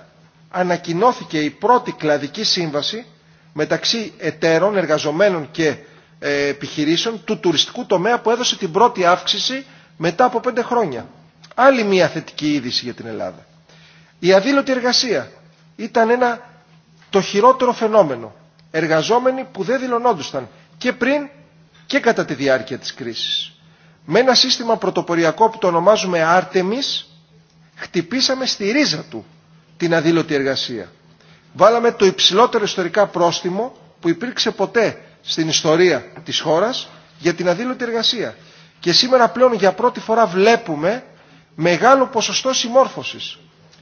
ανακοινώθηκε η πρώτη κλαδική σύμβαση μεταξύ εταίρων, εργαζομένων και ε, επιχειρήσεων του τουριστικού τομέα που έδωσε την πρώτη αύξηση μετά από πέντε χρόνια. Άλλη μια θετική είδηση για την Ελλάδα. Η αδήλωτη εργασία ήταν ένα το χειρότερο φαινόμενο. Εργαζόμενοι που δεν δηλωνόντουσαν και πριν και κατά τη διάρκεια της κρίσης. Με ένα σύστημα πρωτοποριακό που το ονομάζουμε Άρτεμις, χτυπήσαμε στη ρίζα του την αδήλωτη εργασία. Βάλαμε το υψηλότερο ιστορικά πρόστιμο που υπήρξε ποτέ στην ιστορία της χώρας για την αδήλωτη εργασία. Και σήμερα πλέον για πρώτη φορά βλέπουμε μεγάλο ποσοστό συμμόρφωσης.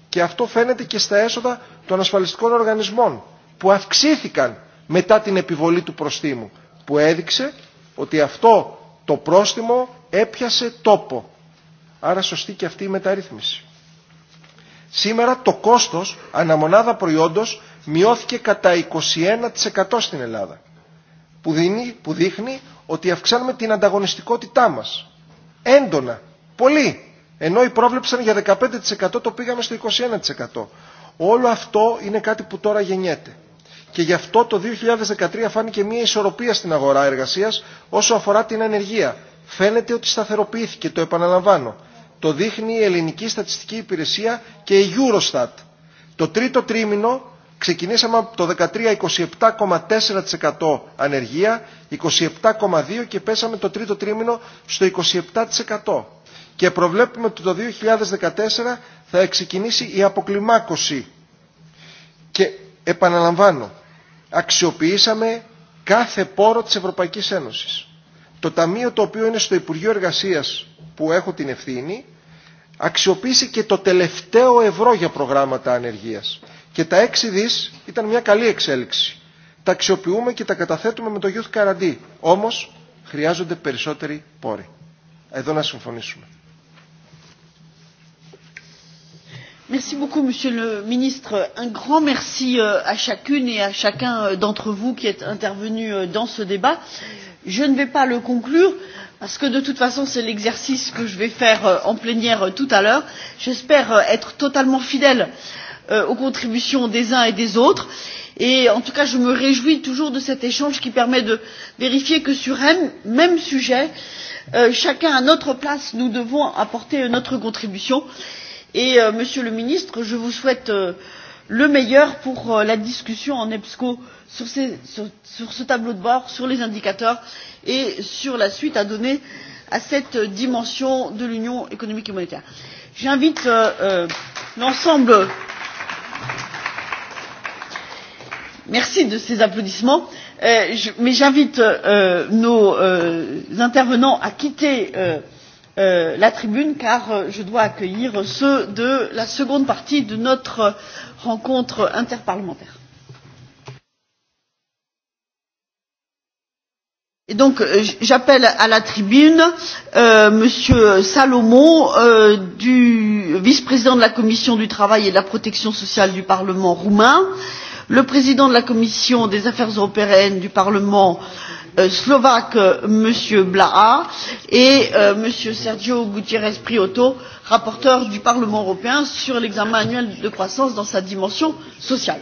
Και αυτό φαίνεται και στα έσοδα των ασφαλιστικών οργανισμών που αυξήθηκαν μετά την επιβολή του προστίμου που έδειξε ότι αυτό το πρόστιμο έπιασε τόπο. Άρα σωστή και αυτή η μεταρρύθμιση. Σήμερα το κόστος αναμονάδα προϊόντος μειώθηκε κατά 21% στην Ελλάδα που, δίνει, που δείχνει ότι αυξάνουμε την ανταγωνιστικότητά μας. Έντονα, πολύ Ενώ οι πρόβλεψαν για 15% το πήγαμε στο 21%. Όλο αυτό είναι κάτι που τώρα γεννιέται. Και γι' αυτό το 2013 φάνηκε μια ισορροπία στην αγορά εργασίας όσο αφορά την ανεργία. Φαίνεται ότι σταθεροποιήθηκε, το επαναλαμβάνω. Το δείχνει η Ελληνική Στατιστική Υπηρεσία και η Eurostat. Το τρίτο τρίμηνο ξεκινήσαμε από το 13 27,4% ανεργία, 27,2% και πέσαμε το τρίτο τρίμηνο στο 27% και προβλέπουμε ότι το 2014 θα ξεκινήσει η αποκλιμάκωση. Και επαναλαμβάνω, αξιοποιήσαμε κάθε πόρο της Ευρωπαϊκής Ένωσης. Το ταμείο το οποίο είναι στο Υπουργείο Εργασίας που έχω την ευθύνη, αξιοποίησε και το τελευταίο ευρώ για προγράμματα ανεργίας. Και τα 6 δις ήταν μια καλή εξέλιξη. Τα αξιοποιούμε και τα καταθέτουμε με το Youth Guarantee. Όμως χρειάζονται περισσότεροι πόροι. Εδώ να συμφωνήσουμε. Merci beaucoup, Monsieur le Ministre. Un grand merci euh, à chacune et à chacun euh, d'entre vous qui est intervenu euh, dans ce débat. Je ne vais pas le conclure parce que de toute façon c'est l'exercice que je vais faire en plénière tout à l'heure. J'espère être totalement fidèle aux contributions des uns et des autres et en tout cas je me réjouis toujours de cet échange qui permet de vérifier que sur un même sujet chacun à notre place nous devons apporter notre contribution Et euh, Monsieur le ministre, je vous souhaite euh, le meilleur pour euh, la discussion en EBSCO sur, ces, sur, sur ce tableau de bord, sur les indicateurs et sur la suite à donner à cette dimension de l'Union économique et monétaire. J'invite euh, euh, l'ensemble. Merci de ces applaudissements. Euh, je, mais j'invite euh, nos euh, intervenants à quitter euh, Euh, la tribune car euh, je dois accueillir ceux de la seconde partie de notre rencontre interparlementaire. Et donc euh, j'appelle à la tribune euh, Monsieur Salomon, euh, du vice-président de la commission du travail et de la protection sociale du Parlement roumain, le président de la commission des affaires européennes du Parlement euh, Euh, slovaque, euh, M. Blaha, et euh, M. Sergio Gutiérrez Prioto, rapporteur du Parlement européen sur l'examen annuel de croissance dans sa dimension sociale.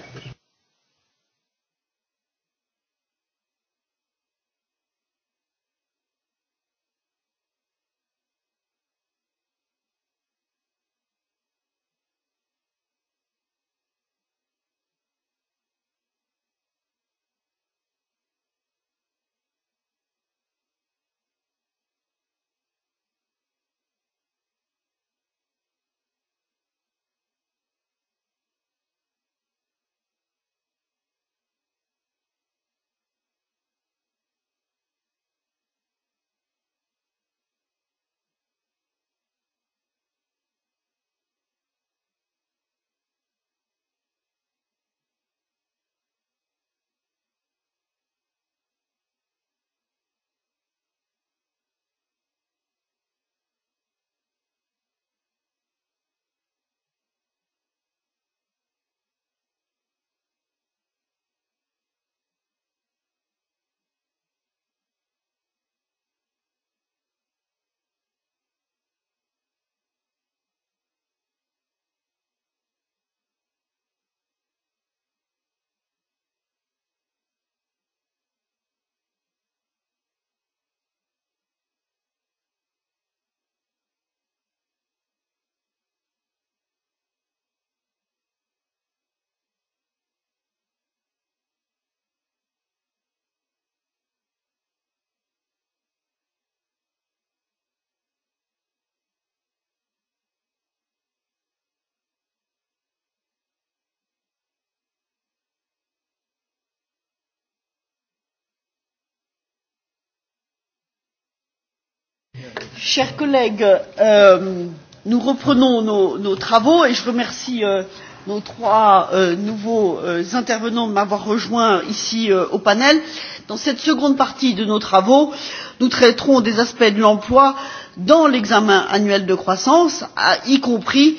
Chers collègues, euh, nous reprenons nos, nos travaux et je remercie euh, nos trois euh, nouveaux euh, intervenants de m'avoir rejoint ici euh, au panel. Dans cette seconde partie de nos travaux, nous traiterons des aspects de l'emploi dans l'examen annuel de croissance, à, y compris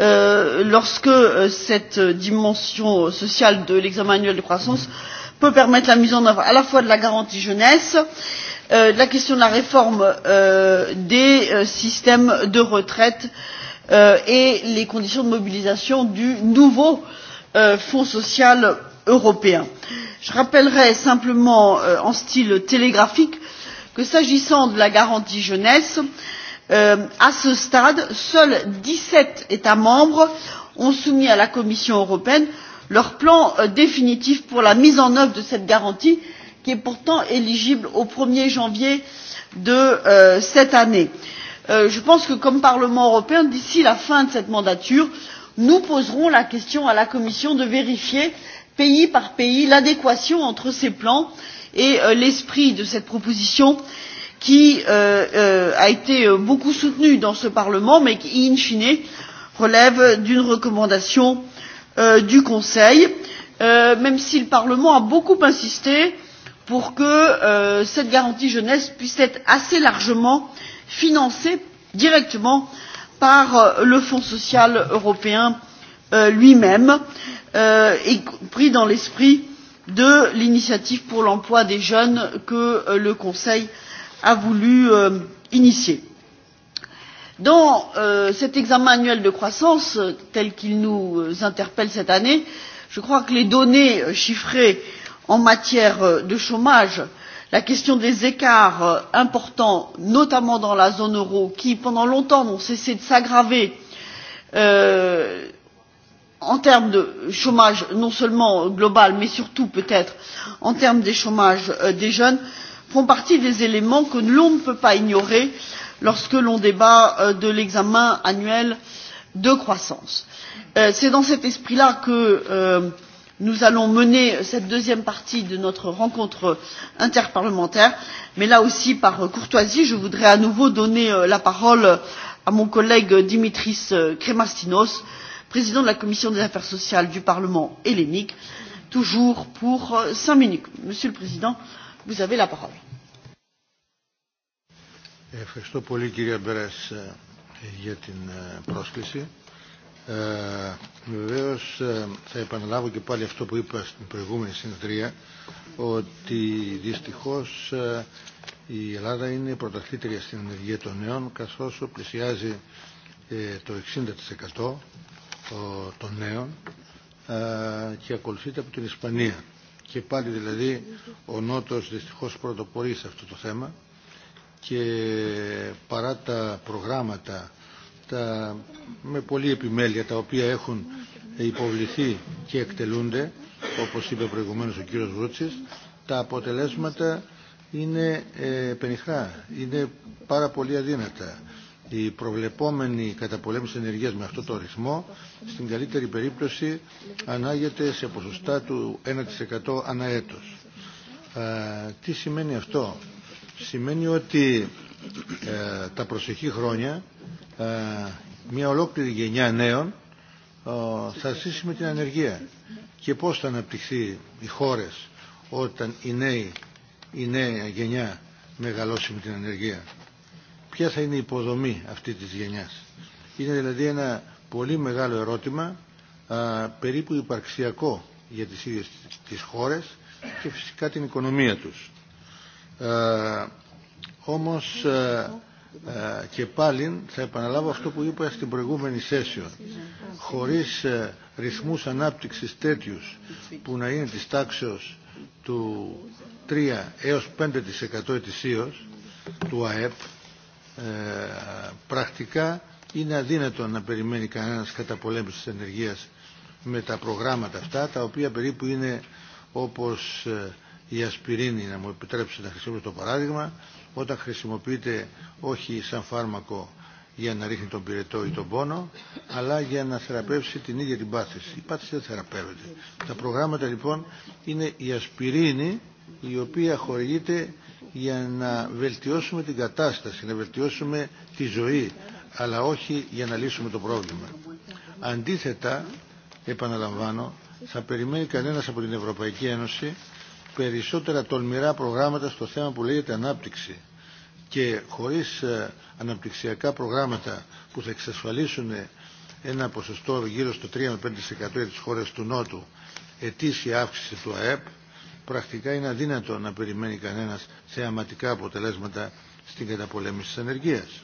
euh, lorsque euh, cette dimension sociale de l'examen annuel de croissance peut permettre la mise en œuvre à la fois de la garantie jeunesse, euh, Euh, la question de la réforme euh, des euh, systèmes de retraite euh, et les conditions de mobilisation du nouveau euh, Fonds social européen. Je rappellerai simplement euh, en style télégraphique que s'agissant de la garantie jeunesse, euh, à ce stade, seuls dix sept États membres ont soumis à la Commission européenne leur plan euh, définitif pour la mise en œuvre de cette garantie qui est pourtant éligible au 1er janvier de euh, cette année. Euh, je pense que comme Parlement européen, d'ici la fin de cette mandature, nous poserons la question à la Commission de vérifier pays par pays l'adéquation entre ces plans et euh, l'esprit de cette proposition qui euh, euh, a été euh, beaucoup soutenue dans ce Parlement mais qui, in fine, relève d'une recommandation euh, du Conseil, euh, même si le Parlement a beaucoup insisté euh, pour que euh, cette garantie jeunesse puisse être assez largement financée directement par euh, le Fonds social européen euh, lui-même, euh, y compris dans l'esprit de l'initiative pour l'emploi des jeunes que euh, le Conseil a voulu euh, initier. Dans euh, cet examen annuel de croissance tel qu'il nous euh, interpelle cette année, je crois que les données euh, chiffrées euh, en matière euh, de chômage, la question des écarts euh, importants, notamment dans la zone euro, qui pendant longtemps n'ont cessé de s'aggraver euh, en termes de chômage non seulement global mais surtout peut-être en termes des chômages euh, des jeunes, font partie des éléments que l'on ne peut pas ignorer lorsque l'on débat euh, de l'examen annuel de croissance. Euh, C'est dans cet esprit-là que euh, nous allons mener cette deuxième partie de notre rencontre interparlementaire mais là aussi par courtoisie je voudrais à nouveau donner euh, la parole à mon collègue dimitris euh, kremastinos président de la commission des affaires sociales du parlement hellénique toujours pour euh, cinq minutes. monsieur le président vous avez la parole. Ευχαριστώ πολύ κυρία Μπερές για την πρόσκληση. Βεβαίω θα επαναλάβω και πάλι αυτό που είπα στην προηγούμενη συνεδρία ότι δυστυχώς η Ελλάδα είναι πρωταθλήτρια στην ενεργεία των νέων καθώς πλησιάζει το 60% των νέων και ακολουθείται από την Ισπανία. Και πάλι δηλαδή ο Νότος δυστυχώς πρωτοπορεί σε αυτό το θέμα και παρά τα προγράμματα στα, με πολλή επιμέλεια τα οποία έχουν υποβληθεί και εκτελούνται, όπως είπε προηγουμένως ο κύριος Βρούτσης, τα αποτελέσματα είναι ε, πενιχά, είναι πάρα πολύ αδύνατα. Η προβλεπόμενη καταπολέμηση ενεργείας με αυτό το ρυθμό, στην καλύτερη περίπτωση, ανάγεται σε ποσοστά του 1% ανά έτος. Ε, τι σημαίνει αυτό. Σημαίνει ότι ε, τα προσεχή χρόνια ε, μια ολόκληρη γενιά νέων ε, θα ζήσει με την ανεργία και πώς θα αναπτυχθεί οι χώρες όταν οι νέοι, η νέα γενιά μεγαλώσει με την ανεργία. Ποια θα είναι η υποδομή αυτή της γενιάς. Είναι δηλαδή ένα πολύ μεγάλο ερώτημα α, περίπου υπαρξιακό για τις ίδιες τις χώρες και φυσικά την οικονομία τους. Α, Όμως ε, ε, και πάλι θα επαναλάβω αυτό που είπα στην προηγούμενη σέσιο. Χωρίς ε, ρυθμούς ανάπτυξης τέτοιους που να είναι της τάξεως του 3 έως 5% ετησίως του ΑΕΠ ε, πρακτικά είναι αδύνατο να περιμένει κανένας καταπολέμηση της ενεργείας με τα προγράμματα αυτά τα οποία περίπου είναι όπως ε, η ασπιρίνη, να μου επιτρέψει να χρησιμοποιήσω το παράδειγμα, όταν χρησιμοποιείται όχι σαν φάρμακο για να ρίχνει τον πυρετό ή τον πόνο, αλλά για να θεραπεύσει την ίδια την πάθηση. Η πάθηση δεν θεραπεύεται. Τα προγράμματα λοιπόν είναι η ασπιρίνη η οποία χορηγείται για να βελτιώσουμε την κατάσταση, να βελτιώσουμε τη ζωή, αλλά όχι για να λύσουμε το πρόβλημα. Αντίθετα, επαναλαμβάνω, θα περιμένει κανένας από την Ευρωπαϊκή Ένωση περισσότερα τολμηρά προγράμματα στο θέμα που λέγεται ανάπτυξη και χωρίς αναπτυξιακά προγράμματα που θα εξασφαλίσουν ένα ποσοστό γύρω στο 3 5% για τις χώρες του Νότου ετήσια αύξηση του ΑΕΠ πρακτικά είναι αδύνατο να περιμένει κανένας θεαματικά αποτελέσματα στην καταπολέμηση της ανεργίας.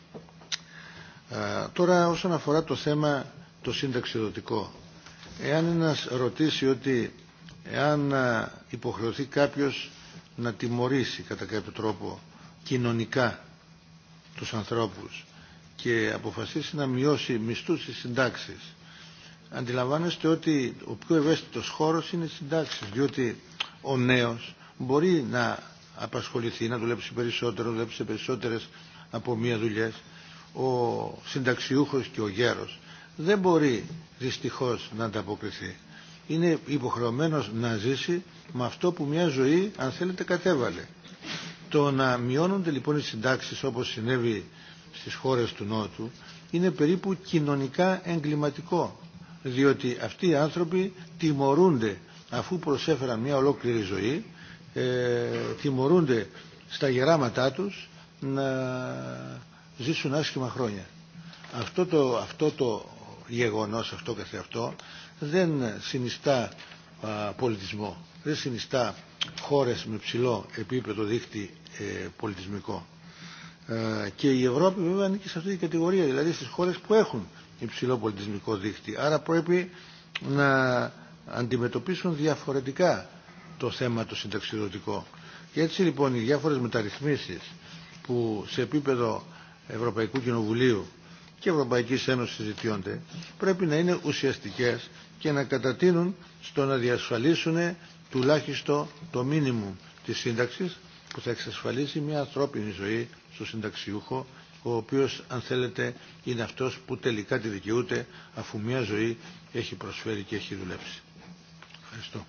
Α, τώρα όσον αφορά το θέμα το συνταξιδοτικό εάν ένας ρωτήσει ότι εάν υποχρεωθεί κάποιος να τιμωρήσει κατά κάποιο τρόπο κοινωνικά τους ανθρώπους και αποφασίσει να μειώσει μισθούς στις συντάξεις αντιλαμβάνεστε ότι ο πιο ευαίσθητος χώρος είναι οι συντάξεις διότι ο νέος μπορεί να απασχοληθεί, να δουλέψει περισσότερο, να δουλέψει σε περισσότερες από μία δουλειές. Ο συνταξιούχος και ο γέρος δεν μπορεί δυστυχώς να ανταποκριθεί είναι υποχρεωμένο να ζήσει με αυτό που μια ζωή, αν θέλετε, κατέβαλε. Το να μειώνονται λοιπόν οι συντάξει, όπω συνέβη στι χώρε του Νότου είναι περίπου κοινωνικά εγκληματικό διότι αυτοί οι άνθρωποι τιμωρούνται αφού προσέφεραν μια ολόκληρη ζωή ε, τιμωρούνται στα γεράματά τους να ζήσουν άσχημα χρόνια. Αυτό το, αυτό το γεγονός, αυτό καθεαυτό, αυτό δεν συνιστά α, πολιτισμό, δεν συνιστά χώρες με ψηλό επίπεδο δίχτυ ε, πολιτισμικό. Ε, και η Ευρώπη βέβαια ανήκει σε αυτή την κατηγορία, δηλαδή στις χώρες που έχουν υψηλό πολιτισμικό δίκτυ. Άρα πρέπει να αντιμετωπίσουν διαφορετικά το θέμα το συνταξιδοτικό. Και έτσι λοιπόν οι διάφορες μεταρρυθμίσεις που σε επίπεδο Ευρωπαϊκού Κοινοβουλίου και Ευρωπαϊκής Ένωσης συζητιώνται, πρέπει να είναι ουσιαστικές και να κατατείνουν στο να διασφαλίσουν τουλάχιστον το μήνυμου της σύνταξης που θα εξασφαλίσει μια ανθρώπινη ζωή στο συνταξιούχο ο οποίος αν θέλετε είναι αυτός που τελικά τη δικαιούται αφού μια ζωή έχει προσφέρει και έχει δουλέψει. Ευχαριστώ.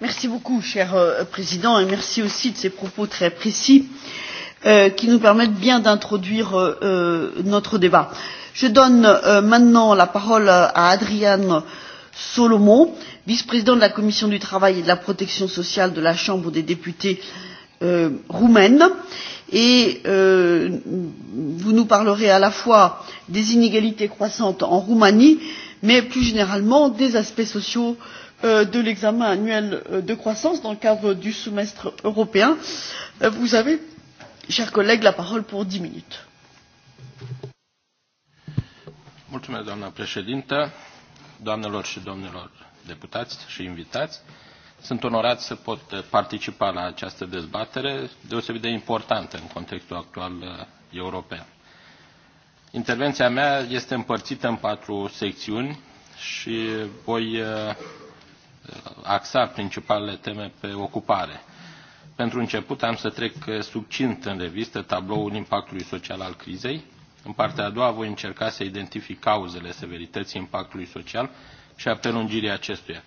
Merci beaucoup, cher euh, Président, et merci aussi de ces propos très précis euh, qui nous permettent bien d'introduire euh, euh, notre débat. Je donne euh, maintenant la parole à Adriane Solomon, vice-président de la Commission du travail et de la protection sociale de la Chambre des députés euh, roumaine. Et euh, vous nous parlerez à la fois des inégalités croissantes en Roumanie, mais plus généralement des aspects sociaux euh, de l'examen annuel euh, de croissance dans le cadre du semestre européen. Euh, vous avez Chers collègues, la parole pour 10 minutes. Mulțumesc, doamna președintă, doamnelor și domnilor deputați și invitați. Sunt onorat să pot participa la această dezbatere deosebit de importantă în contextul actual uh, european. Intervenția mea este împărțită în patru secțiuni și voi uh, axa principalele teme pe ocupare – Pentru început am să trec eh, succint în revistă tabloul impactului social al crizei. În partea a doua voi încerca să identific cauzele severității impactului social și a prelungirii acestuia.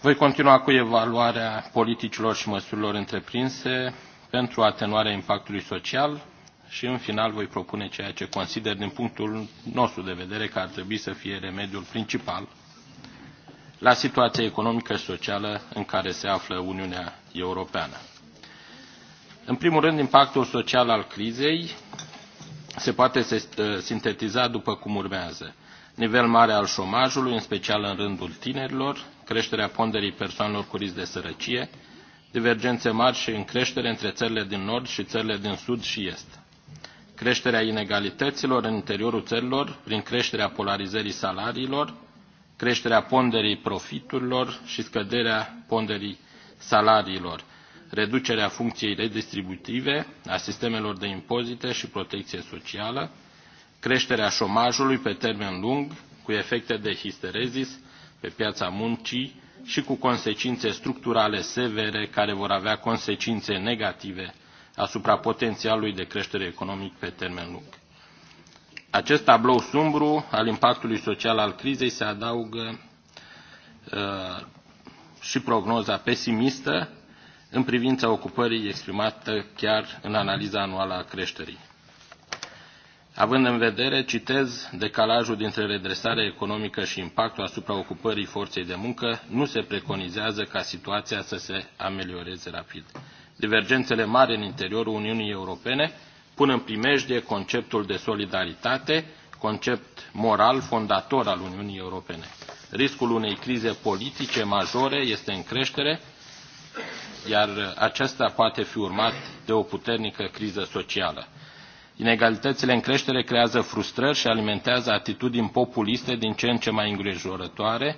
Voi continua cu evaluarea politicilor și măsurilor întreprinse pentru atenuarea impactului social și în final voi propune ceea ce consider din punctul nostru de vedere că ar trebui să fie remediul principal la situația economică și socială în care se află Uniunea Europeană. În primul rând, impactul social al crizei se poate sintetiza după cum urmează. Nivel mare al șomajului, în special în rândul tinerilor, creșterea ponderii persoanelor cu risc de sărăcie, divergențe mari și în creștere între țările din nord și țările din sud și est. Creșterea inegalităților în interiorul țărilor, prin creșterea polarizării salariilor, creșterea ponderii profiturilor și scăderea ponderii salariilor, reducerea funcției redistributive a sistemelor de impozite și protecție socială, creșterea șomajului pe termen lung cu efecte de histerezis pe piața muncii și cu consecințe structurale severe care vor avea consecințe negative asupra potențialului de creștere economic pe termen lung. Acest tablou sumbru al impactului social al crizei se adaugă uh, și prognoza pesimistă în privința ocupării exprimată chiar în analiza anuală a creșterii. Având în vedere, citez, decalajul dintre redresarea economică și impactul asupra ocupării forței de muncă nu se preconizează ca situația să se amelioreze rapid. Divergențele mari în interiorul Uniunii Europene pun în primejdie conceptul de solidaritate, concept moral fondator al Uniunii Europene. Riscul unei crize politice majore este în creștere, iar acesta poate fi urmat de o puternică criză socială. Inegalitățile în creștere creează frustrări și alimentează atitudini populiste din ce în ce mai îngrijorătoare,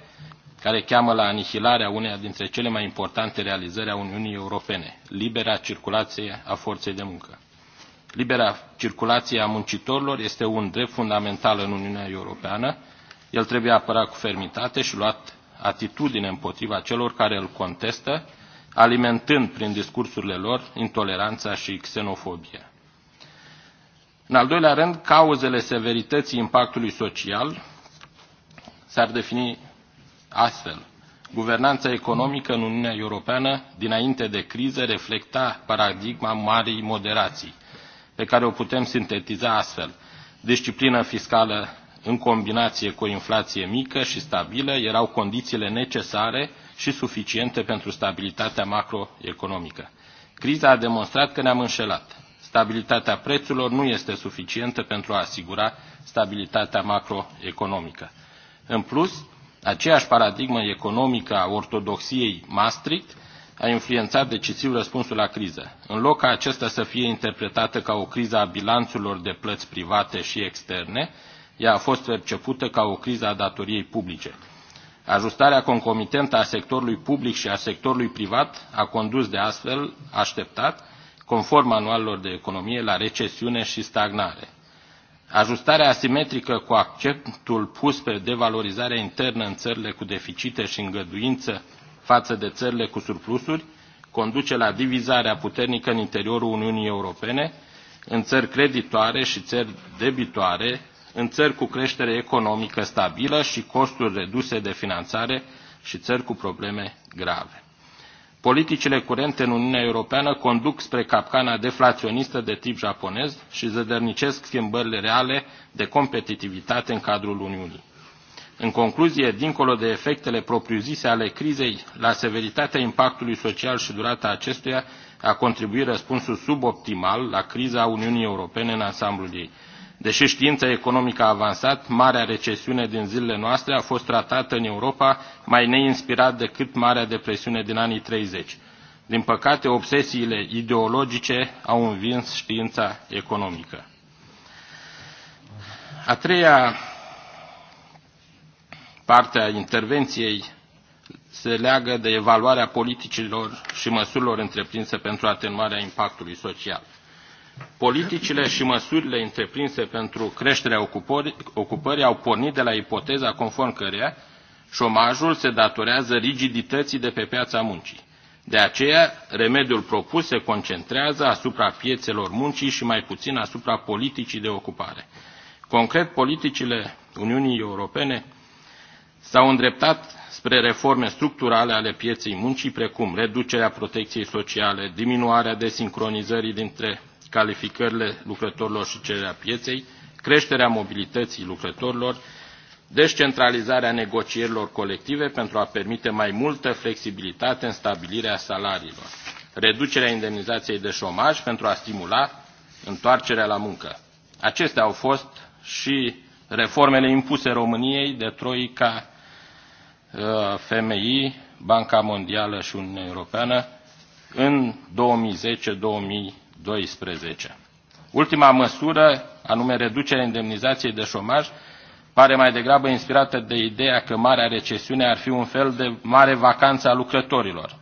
care cheamă la anihilarea uneia dintre cele mai importante realizări a Uniunii Europene, libera circulație a forței de muncă. Libera circulație a muncitorilor este un drept fundamental în Uniunea Europeană. El trebuie apărat cu fermitate și luat atitudine împotriva celor care îl contestă, alimentând prin discursurile lor intoleranța și xenofobia. În al doilea rând, cauzele severității impactului social s-ar defini astfel. Guvernanța economică în Uniunea Europeană, dinainte de criză, reflecta paradigma marii moderații pe care o putem sintetiza astfel. Disciplina fiscală în combinație cu o inflație mică și stabilă erau condițiile necesare și suficiente pentru stabilitatea macroeconomică. Criza a demonstrat că ne-am înșelat. Stabilitatea prețurilor nu este suficientă pentru a asigura stabilitatea macroeconomică. În plus, aceeași paradigmă economică a ortodoxiei Maastricht a influențat decisiv răspunsul la criză. În loc ca acesta să fie interpretată ca o criză a bilanțurilor de plăți private și externe, ea a fost percepută ca o criză a datoriei publice. Ajustarea concomitentă a sectorului public și a sectorului privat a condus de astfel așteptat, conform manualelor de economie, la recesiune și stagnare. Ajustarea asimetrică cu acceptul pus pe devalorizarea internă în țările cu deficite și îngăduință față de țările cu surplusuri conduce la divizarea puternică în interiorul Uniunii Europene, în țări creditoare și țări debitoare, în țări cu creștere economică stabilă și costuri reduse de finanțare și țări cu probleme grave. Politicile curente în Uniunea Europeană conduc spre capcana deflaționistă de tip japonez și zădărnicesc schimbările reale de competitivitate în cadrul Uniunii. În concluzie, dincolo de efectele propriu-zise ale crizei, la severitatea impactului social și durata acestuia a contribuit răspunsul suboptimal la criza Uniunii Europene în ansamblul ei. Deși știința economică a avansat, marea recesiune din zilele noastre a fost tratată în Europa mai neinspirat decât Marea Depresiune din anii 30. Din păcate, obsesiile ideologice au învins știința economică. A treia partea intervenției se leagă de evaluarea politicilor și măsurilor întreprinse pentru atenuarea impactului social. Politicile și măsurile întreprinse pentru creșterea ocupării au pornit de la ipoteza conform căreia șomajul se datorează rigidității de pe piața muncii. De aceea, remediul propus se concentrează asupra piețelor muncii și mai puțin asupra politicii de ocupare. Concret, politicile Uniunii Europene S-au îndreptat spre reforme structurale ale pieței muncii, precum reducerea protecției sociale, diminuarea desincronizării dintre calificările lucrătorilor și cererea pieței, creșterea mobilității lucrătorilor, descentralizarea negocierilor colective pentru a permite mai multă flexibilitate în stabilirea salariilor, reducerea indemnizației de șomaj pentru a stimula întoarcerea la muncă. Acestea au fost și reformele impuse României de Troica, uh, FMI, Banca Mondială și Uniunea Europeană în 2010-2012. Ultima măsură, anume reducerea indemnizației de șomaj, pare mai degrabă inspirată de ideea că marea recesiune ar fi un fel de mare vacanță a lucrătorilor.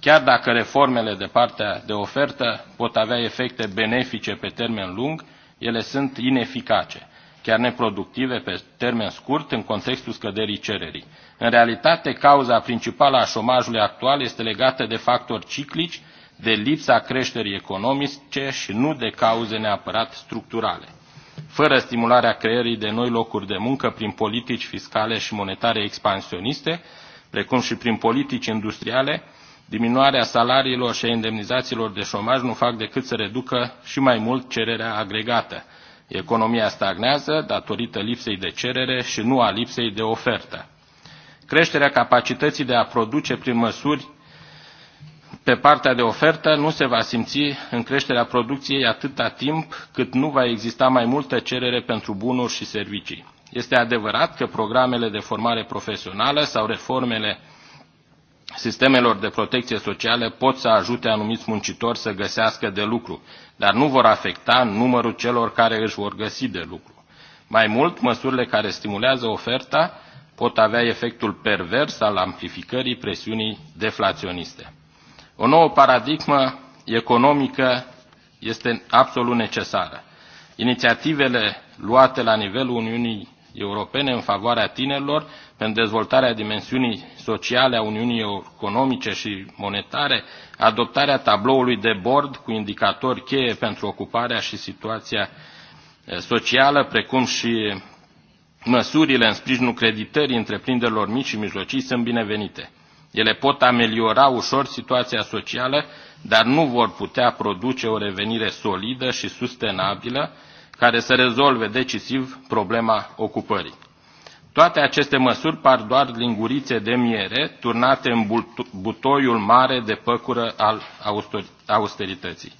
Chiar dacă reformele de partea de ofertă pot avea efecte benefice pe termen lung, ele sunt ineficace chiar neproductive, pe termen scurt, în contextul scăderii cererii. În realitate, cauza principală a șomajului actual este legată de factori ciclici, de lipsa creșterii economice și nu de cauze neapărat structurale. Fără stimularea creierii de noi locuri de muncă prin politici fiscale și monetare expansioniste, precum și prin politici industriale, diminuarea salariilor și a indemnizațiilor de șomaj nu fac decât să reducă și mai mult cererea agregată Economia stagnează datorită lipsei de cerere și nu a lipsei de ofertă. Creșterea capacității de a produce prin măsuri pe partea de ofertă nu se va simți în creșterea producției atâta timp cât nu va exista mai multă cerere pentru bunuri și servicii. Este adevărat că programele de formare profesională sau reformele sistemelor de protecție socială pot să ajute anumiți muncitori să găsească de lucru, dar nu vor afecta numărul celor care își vor găsi de lucru. Mai mult, măsurile care stimulează oferta pot avea efectul pervers al amplificării presiunii deflaționiste. O nouă paradigmă economică este absolut necesară. Inițiativele luate la nivelul Uniunii Europene în favoarea tinerilor pentru dezvoltarea dimensiunii sociale a Uniunii Economice și Monetare, adoptarea tabloului de bord cu indicatori cheie pentru ocuparea și situația e, socială, precum și măsurile în sprijinul creditării întreprinderilor mici și mijlocii sunt binevenite. Ele pot ameliora ușor situația socială, dar nu vor putea produce o revenire solidă și sustenabilă care să rezolve decisiv problema ocupării. Toate aceste măsuri par doar lingurițe de miere turnate în butoiul mare de păcură al austerității.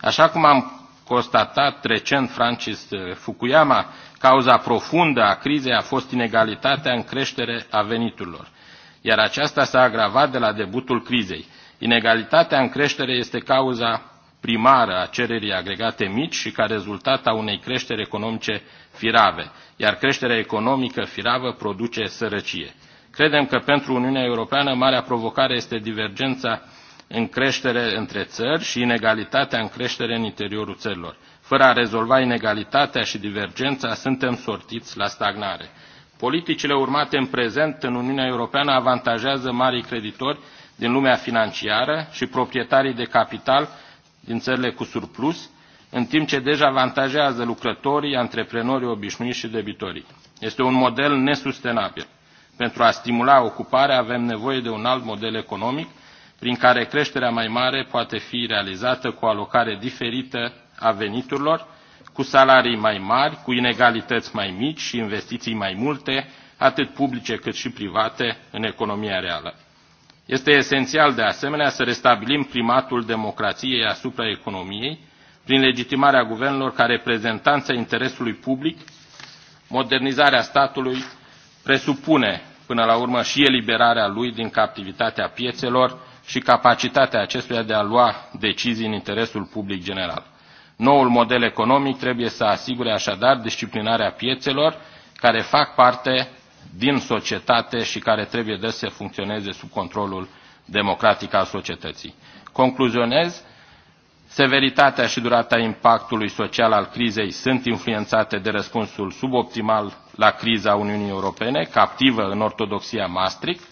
Așa cum am constatat recent Francis Fukuyama, cauza profundă a crizei a fost inegalitatea în creștere a veniturilor, iar aceasta s-a agravat de la debutul crizei. Inegalitatea în creștere este cauza primară a cererii agregate mici și ca rezultat a unei creșteri economice firave, iar creșterea economică firavă produce sărăcie. Credem că pentru Uniunea Europeană marea provocare este divergența în creștere între țări și inegalitatea în creștere în interiorul țărilor. Fără a rezolva inegalitatea și divergența, suntem sortiți la stagnare. Politicile urmate în prezent în Uniunea Europeană avantajează marii creditori din lumea financiară și proprietarii de capital din țările cu surplus, în timp ce avantajează lucrătorii, antreprenorii obișnuiți și debitorii. Este un model nesustenabil. Pentru a stimula ocuparea avem nevoie de un alt model economic prin care creșterea mai mare poate fi realizată cu o alocare diferită a veniturilor, cu salarii mai mari, cu inegalități mai mici și investiții mai multe, atât publice cât și private, în economia reală. Este esențial, de asemenea, să restabilim primatul democrației asupra economiei, prin legitimarea guvernelor ca reprezentanță interesului public, modernizarea statului presupune până la urmă și eliberarea lui din captivitatea piețelor și capacitatea acestuia de a lua decizii în interesul public general. Noul model economic trebuie să asigure așadar disciplinarea piețelor care fac parte din societate și care trebuie de să funcționeze sub controlul democratic al societății. Concluzionez Severitatea și durata impactului social al crizei sunt influențate de răspunsul suboptimal la criza Uniunii Europene, captivă în ortodoxia Maastricht.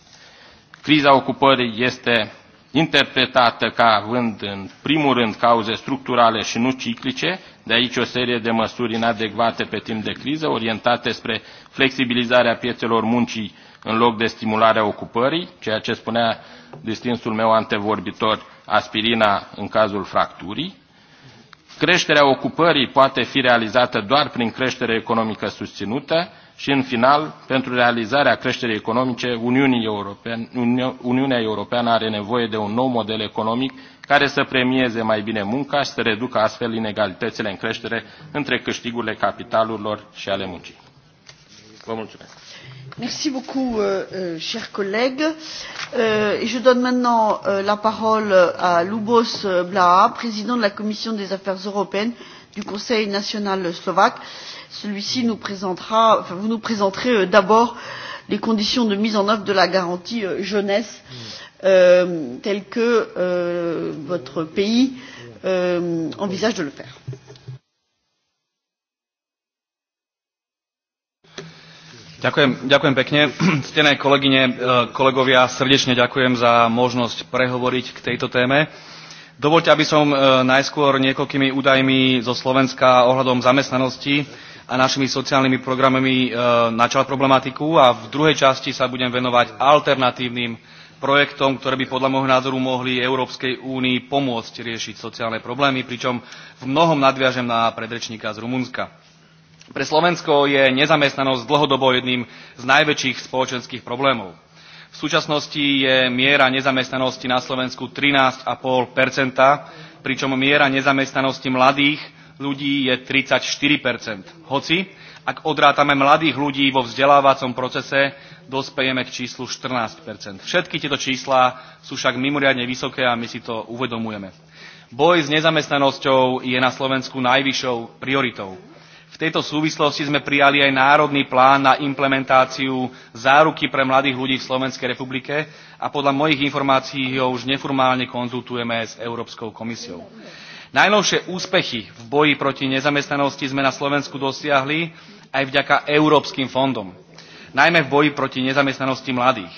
Criza ocupării este interpretată ca având în primul rând cauze structurale și nu ciclice, de aici o serie de măsuri inadecvate pe timp de criză, orientate spre flexibilizarea piețelor muncii în loc de stimularea ocupării, ceea ce spunea distinsul meu antevorbitor aspirina în cazul fracturii. Creșterea ocupării poate fi realizată doar prin creștere economică susținută și, în final, pentru realizarea creșterii economice, Uniunii European, Uniunea Europeană are nevoie de un nou model economic care să premieze mai bine munca și să reducă astfel inegalitățile în creștere între câștigurile capitalurilor și ale muncii. Vă mulțumesc! Merci beaucoup, euh, euh, chers collègues. Euh, je donne maintenant euh, la parole à Lubos Blaha, président de la Commission des affaires européennes du Conseil national slovaque. Celui-ci nous présentera, enfin, vous nous présenterez euh, d'abord les conditions de mise en œuvre de la garantie euh, jeunesse euh, telles que euh, votre pays euh, envisage de le faire. Ďakujem, ďakujem pekne. Ctené kolegyne, eh, kolegovia, srdečne ďakujem za možnosť prehovoriť k tejto téme. Dovolte, aby som eh, najskôr niekoľkými údajmi zo Slovenska ohľadom zamestnanosti a našimi sociálnymi programami eh, načal problematiku a v druhej časti sa budem venovať alternatívnym projektom, ktoré by podľa môjho názoru mohli Európskej únii pomôcť riešiť sociálne problémy, pričom v mnohom nadviažem na predrečníka z Rumunska. Pre Slovensko je nezamestnanosť dlhodobo jedným z najväčších spoločenských problémov. V súčasnosti je miera nezamestnanosti na Slovensku 13,5 pričom miera nezamestnanosti mladých ľudí je 34 Hoci, ak odrátame mladých ľudí vo vzdelávacom procese, dospejeme k číslu 14 Všetky tieto čísla sú však mimoriadne vysoké a my si to uvedomujeme. Boj s nezamestnanosťou je na Slovensku najvyššou prioritou. V tejto súvislosti sme prijali aj národný plán na implementáciu záruky pre mladých ľudí v Slovenskej republike a podľa mojich informácií ho už neformálne konzultujeme s Európskou komisiou. Najnovšie úspechy v boji proti nezamestnanosti sme na Slovensku dosiahli aj vďaka európskym fondom, najmä v boji proti nezamestnanosti mladých.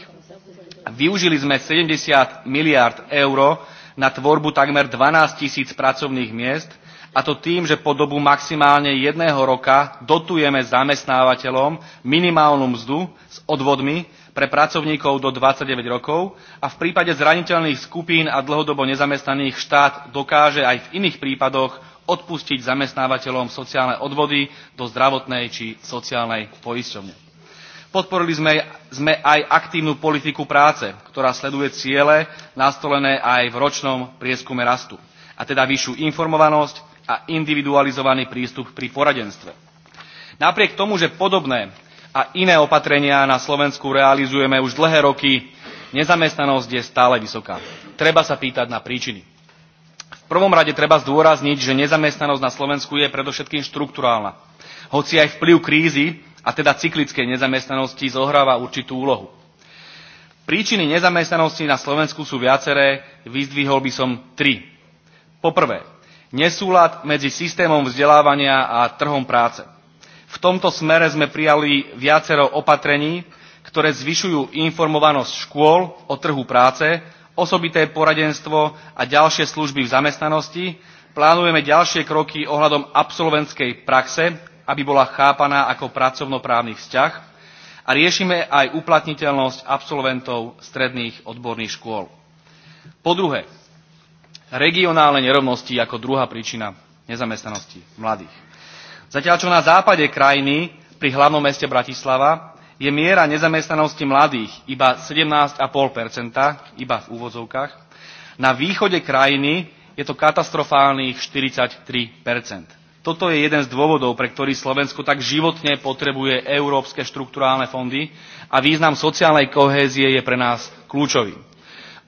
Využili sme 70 miliard eur na tvorbu takmer 12 tisíc pracovných miest a to tým, že po dobu maximálne jedného roka dotujeme zamestnávateľom minimálnu mzdu s odvodmi pre pracovníkov do 29 rokov a v prípade zraniteľných skupín a dlhodobo nezamestnaných štát dokáže aj v iných prípadoch odpustiť zamestnávateľom sociálne odvody do zdravotnej či sociálnej poisťovne. Podporili sme, sme aj aktívnu politiku práce, ktorá sleduje ciele nastolené aj v ročnom prieskume rastu, a teda vyššiu informovanosť, a individualizovaný prístup pri poradenstve. Napriek tomu, že podobné a iné opatrenia na Slovensku realizujeme už dlhé roky, nezamestnanosť je stále vysoká. Treba sa pýtať na príčiny. V prvom rade treba zdôrazniť, že nezamestnanosť na Slovensku je predovšetkým štruktúrálna. Hoci aj vplyv krízy, a teda cyklickej nezamestnanosti, zohráva určitú úlohu. Príčiny nezamestnanosti na Slovensku sú viaceré, vyzdvihol by som tri. Poprvé, nesúlad medzi systémom vzdelávania a trhom práce. V tomto smere sme prijali viacero opatrení, ktoré zvyšujú informovanosť škôl o trhu práce, osobité poradenstvo a ďalšie služby v zamestnanosti. Plánujeme ďalšie kroky ohľadom absolventskej praxe, aby bola chápaná ako pracovnoprávny vzťah a riešime aj uplatniteľnosť absolventov stredných odborných škôl. Po druhé, regionálne nerovnosti ako druhá príčina nezamestnanosti mladých. Zatiaľ čo na západe krajiny, pri hlavnom meste Bratislava, je miera nezamestnanosti mladých iba 17,5%, iba v úvozovkách. Na východe krajiny je to katastrofálnych 43%. Toto je jeden z dôvodov, pre ktorý Slovensko tak životne potrebuje európske štruktúrálne fondy a význam sociálnej kohézie je pre nás kľúčový.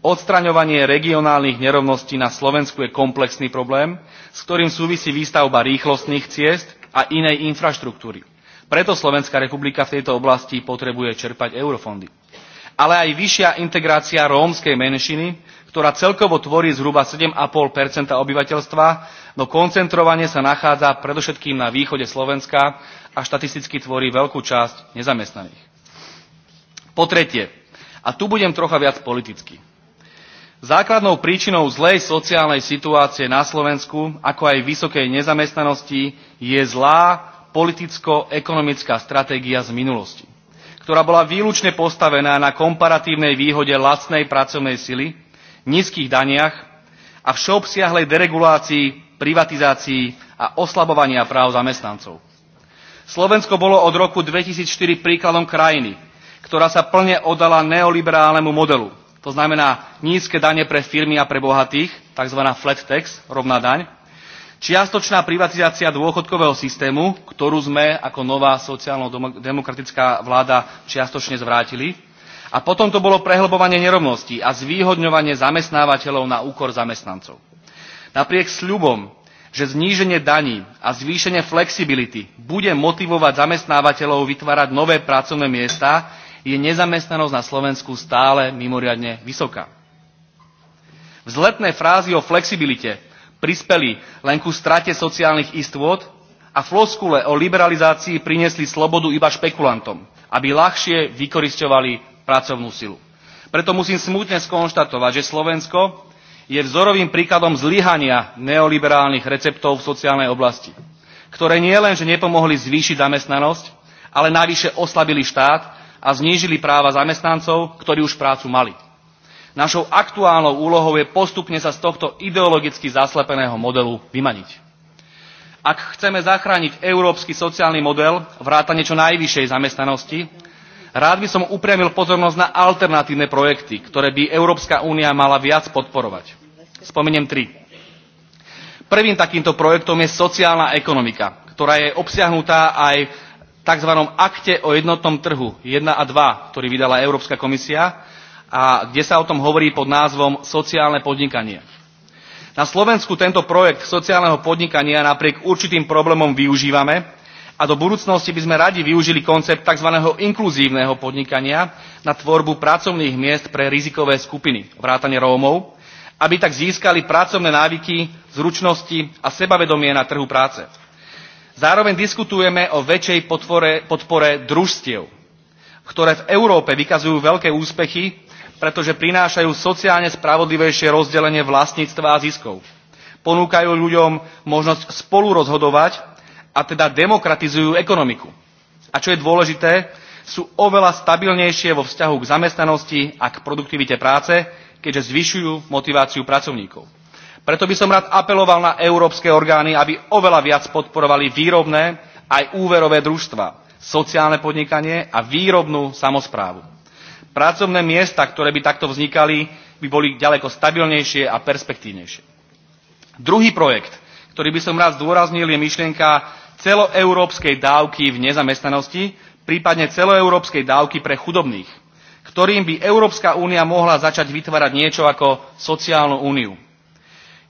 Odstraňovanie regionálnych nerovností na Slovensku je komplexný problém, s ktorým súvisí výstavba rýchlostných ciest a inej infraštruktúry. Preto Slovenská republika v tejto oblasti potrebuje čerpať eurofondy. Ale aj vyššia integrácia rómskej menšiny, ktorá celkovo tvorí zhruba 7,5 obyvateľstva, no koncentrovanie sa nachádza predovšetkým na východe Slovenska a štatisticky tvorí veľkú časť nezamestnaných. Po tretie, a tu budem trocha viac politicky. Základnou príčinou zlej sociálnej situácie na Slovensku, ako aj vysokej nezamestnanosti, je zlá politicko-ekonomická stratégia z minulosti, ktorá bola výlučne postavená na komparatívnej výhode lacnej pracovnej sily, nízkych daniach a všeobsiahlej deregulácii, privatizácii a oslabovania práv zamestnancov. Slovensko bolo od roku 2004 príkladom krajiny, ktorá sa plne oddala neoliberálnemu modelu – to znamená nízke dane pre firmy a pre bohatých, tzv. flat tax, rovná daň, čiastočná privatizácia dôchodkového systému, ktorú sme ako nová sociálno-demokratická vláda čiastočne zvrátili. A potom to bolo prehlbovanie nerovností a zvýhodňovanie zamestnávateľov na úkor zamestnancov. Napriek sľubom, že zníženie daní a zvýšenie flexibility bude motivovať zamestnávateľov vytvárať nové pracovné miesta, je nezamestnanosť na Slovensku stále mimoriadne vysoká. Vzletné frázy o flexibilite prispeli len ku strate sociálnych istôt a floskule o liberalizácii priniesli slobodu iba špekulantom, aby ľahšie vykorisťovali pracovnú silu. Preto musím smutne skonštatovať, že Slovensko je vzorovým príkladom zlyhania neoliberálnych receptov v sociálnej oblasti, ktoré nie len, že nepomohli zvýšiť zamestnanosť, ale navyše oslabili štát a znížili práva zamestnancov, ktorí už prácu mali. Našou aktuálnou úlohou je postupne sa z tohto ideologicky zaslepeného modelu vymaniť. Ak chceme zachrániť európsky sociálny model, vrátane čo najvyššej zamestnanosti, rád by som upriamil pozornosť na alternatívne projekty, ktoré by Európska únia mala viac podporovať. Spomeniem tri. Prvým takýmto projektom je sociálna ekonomika, ktorá je obsiahnutá aj takzvanom akte o jednotnom trhu 1 a 2, ktorý vydala Európska komisia a kde sa o tom hovorí pod názvom sociálne podnikanie. Na Slovensku tento projekt sociálneho podnikania napriek určitým problémom využívame a do budúcnosti by sme radi využili koncept tzv. inkluzívneho podnikania na tvorbu pracovných miest pre rizikové skupiny, vrátane Rómov, aby tak získali pracovné návyky, zručnosti a sebavedomie na trhu práce. Zároveň diskutujeme o väčšej podpore, podpore družstiev, ktoré v Európe vykazujú veľké úspechy, pretože prinášajú sociálne spravodlivejšie rozdelenie vlastníctva a ziskov. Ponúkajú ľuďom možnosť spolu rozhodovať a teda demokratizujú ekonomiku. A čo je dôležité, sú oveľa stabilnejšie vo vzťahu k zamestnanosti a k produktivite práce, keďže zvyšujú motiváciu pracovníkov. Preto by som rád apeloval na európske orgány, aby oveľa viac podporovali výrobné aj úverové družstva, sociálne podnikanie a výrobnú samozprávu. Pracovné miesta, ktoré by takto vznikali, by boli ďaleko stabilnejšie a perspektívnejšie. Druhý projekt, ktorý by som rád zdôraznil, je myšlienka celoeurópskej dávky v nezamestnanosti, prípadne celoeurópskej dávky pre chudobných, ktorým by Európska únia mohla začať vytvárať niečo ako sociálnu úniu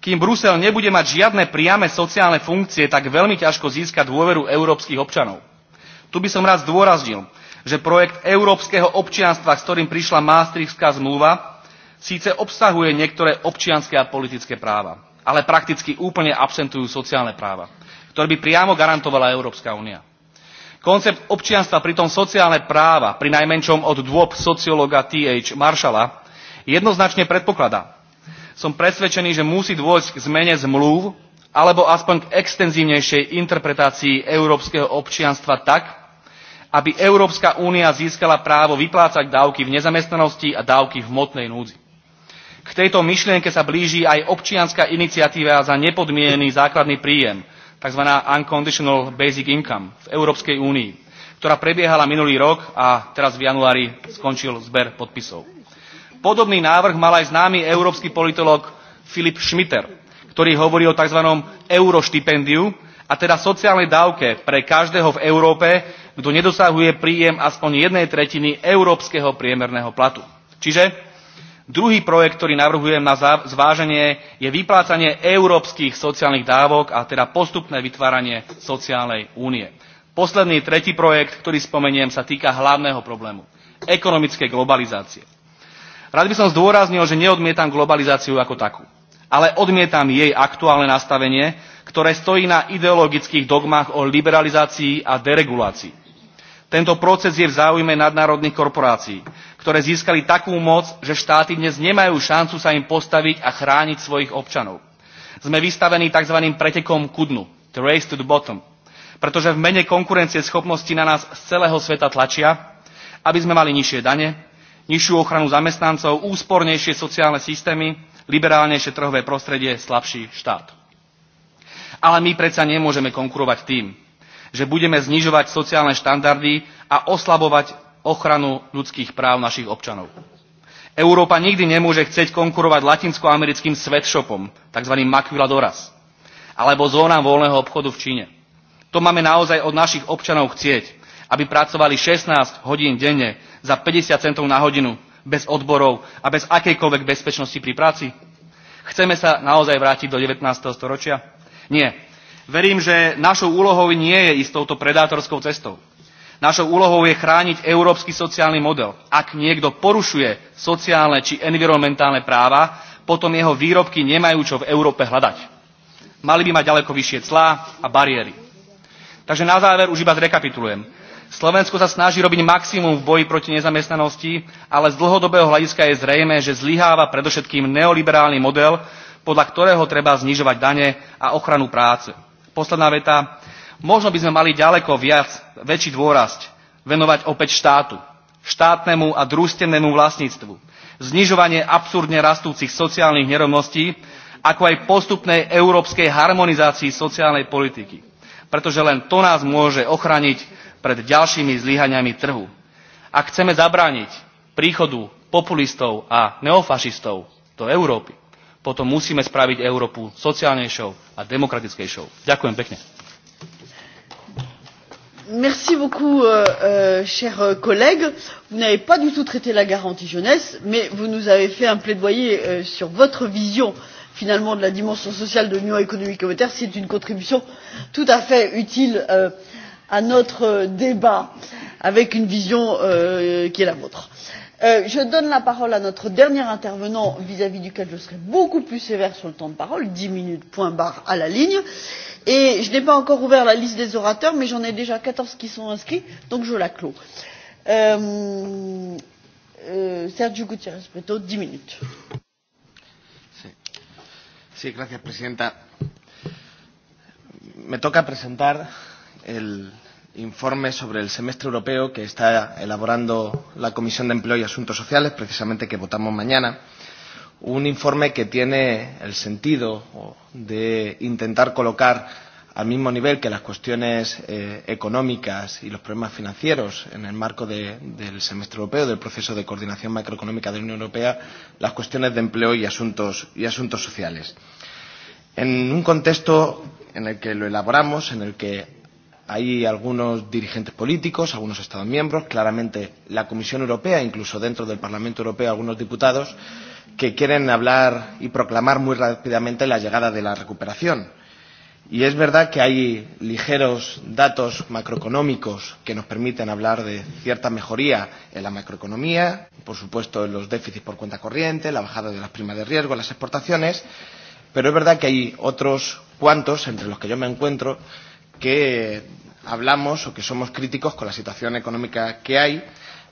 Kým Brusel nebude mať žiadne priame sociálne funkcie, tak veľmi ťažko získa dôveru európskych občanov. Tu by som rád zdôraznil, že projekt európskeho občianstva, s ktorým prišla Maastrichtská zmluva, síce obsahuje niektoré občianské a politické práva, ale prakticky úplne absentujú sociálne práva, ktoré by priamo garantovala Európska únia. Koncept občianstva pritom sociálne práva, pri najmenšom od dôb sociológa T.H. Marshalla, jednoznačne predpokladá, Som presvedčený, že musí dôjsť k zmene zmluv alebo aspoň k extenzívnejšej interpretácii európskeho občianstva tak, aby Európska únia získala právo vyplácať dávky v nezamestnanosti a dávky v hmotnej núdzi. K tejto myšlienke sa blíži aj občianská iniciatíva za nepodmienený základný príjem, tzv. Unconditional Basic Income v Európskej únii, ktorá prebiehala minulý rok a teraz v januári skončil zber podpisov. Podobný návrh mal aj známy európsky politolog Filip Schmitter, ktorý hovorí o tzv. euroštipendiu, a teda sociálnej dávke pre každého v Európe, kto nedosahuje príjem aspoň jednej tretiny európskeho priemerného platu. Čiže druhý projekt, ktorý navrhujem na zváženie, je vyplácanie európskych sociálnych dávok a teda postupné vytváranie sociálnej únie. Posledný, tretí projekt, ktorý spomeniem, sa týka hlavného problému – ekonomickej globalizácie. Rád by som zdôraznil, že neodmietam globalizáciu ako takú, ale odmietam jej aktuálne nastavenie, ktoré stojí na ideologických dogmách o liberalizácii a deregulácii. Tento proces je v záujme nadnárodných korporácií, ktoré získali takú moc, že štáty dnes nemajú šancu sa im postaviť a chrániť svojich občanov. Sme vystavení tzv. pretekom ku dnu, the race to the bottom, pretože v mene konkurencie schopnosti na nás z celého sveta tlačia, aby sme mali nižšie dane, nižšiu ochranu zamestnancov, úspornejšie sociálne systémy, liberálnejšie trhové prostredie, slabší štát. Ale my predsa nemôžeme konkurovať tým, že budeme znižovať sociálne štandardy a oslabovať ochranu ľudských práv našich občanov. Európa nikdy nemôže chcieť konkurovať latinskoamerickým sweatshopom, tzv. Doras, alebo zónam voľného obchodu v Číne. To máme naozaj od našich občanov chcieť, aby pracovali 16 hodín denne za 50 centov na hodinu, bez odborov a bez akejkoľvek bezpečnosti pri práci? Chceme sa naozaj vrátiť do 19. storočia? Nie. Verím, že našou úlohou nie je ísť touto predátorskou cestou. Našou úlohou je chrániť európsky sociálny model. Ak niekto porušuje sociálne či environmentálne práva, potom jeho výrobky nemajú čo v Európe hľadať. Mali by mať ďaleko vyššie clá a bariéry. Takže na záver už iba zrekapitulujem. Slovensko sa snaží robiť maximum v boji proti nezamestnanosti, ale z dlhodobého hľadiska je zrejme, že zlyháva predovšetkým neoliberálny model, podľa ktorého treba znižovať dane a ochranu práce. Posledná veta. Možno by sme mali ďaleko viac, väčší dôrazť venovať opäť štátu, štátnemu a družstvenému vlastníctvu, znižovanie absurdne rastúcich sociálnych nerovností, ako aj postupnej európskej harmonizácii sociálnej politiky. Pretože len to nás môže ochrániť pred ďalšími zlíhaniami trhu. Ak chceme zabrániť príchodu populistov a neofašistov do Európy, potom musíme spraviť Európu sociálnejšou a demokratickejšou. Ďakujem pekne. Merci beaucoup, euh, euh, chers collègues. Vous n'avez pas du tout traité la garantie jeunesse, mais vous nous avez fait un plaidoyer euh, sur votre vision finalement de la dimension sociale de l'Union économique et monétaire. C'est une contribution tout à fait utile euh, à notre débat avec une vision euh, qui est la vôtre. Euh, je donne la parole à notre dernier intervenant vis à vis duquel je serai beaucoup plus sévère sur le temps de parole dix minutes point barre à la ligne et je n'ai pas encore ouvert la liste des orateurs mais j'en ai déjà quatorze qui sont inscrits donc je la clos. Euh, euh, Sergio Gutiérrez Preto, dix minutes. sí, gracias, Presidenta. Me toca presentar el informe sobre el semestre europeo que está elaborando la Comisión de Empleo y Asuntos Sociales, precisamente que votamos mañana. Un informe que tiene el sentido de intentar colocar al mismo nivel que las cuestiones eh, económicas y los problemas financieros en el marco de, del semestre europeo, del proceso de coordinación macroeconómica de la Unión Europea, las cuestiones de empleo y asuntos, y asuntos sociales. En un contexto en el que lo elaboramos, en el que Hay algunos dirigentes políticos, algunos Estados miembros, claramente la Comisión Europea, incluso dentro del Parlamento Europeo algunos diputados, que quieren hablar y proclamar muy rápidamente la llegada de la recuperación. Y es verdad que hay ligeros datos macroeconómicos que nos permiten hablar de cierta mejoría en la macroeconomía, por supuesto en los déficits por cuenta corriente, la bajada de las primas de riesgo, las exportaciones, pero es verdad que hay otros cuantos, entre los que yo me encuentro, que hablamos o que somos críticos con la situación económica que hay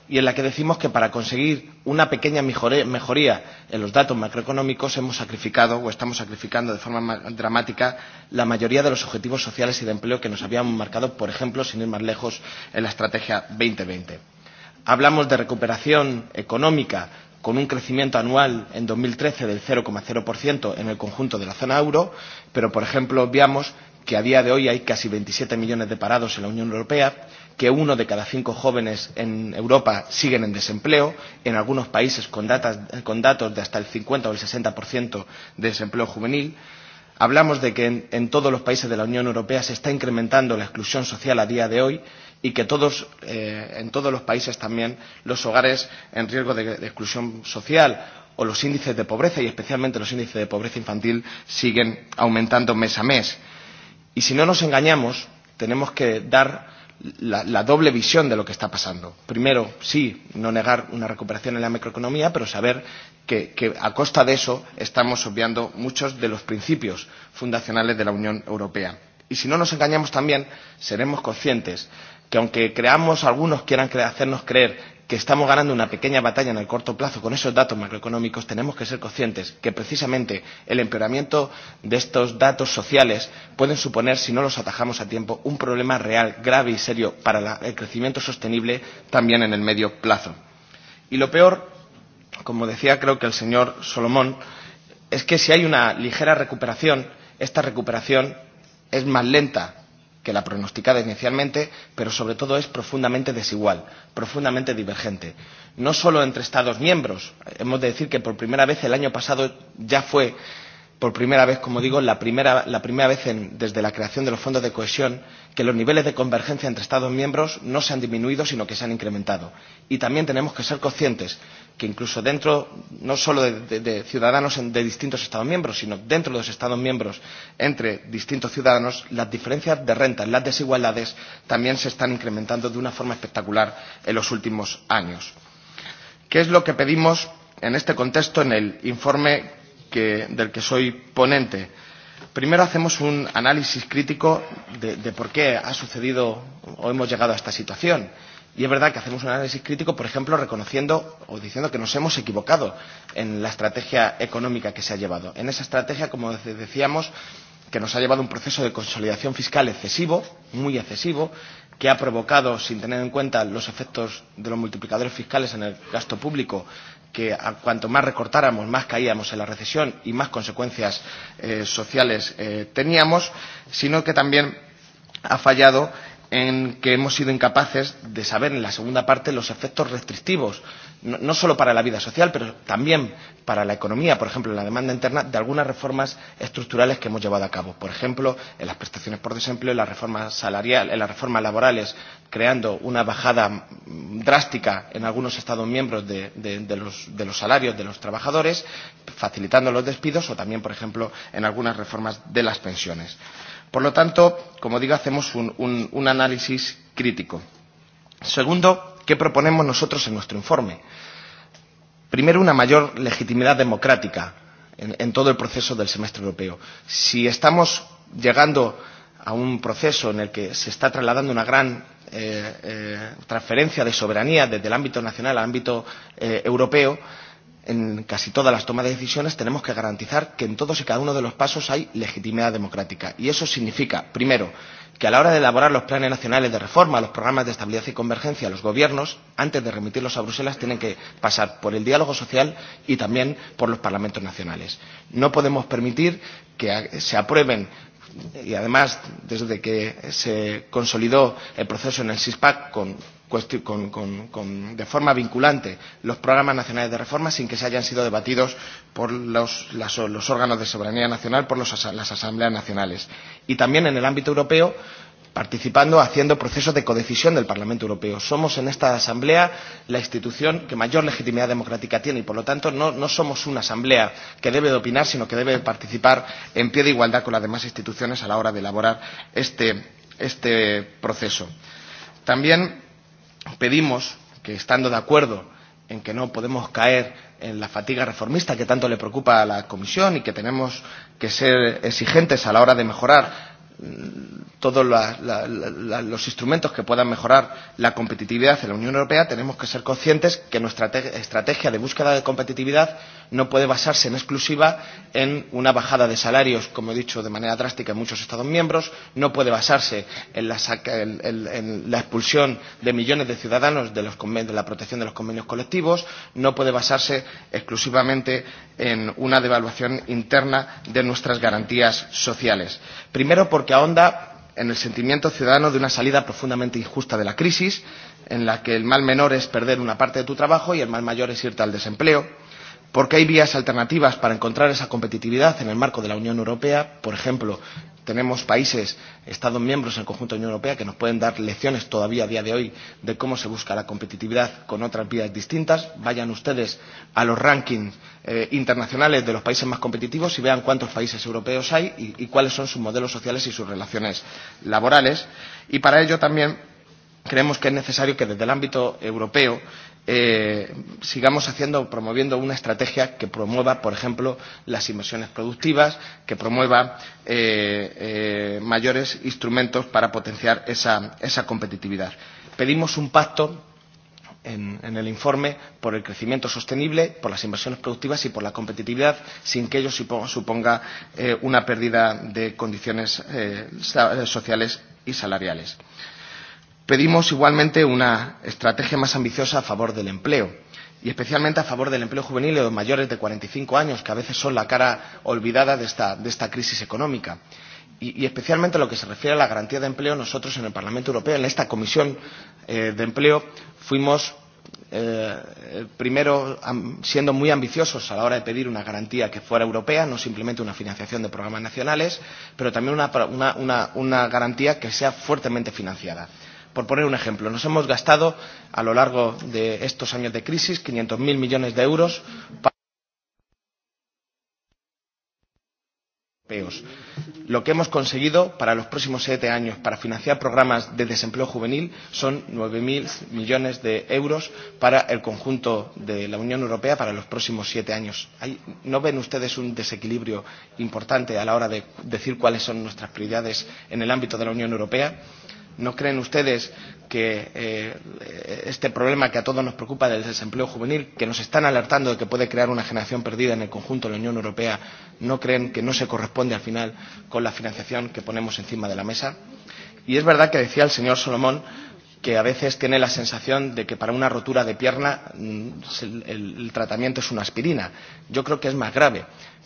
y en la que decimos que para conseguir una pequeña mejoría en los datos macroeconómicos hemos sacrificado o estamos sacrificando de forma dramática la mayoría de los objetivos sociales y de empleo que nos habíamos marcado, por ejemplo, sin ir más lejos, en la Estrategia 2020. Hablamos de recuperación económica con un crecimiento anual en 2013 del 0,0% en el conjunto de la zona euro, pero por ejemplo obviamos que a día de hoy hay casi 27 millones de parados en la Unión Europea, que uno de cada cinco jóvenes en Europa siguen en desempleo, en algunos países con, datas, con datos de hasta el 50 o el 60% de desempleo juvenil. Hablamos de que en, en todos los países de la Unión Europea se está incrementando la exclusión social a día de hoy y que todos, eh, en todos los países también los hogares en riesgo de, de exclusión social o los índices de pobreza y especialmente los índices de pobreza infantil siguen aumentando mes a mes. Y si no nos engañamos, tenemos que dar la, la doble visión de lo que está pasando. Primero, sí, no negar una recuperación en la macroeconomía, pero saber que, que a costa de eso estamos obviando muchos de los principios fundacionales de la Unión Europea. Y si no nos engañamos también, seremos conscientes que aunque creamos, algunos quieran hacernos creer que estamos ganando una pequeña batalla en el corto plazo con esos datos macroeconómicos, tenemos que ser conscientes que precisamente el empeoramiento de estos datos sociales pueden suponer, si no los atajamos a tiempo, un problema real, grave y serio para la, el crecimiento sostenible también en el medio plazo. Y lo peor, como decía creo que el señor Solomón, es que si hay una ligera recuperación, esta recuperación es más lenta que la pronosticada inicialmente, pero sobre todo es profundamente desigual, profundamente divergente. No solo entre Estados miembros, hemos de decir que por primera vez el año pasado ya fue, por primera vez, como digo, la primera, la primera vez en, desde la creación de los fondos de cohesión, que los niveles de convergencia entre Estados miembros no se han disminuido, sino que se han incrementado. Y también tenemos que ser conscientes que incluso dentro, no solo de, de, de ciudadanos de distintos Estados miembros, sino dentro de los Estados miembros, entre distintos ciudadanos, las diferencias de renta, las desigualdades, también se están incrementando de una forma espectacular en los últimos años. ¿Qué es lo que pedimos en este contexto en el informe que, del que soy ponente? Primero hacemos un análisis crítico de, de por qué ha sucedido o hemos llegado a esta situación Y es verdad que hacemos un análisis crítico, por ejemplo, reconociendo o diciendo que nos hemos equivocado en la estrategia económica que se ha llevado. En esa estrategia, como decíamos, que nos ha llevado un proceso de consolidación fiscal excesivo, muy excesivo, que ha provocado, sin tener en cuenta los efectos de los multiplicadores fiscales en el gasto público, que a cuanto más recortáramos, más caíamos en la recesión y más consecuencias eh, sociales eh, teníamos, sino que también ha fallado en que hemos sido incapaces de saber en la segunda parte los efectos restrictivos, no, no solo para la vida social, pero también para la economía, por ejemplo, la demanda interna, de algunas reformas estructurales que hemos llevado a cabo. Por ejemplo, en las prestaciones por desempleo, en las reformas salariales, en las reformas laborales, creando una bajada drástica en algunos Estados miembros de, de, de, los, de los salarios de los trabajadores, facilitando los despidos o también, por ejemplo, en algunas reformas de las pensiones. Por lo tanto, como digo, hacemos un, un, un análisis crítico. Segundo, ¿qué proponemos nosotros en nuestro informe? Primero, una mayor legitimidad democrática en, en todo el proceso del semestre europeo. Si estamos llegando a un proceso en el que se está trasladando una gran eh, eh, transferencia de soberanía desde el ámbito nacional al ámbito eh, europeo, en casi todas las tomas de decisiones tenemos que garantizar que en todos y cada uno de los pasos hay legitimidad democrática. Y eso significa, primero, que a la hora de elaborar los planes nacionales de reforma, los programas de estabilidad y convergencia, los gobiernos, antes de remitirlos a Bruselas, tienen que pasar por el diálogo social y también por los parlamentos nacionales. No podemos permitir que se aprueben y además desde que se consolidó el proceso en el SISPAC con con, con, con, de forma vinculante los programas nacionales de reforma sin que se hayan sido debatidos por los, las, los órganos de soberanía nacional, por los, las asambleas nacionales. Y también en el ámbito europeo, participando, haciendo procesos de codecisión del Parlamento Europeo. Somos en esta Asamblea la institución que mayor legitimidad democrática tiene y, por lo tanto, no, no somos una Asamblea que debe de opinar, sino que debe de participar en pie de igualdad con las demás instituciones a la hora de elaborar este, este proceso. También pedimos que, estando de acuerdo en que no podemos caer en la fatiga reformista que tanto le preocupa a la Comisión y que tenemos que ser exigentes a la hora de mejorar mm, todos los instrumentos que puedan mejorar la competitividad en la Unión Europea, tenemos que ser conscientes que nuestra estrategia de búsqueda de competitividad no puede basarse en exclusiva en una bajada de salarios, como he dicho, de manera drástica en muchos Estados miembros, no puede basarse en la, saca, en, en, en la expulsión de millones de ciudadanos de, los de la protección de los convenios colectivos, no puede basarse exclusivamente en una devaluación interna de nuestras garantías sociales. Primero, porque ahonda en el sentimiento ciudadano de una salida profundamente injusta de la crisis, en la que el mal menor es perder una parte de tu trabajo y el mal mayor es irte al desempleo porque hay vías alternativas para encontrar esa competitividad en el marco de la Unión Europea. Por ejemplo, tenemos países, Estados miembros en el conjunto de la Unión Europea que nos pueden dar lecciones todavía a día de hoy de cómo se busca la competitividad con otras vías distintas. Vayan ustedes a los rankings eh, internacionales de los países más competitivos y vean cuántos países europeos hay y, y cuáles son sus modelos sociales y sus relaciones laborales. Y para ello también creemos que es necesario que desde el ámbito europeo eh, sigamos haciendo, promoviendo una estrategia que promueva, por ejemplo, las inversiones productivas, que promueva eh, eh, mayores instrumentos para potenciar esa, esa competitividad. Pedimos un pacto en, en el informe por el crecimiento sostenible, por las inversiones productivas y por la competitividad, sin que ello suponga eh, una pérdida de condiciones eh, sociales y salariales. Pedimos igualmente una estrategia más ambiciosa a favor del empleo y especialmente a favor del empleo juvenil y de los mayores de 45 años, que a veces son la cara olvidada de esta, de esta crisis económica. Y, y especialmente a lo que se refiere a la garantía de empleo, nosotros en el Parlamento Europeo, en esta Comisión eh, de Empleo, fuimos eh, primero am, siendo muy ambiciosos a la hora de pedir una garantía que fuera europea, no simplemente una financiación de programas nacionales, pero también una, una, una, una garantía que sea fuertemente financiada Por poner un ejemplo, nos hemos gastado a lo largo de estos años de crisis 500.000 millones de euros para europeos. Lo que hemos conseguido para los próximos siete años para financiar programas de desempleo juvenil son 9.000 millones de euros para el conjunto de la Unión Europea para los próximos siete años. ¿No ven ustedes un desequilibrio importante a la hora de decir cuáles son nuestras prioridades en el ámbito de la Unión Europea? ¿No creen ustedes que eh, este problema que a todos nos preocupa del desempleo juvenil, que nos están alertando de que puede crear una generación perdida en el conjunto de la Unión Europea, no creen que no se corresponde al final con la financiación que ponemos encima de la mesa? Y es verdad que decía el señor Solomón que a veces tiene la sensación de que para una rotura de pierna mm, el, el tratamiento es una aspirina. Yo creo que es más grave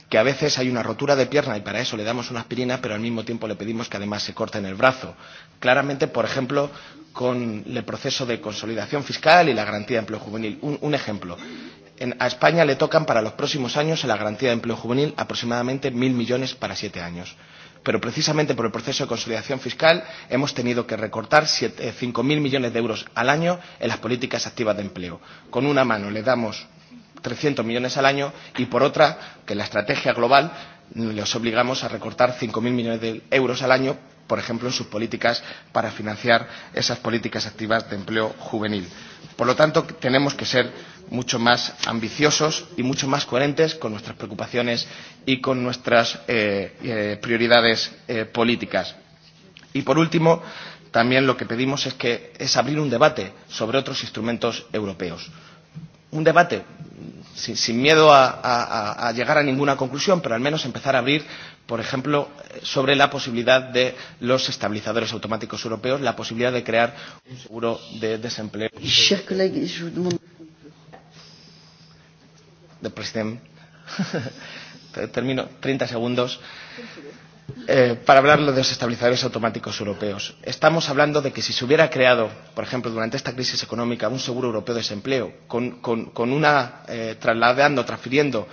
que a veces hay una rotura de pierna y para eso le damos una aspirina, pero al mismo tiempo le pedimos que además se corte en el brazo. Claramente, por ejemplo, con el proceso de consolidación fiscal y la garantía de empleo juvenil. Un, un ejemplo. En, a España le tocan para los próximos años en la garantía de empleo juvenil aproximadamente mil millones para siete años. Pero precisamente por el proceso de consolidación fiscal hemos tenido que recortar 5.000 eh, millones de euros al año en las políticas activas de empleo. Con una mano le damos 300 millones al año y por otra que la estrategia global les obligamos a recortar 5.000 millones de euros al año, por ejemplo, en sus políticas para financiar esas políticas activas de empleo juvenil. Por lo tanto, tenemos que ser mucho más ambiciosos y mucho más coherentes con nuestras preocupaciones y con nuestras eh, eh, prioridades eh, políticas. Y por último, también lo que pedimos es que es abrir un debate sobre otros instrumentos europeos. Un debate sin, sin miedo a, a, a llegar a ninguna conclusión, pero al menos empezar a abrir, por ejemplo, sobre la posibilidad de los estabilizadores automáticos europeos, la posibilidad de crear un seguro de desempleo. De presidente. Termino 30 segundos eh, para hablar de los estabilizadores automáticos europeos. Estamos hablando de que si se hubiera creado, por ejemplo, durante esta crisis económica, un seguro europeo de desempleo, con, con, con una, eh, trasladando, transfiriendo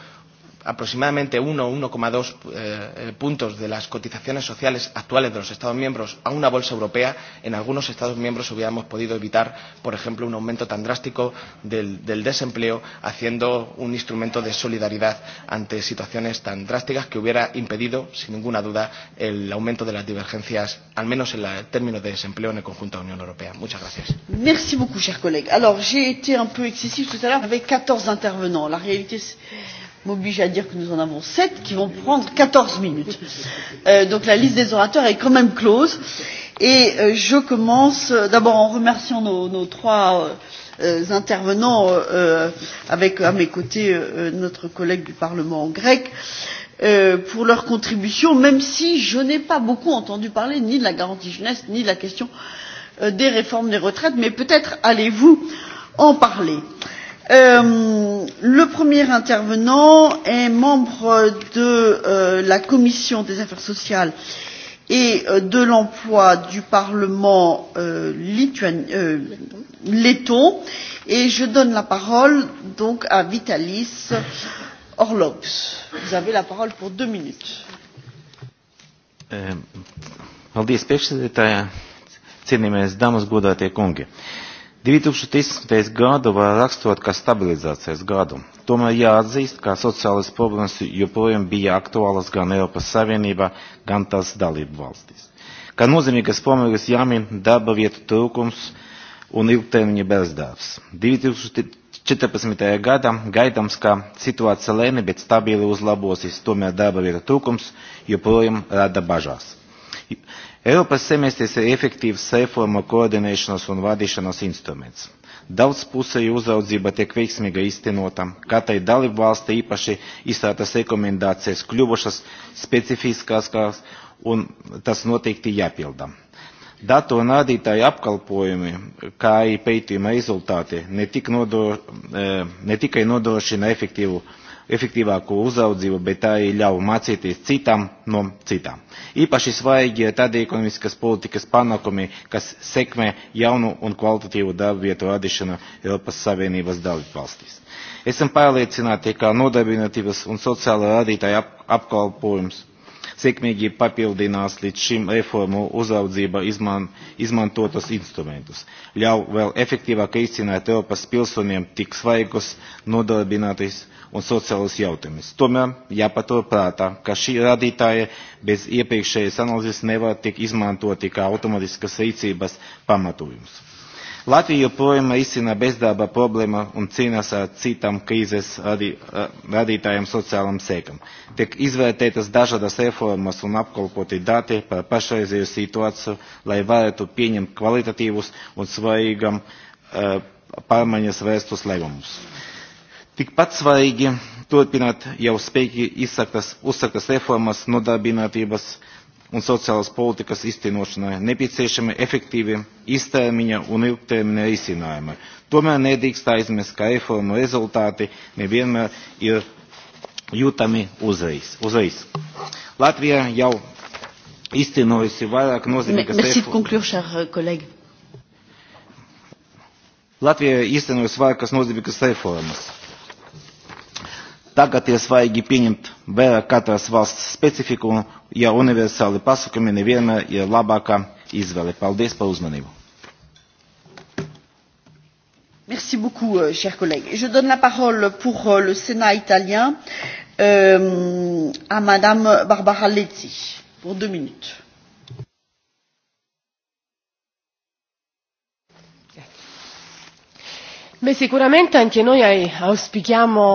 aproximadamente 1 o 1,2 eh, puntos de las cotizaciones sociales actuales de los Estados miembros a una bolsa europea, en algunos Estados miembros hubiéramos podido evitar, por ejemplo, un aumento tan drástico del, del desempleo, haciendo un instrumento de solidaridad ante situaciones tan drásticas que hubiera impedido, sin ninguna duda, el aumento de las divergencias, al menos en la, términos de desempleo en el conjunto de la Unión Europea. Muchas gracias. Merci beaucoup, cher collègue. Alors, j'ai été un peu excessif tout à l'heure avec 14 intervenants. La réalité, m'oblige à dire que nous en avons sept qui vont prendre 14 minutes. Euh, donc la liste des orateurs est quand même close. Et euh, je commence euh, d'abord en remerciant nos, nos trois euh, intervenants, euh, avec à mes côtés euh, notre collègue du Parlement grec, euh, pour leur contribution, même si je n'ai pas beaucoup entendu parler ni de la garantie jeunesse, ni de la question euh, des réformes des retraites, mais peut-être allez-vous en parler. Euh, Euh, le premier intervenant est membre de euh, la commission des affaires sociales et euh, de l'emploi du Parlement euh, lituan, euh, letton et je donne la parole donc à Vitalis Orlops. Vous avez la parole pour deux minutes. Euh, Paldies, priekšsēdētāja, godātie kungi. Uh, 2010. gadu var rakstot kā stabilizācijas gadu. Tomēr jāatzīst, ka sociālas problēmas joprojām bija aktuālas gan Eiropas Savienībā, gan tās dalību valstīs. Kā nozīmīgas pomēgas jāmin darba vietu trūkums un ilgtermiņa bezdarbs. 2014. gadā gaidams, ka situācija lēni, bet stabili uzlabosies, tomēr darba vietu trūkums joprojām rada bažās semestri semestris ir efektīvs reforma koordinēšanas un vadīšanas instruments. puse uzraudzība tiek veiksmīga īstenota, katrai dali valsti īpaši izstrātas rekomendācijas kļuvušas kās, un tas noteikti jāpilda. Datu un rādītāju apkalpojumi, kā arī pētījuma rezultāti, ne, tik nodo, eh, ne tikai nodrošina efektīvu efektīvāku uzraudzību, bet tā arī ļauj mācīties citam no citām. Īpaši svaigi ir tādi ekonomiskas politikas panākumi, kas sekmē jaunu un kvalitatīvu darbu vietu radīšanu Eiropas Savienības dalību valstīs. Esam pārliecināti, ka nodarbinātības un sociāla radītāja ap apkalpojums sekmīgi papildinās līdz šim reformu uzraudzība izman, izmantotos instrumentus, ļauj vēl efektīvāk īstenēt Eiropas pilsoniem tik svaigus nodarbinātais un socialis jautājumus. Tomēr jāpatur prātā, ka šī radītāja bez iepriekšējas analīzes nevar tik izmantoti kā automatiskas rīcības pamatojums. Latvija joprojām izcina bezdarba problēma un cīnās ar citām krīzes radi, eh, radītājiem sociālam sekam. Tiek izvērtētas dažādas reformas un apkalpoti dati par pašreizēju situāciju, lai varētu pieņemt kvalitatīvus un svarīgam uh, pārmaiņas vērstus lēmumus. Tik pat svaigi turpināt jau spēki izsaktas, uzsaktas reformas nodarbinātības un sociālas politikas iztenošanai nepieciešami efektīvi iztermiņa un ilgtermiņa risinājumi. Tomēr nedrīkst aizmirst, ka reformu rezultāti nevienmēr ir jūtami uzreiz. uzreiz. Latvija jau iztenojusi vairāk nozīmīgas reformas. Euh, Latvija iztenojas vairākas nozīmīgas reformas Tagad ir svaigi pieņemt vērā katras valsts specifiku, ja universāli pasakumi nevienmēr ir labākā izvēle. Paldies par uzmanību. Merci beaucoup, euh, chers collègues. Je donne la parole pour euh, le Sénat italien euh, à Madame Barbara Letti pour deux minutes. Beh, sicuramente anche noi auspichiamo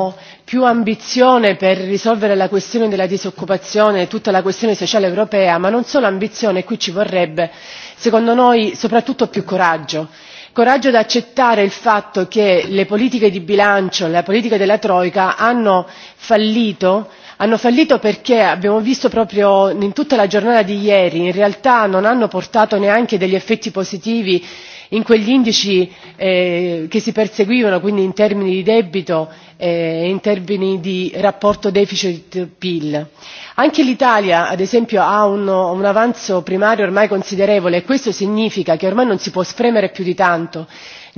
più ambizione per risolvere la questione della disoccupazione, e tutta la questione sociale europea, ma non solo ambizione, qui ci vorrebbe, secondo noi, soprattutto più coraggio. Coraggio ad accettare il fatto che le politiche di bilancio, la politica della Troica hanno fallito hanno fallito perché abbiamo visto proprio in tutta la giornata di ieri in realtà non hanno portato neanche degli effetti positivi in quegli indici eh, che si perseguivano quindi in termini di debito eh, in termini di rapporto deficit-PIL. Anche l'Italia, ad esempio, ha un, un avanzo primario ormai considerevole e questo significa che ormai non si può spremere più di tanto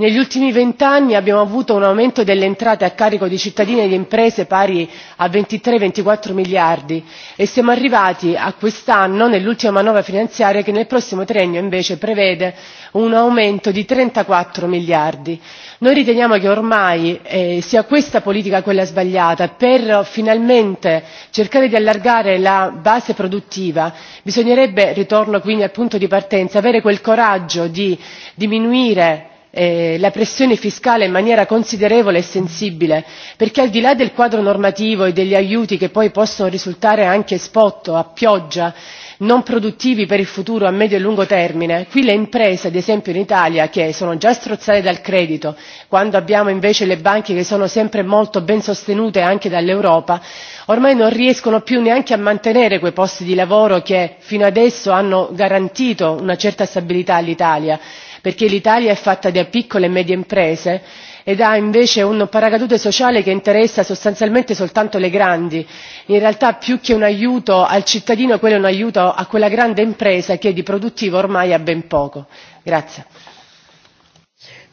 negli ultimi vent'anni abbiamo avuto un aumento delle entrate a carico di cittadini e di imprese pari a ventitré ventiquattro miliardi e siamo arrivati a quest'anno nell'ultima manovra finanziaria che nel prossimo triennio invece prevede un aumento di trentaquattro miliardi. noi riteniamo che ormai eh, sia questa politica quella sbagliata per finalmente cercare di allargare la base produttiva bisognerebbe ritorno quindi al punto di partenza avere quel coraggio di diminuire Eh, la pressione fiscale in maniera considerevole e sensibile perché al di là del quadro normativo e degli aiuti che poi possono risultare anche spot a pioggia non produttivi per il futuro a medio e lungo termine qui le imprese ad esempio in italia che sono già strozzate dal credito quando abbiamo invece le banche che sono sempre molto ben sostenute anche dall'europa ormai non riescono più neanche a mantenere quei posti di lavoro che fino adesso hanno garantito una certa stabilità all'italia perché l'Italia è fatta da piccole e medie imprese ed ha invece un paracadute sociale che interessa sostanzialmente soltanto le grandi. In realtà più che un aiuto al cittadino quello è un aiuto a quella grande impresa che di produttivo ormai ha ben poco. Grazie.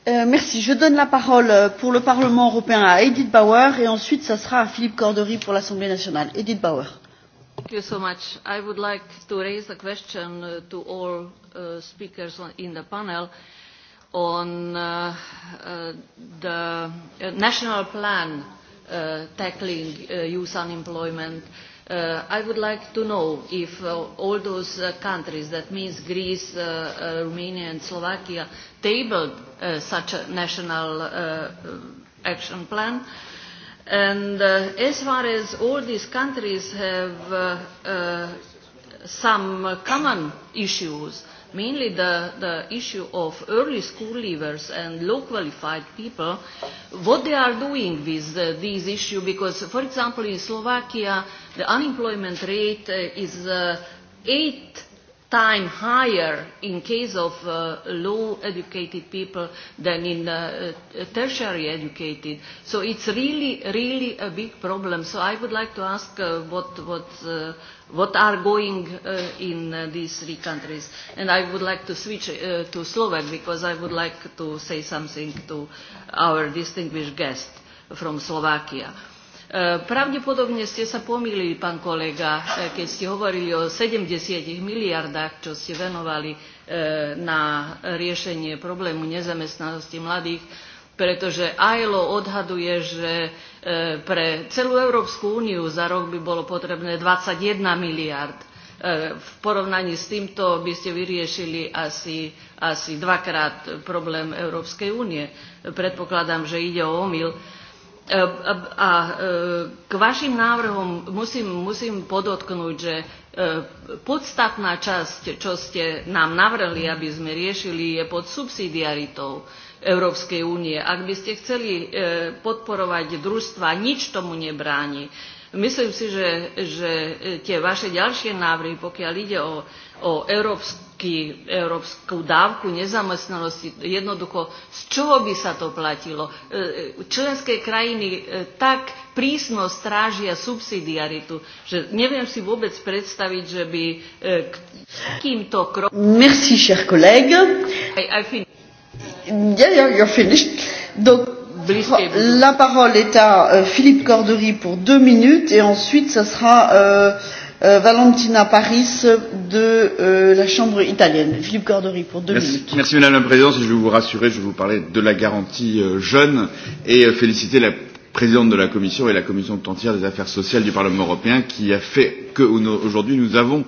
Euh, merci. Je donne la parole pour le Parlement européen à Edith Bauer et ensuite ça sera à Philippe Cordery pour l'Assemblée nationale. Edith Bauer. Thank you so much. I would like to raise a question uh, to all uh, speakers on, in the panel on uh, uh, the uh, national plan uh, tackling uh, youth unemployment. Uh, I would like to know if uh, all those uh, countries, that means Greece, uh, uh, Romania and Slovakia, tabled uh, such a national uh, uh action plan. Uh, And uh, as far as all these countries have uh, uh, some common issues, mainly the, the issue of early school leavers and low qualified people, what they are doing with uh, these issues, because, for example, in Slovakia, the unemployment rate uh, is uh, eight time higher in case of uh, low educated people than in uh, uh, tertiary educated. So it's really, really a big problem. So I would like to ask uh, what, what, uh, what are going uh, in uh, these three countries. And I would like to switch uh, to Slovak because I would like to say something to our distinguished guest from Slovakia. E, pravdepodobne ste sa pomýlili, pán kolega, e, keď ste hovorili o 70 miliardách, čo ste venovali e, na riešenie problému nezamestnanosti mladých, pretože ILO odhaduje, že pre celú Európsku úniu za rok by bolo potrebné 21 miliard. V porovnaní s týmto by ste vyriešili asi, asi dvakrát problém Európskej únie. Predpokladám, že ide o omyl. E, e, a e, k vašim návrhom musím, musím podotknúť, že podstatná časť, čo ste nám navrhli, aby sme riešili, je pod subsidiaritou Európskej únie. Ak by ste chceli podporovať družstva, nič tomu nebráni. Myslím si, že, že tie vaše ďalšie návrhy, pokiaľ ide o o europski, europsku davku nezamestnanosti Jednoducho, z čeho by sa to platilo? E, e, členské krajiny e, tak prísno strážia subsidiaritu, že neviem si vôbec predstaviť, že by k takýmto krokom... Merci, cher collègue. I, I finished. Yeah, yeah, you're finished. Donc, oh, la parole est à euh, Philippe Cordery pour deux minutes et ensuite, ça sera... Euh, Euh, Valentina Paris de euh, la Chambre italienne. Philippe Cordery pour deux merci, minutes. Merci Madame la Présidente. Je vais vous rassurer, je vais vous parler de la garantie euh, jeune et euh, féliciter la présidente de la Commission et la Commission entière des affaires sociales du Parlement européen qui a fait qu'aujourd'hui nous avons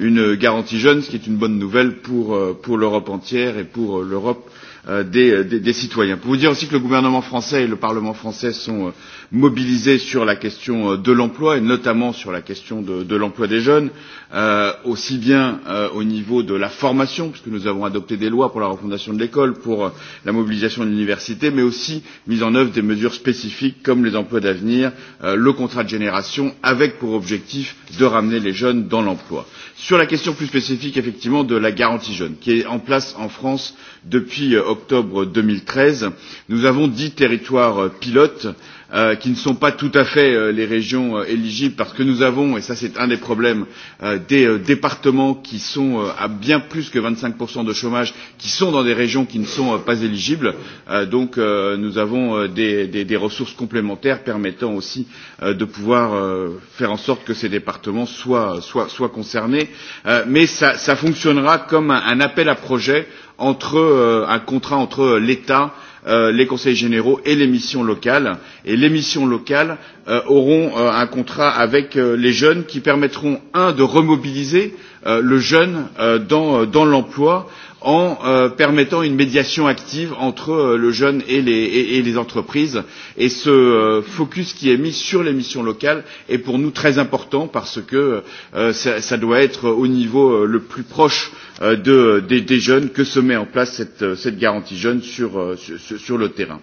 une garantie jeune, ce qui est une bonne nouvelle pour, euh, pour l'Europe entière et pour euh, l'Europe euh, euh, des, euh, des, des citoyens. Pour vous dire aussi que le gouvernement français et le Parlement français sont euh, mobilisés sur la question euh, de l'emploi et notamment sur la question de, de l'emploi des jeunes, euh, aussi bien euh, au niveau de la formation, puisque nous avons adopté des lois pour la refondation de l'école, pour euh, la mobilisation de l'université, mais aussi mise en œuvre des mesures spécifiques comme les emplois d'avenir, euh, le contrat de génération, avec pour objectif de ramener les jeunes dans l'emploi. Sur la question plus spécifique, effectivement, de la garantie jeune, qui est en place en France depuis euh, octobre 2013, nous avons dix territoires euh, pilotes euh, qui ne sont pas tout à fait euh, les régions euh, éligibles parce que nous avons, et ça c'est un des problèmes, euh, des euh, départements qui sont euh, à bien plus que 25% de chômage, qui sont dans des régions qui ne sont euh, pas éligibles. Euh, donc euh, nous avons euh, des, des, des ressources complémentaires permettant aussi euh, de pouvoir euh, faire en sorte que ces départements soient, soient, soient concernés. Euh, mais ça, ça fonctionnera comme un, un appel à projet entre euh, un contrat entre euh, l'État euh, les conseils généraux et les missions locales. Et les missions locales euh, auront euh, un contrat avec euh, les jeunes qui permettront, un, de remobiliser euh, le jeune euh, dans, euh, dans l'emploi en euh, permettant une médiation active entre euh, le jeune et les, et, et les entreprises. Et ce euh, focus qui est mis sur les missions locales est pour nous très important parce que euh, ça, ça doit être au niveau euh, le plus proche Euh, de, des, des jeunes que se met en place cette, euh, cette garantie jeune euh, sur, sur, sur le terrain.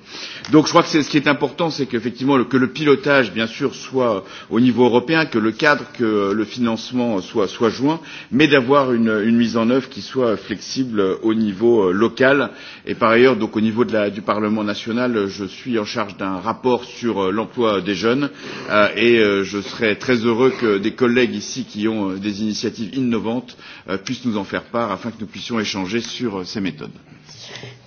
Donc je crois que ce qui est important, c'est qu'effectivement que le pilotage, bien sûr, soit au niveau européen, que le cadre, que le financement soit, soit joint, mais d'avoir une, une mise en œuvre qui soit flexible au niveau local. Et par ailleurs, donc au niveau de la, du Parlement national, je suis en charge d'un rapport sur l'emploi des jeunes euh, et euh, je serais très heureux que des collègues ici qui ont des initiatives innovantes euh, puissent nous en faire part part afin que nous puissions échanger sur euh, ces méthodes.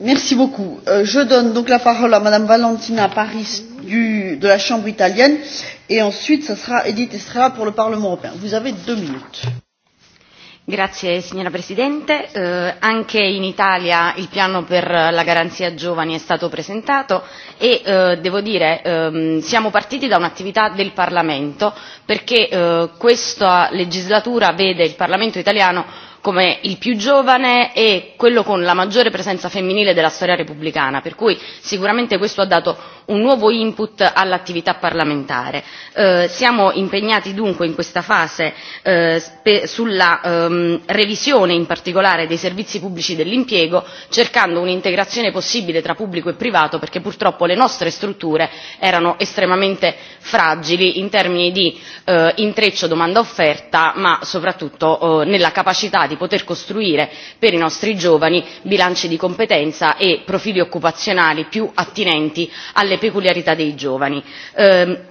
Merci beaucoup. Euh, je donne donc la parole à Madame Valentina Paris du, de la Chambre italienne et ensuite ce sera Edith Estrella pour le Parlement européen. Vous avez deux minutes. Grazie signora Presidente, eh, anche in Italia il piano per la garanzia giovani è stato presentato e eh, devo dire ehm, siamo partiti da un'attività del Parlamento perché eh, questa legislatura vede il Parlamento italiano come il più giovane e quello con la maggiore presenza femminile della storia repubblicana, per cui sicuramente questo ha dato un nuovo input all'attività parlamentare. Eh, siamo impegnati dunque in questa fase eh, sulla ehm, revisione in particolare dei servizi pubblici dell'impiego, cercando un'integrazione possibile tra pubblico e privato, perché purtroppo le nostre strutture erano estremamente fragili in termini di eh, intreccio domanda-offerta, ma soprattutto eh, nella capacità di poter costruire per i nostri giovani bilanci di competenza e profili occupazionali più attinenti alle peculiarità dei giovani. Eh,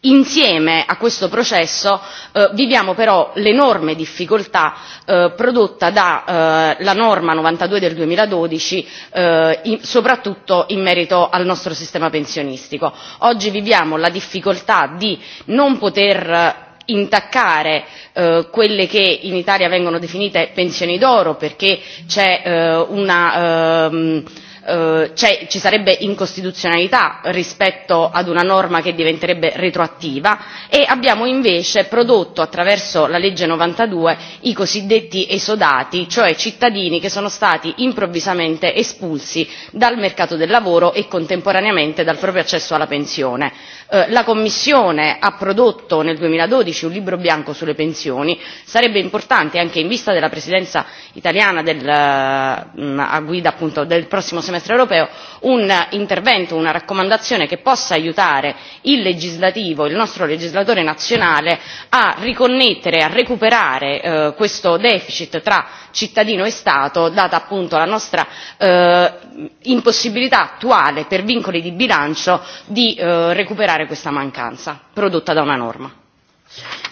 Insieme a questo processo eh, viviamo però l'enorme difficoltà eh, prodotta dalla eh, norma 92 del 2012, eh, in, soprattutto in merito al nostro sistema pensionistico. Oggi viviamo la difficoltà di non poter intaccare eh, quelle che in Italia vengono definite pensioni d'oro perché c'è eh, una ehm, eh, cioè ci sarebbe incostituzionalità rispetto ad una norma che diventerebbe retroattiva e abbiamo invece prodotto attraverso la legge 92 i cosiddetti esodati, cioè cittadini che sono stati improvvisamente espulsi dal mercato del lavoro e contemporaneamente dal proprio accesso alla pensione. Eh, la Commissione ha prodotto nel duemiladodici un libro bianco sulle pensioni, sarebbe importante anche in vista della presidenza italiana eh, a guida appunto del prossimo semestre europeo un intervento, una raccomandazione che possa aiutare il legislativo, il nostro legislatore nazionale a riconnettere, a recuperare eh, questo deficit tra cittadino e Stato, data appunto la nostra eh, impossibilità attuale per vincoli di bilancio di eh, recuperare questa mancanza prodotta da una norma.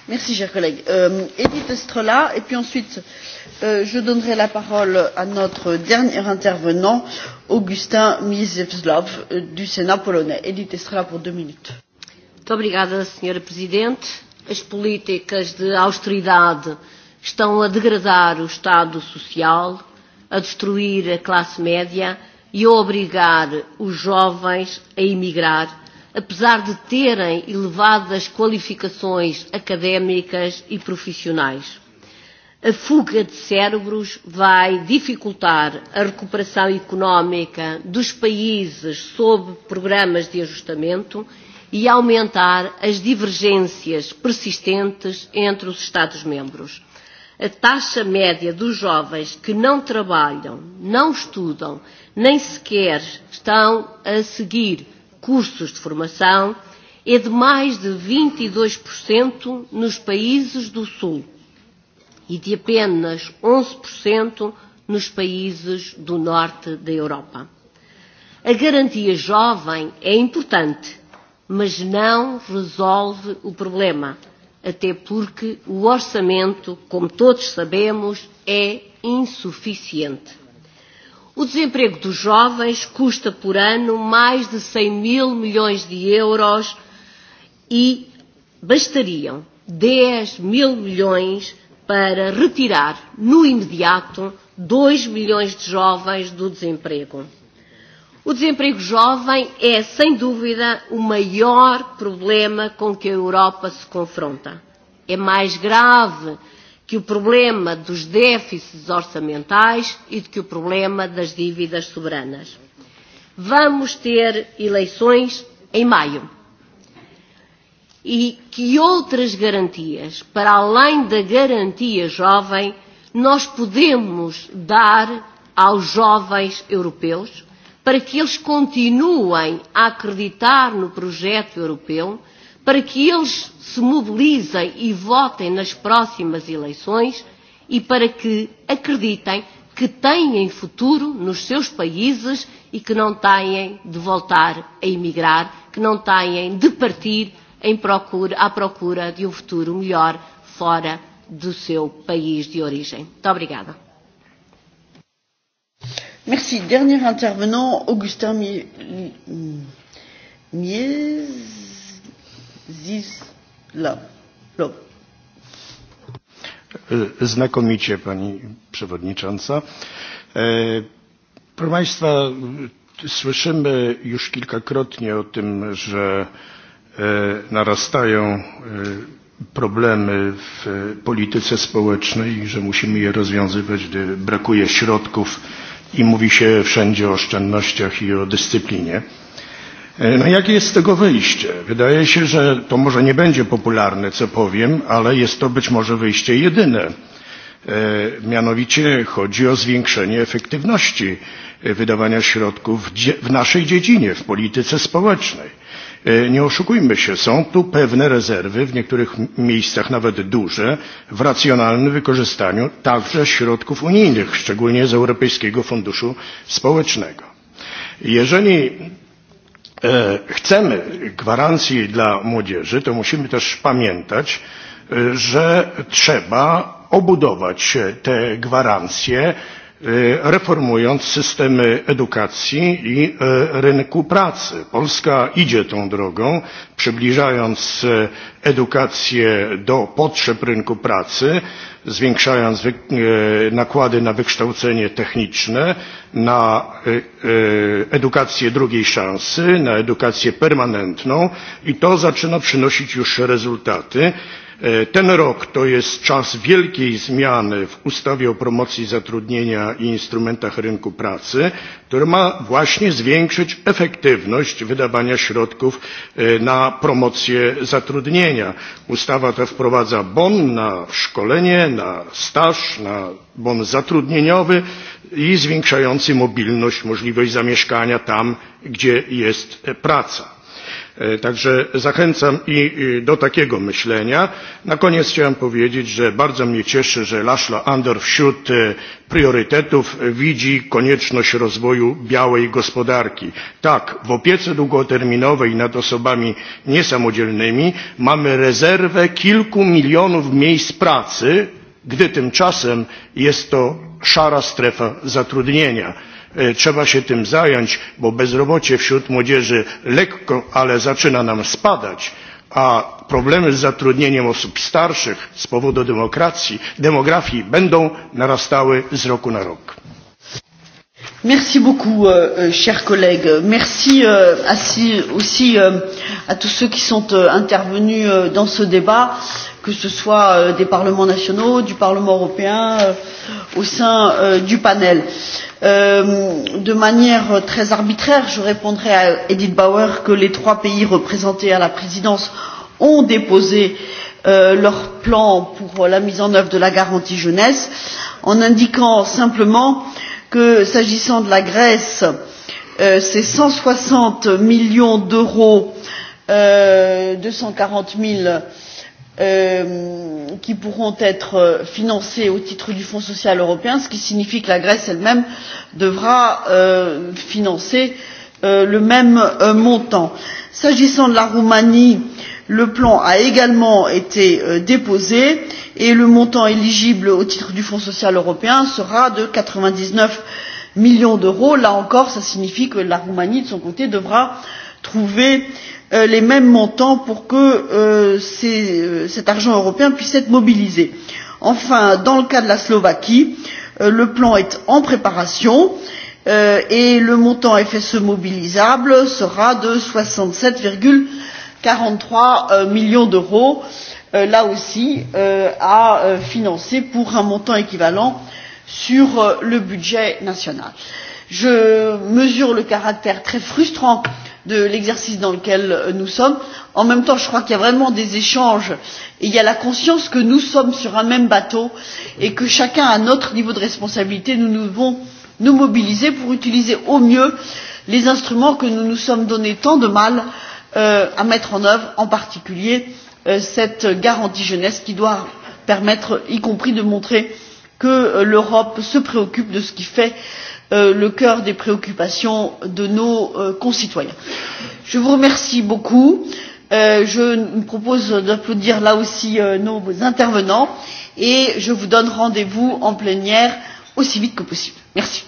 Merci, cher collègue. Euh, Edith Estrella, et puis ensuite, euh, je donnerai la parole à notre dernier intervenant, Augustin Mizevslov, euh, du Sénat polonais. Edith Estrella pour deux minutes. Muito obrigada, Sra. Presidente. As políticas de austeridade estão a degradar o Estado social, a destruir a classe média e a obrigar os jovens a emigrar, apesar de terem elevadas qualificações académicas e profissionais. A fuga de cérebros vai dificultar a recuperação económica dos países sob programas de ajustamento e aumentar as divergências persistentes entre os Estados-membros a taxa média dos jovens que não trabalham, não estudam, nem sequer estão a seguir cursos de formação é de mais de 22% e nos países do Sul e de apenas 11% nos países do norte da Europa. A garantia jovem é importante, mas não resolve o problema até porque o orçamento, como todos sabemos, é insuficiente. O desemprego dos jovens custa por ano mais de 100 mil milhões de euros e bastariam 10 mil milhões para retirar no imediato 2 milhões de jovens do desemprego. O desemprego jovem é, sem dúvida, o maior problema com que a Europa se confronta. É mais grave que o problema dos déficits orçamentais e do que o problema das dívidas soberanas. Vamos ter eleições em maio. E que outras garantias, para além da garantia jovem, nós podemos dar aos jovens europeus? para que eles continuem a acreditar no projeto europeu, para que eles se mobilizem e votem nas próximas eleições e para que acreditem que têm futuro nos seus países e que não têm de voltar a emigrar, que não têm de partir em procura, à procura de um futuro melhor fora do seu país de origem. Muito obrigada. Merci. Dernier intervenant, Augustin Mies. Mies e, Znakomicie Pani Przewodnicząca. E, proszę Państwa, słyszymy już kilkakrotnie o tym, że e, narastają problemy w polityce społecznej i że musimy je rozwiązywać, gdy brakuje środków i mówi się wszędzie o oszczędnościach i o dyscyplinie. E, no jakie jest z tego wyjście? Wydaje się, że to może nie będzie popularne, co powiem, ale jest to być może wyjście jedyne. E, mianowicie chodzi o zwiększenie efektywności e, wydawania środków w naszej dziedzinie, w polityce społecznej. E, nie oszukujmy się, są tu pewne rezerwy, w niektórych miejscach nawet duże, w racjonalnym wykorzystaniu także środków unijnych, szczególnie z Europejskiego Funduszu Społecznego. Jeżeli e, chcemy gwarancji dla młodzieży, to musimy też pamiętać, e, że trzeba obudować te gwarancje E, reformując systemy edukacji i e, rynku pracy. Polska idzie tą drogą, przybliżając e, edukację do potrzeb rynku pracy, zwiększając nakłady na wykształcenie techniczne, na edukację drugiej szansy, na edukację permanentną i to zaczyna przynosić już rezultaty. E, ten rok to jest czas wielkiej zmiany w ustawie o promocji zatrudnienia i instrumentach rynku pracy, który ma właśnie zwiększyć efektywność wydawania środków e, na promocję zatrudnienia. Ustawa ta wprowadza bon na szkolenie, na staż, na bon zatrudnieniowy i zwiększający mobilność, możliwość zamieszkania tam, gdzie jest praca. E, także zachęcam i do takiego myślenia. Na koniec chciałem powiedzieć, że bardzo mnie cieszy, że Laszlo Andor wśród e, priorytetów widzi konieczność rozwoju białej gospodarki. Tak, w opiece długoterminowej nad osobami niesamodzielnymi mamy rezerwę kilku milionów miejsc pracy, gdy tymczasem jest to szara strefa zatrudnienia E, trzeba się tym zająć, bo bezrobocie wśród młodzieży lekko, ale zaczyna nam spadać, a problemy z zatrudnieniem osób starszych z powodu demokracji, demografii będą narastały z roku na rok. Merci beaucoup, euh, euh, chers collègues. Merci euh, aussi, aussi euh, à tous ceux qui sont euh, intervenus euh, dans ce débat, que ce soit euh, des parlements nationaux, du Parlement européen, euh, au sein euh, du panel. Euh, de manière très arbitraire, je répondrai à Edith Bauer que les trois pays représentés à la présidence ont déposé euh, leur plan pour la mise en œuvre de la garantie jeunesse, en indiquant simplement euh, que s'agissant de la Grèce, euh, c'est 160 millions d'euros, euh, 240 000 euh, qui pourront être financés au titre du Fonds social européen, ce qui signifie que la Grèce elle-même devra euh, financer euh, le même euh, montant. S'agissant de la Roumanie, le plan a également été euh, déposé et le montant éligible au titre du Fonds social européen sera de 99 millions d'euros. Là encore, ça signifie que la Roumanie, de son côté, devra trouver euh, les mêmes montants pour que euh, ces, euh, cet argent européen puisse être mobilisé. Enfin, dans le cas de la Slovaquie, euh, le plan est en préparation euh, et le montant FSE mobilisable sera de 67,43 euh, millions d'euros. Euh, euh, là aussi euh, à euh, financer pour un montant équivalent sur euh, le budget national. Je mesure le caractère très frustrant de l'exercice dans lequel euh, nous sommes. En même temps, je crois qu'il y a vraiment des échanges et il y a la conscience que nous sommes sur un même bateau et que chacun à notre niveau de responsabilité, nous devons nous mobiliser pour utiliser au mieux les instruments que nous nous sommes donné tant de mal euh, à mettre en œuvre, en particulier Euh, cette garantie jeunesse qui doit permettre y compris de montrer que euh, l'Europe se préoccupe de ce qui fait euh, le cœur des préoccupations de nos concitoyens. Je vous remercie beaucoup. Je vous propose d'applaudir là aussi nos intervenants et je vous donne rendez-vous en plénière aussi vite que possible. Merci.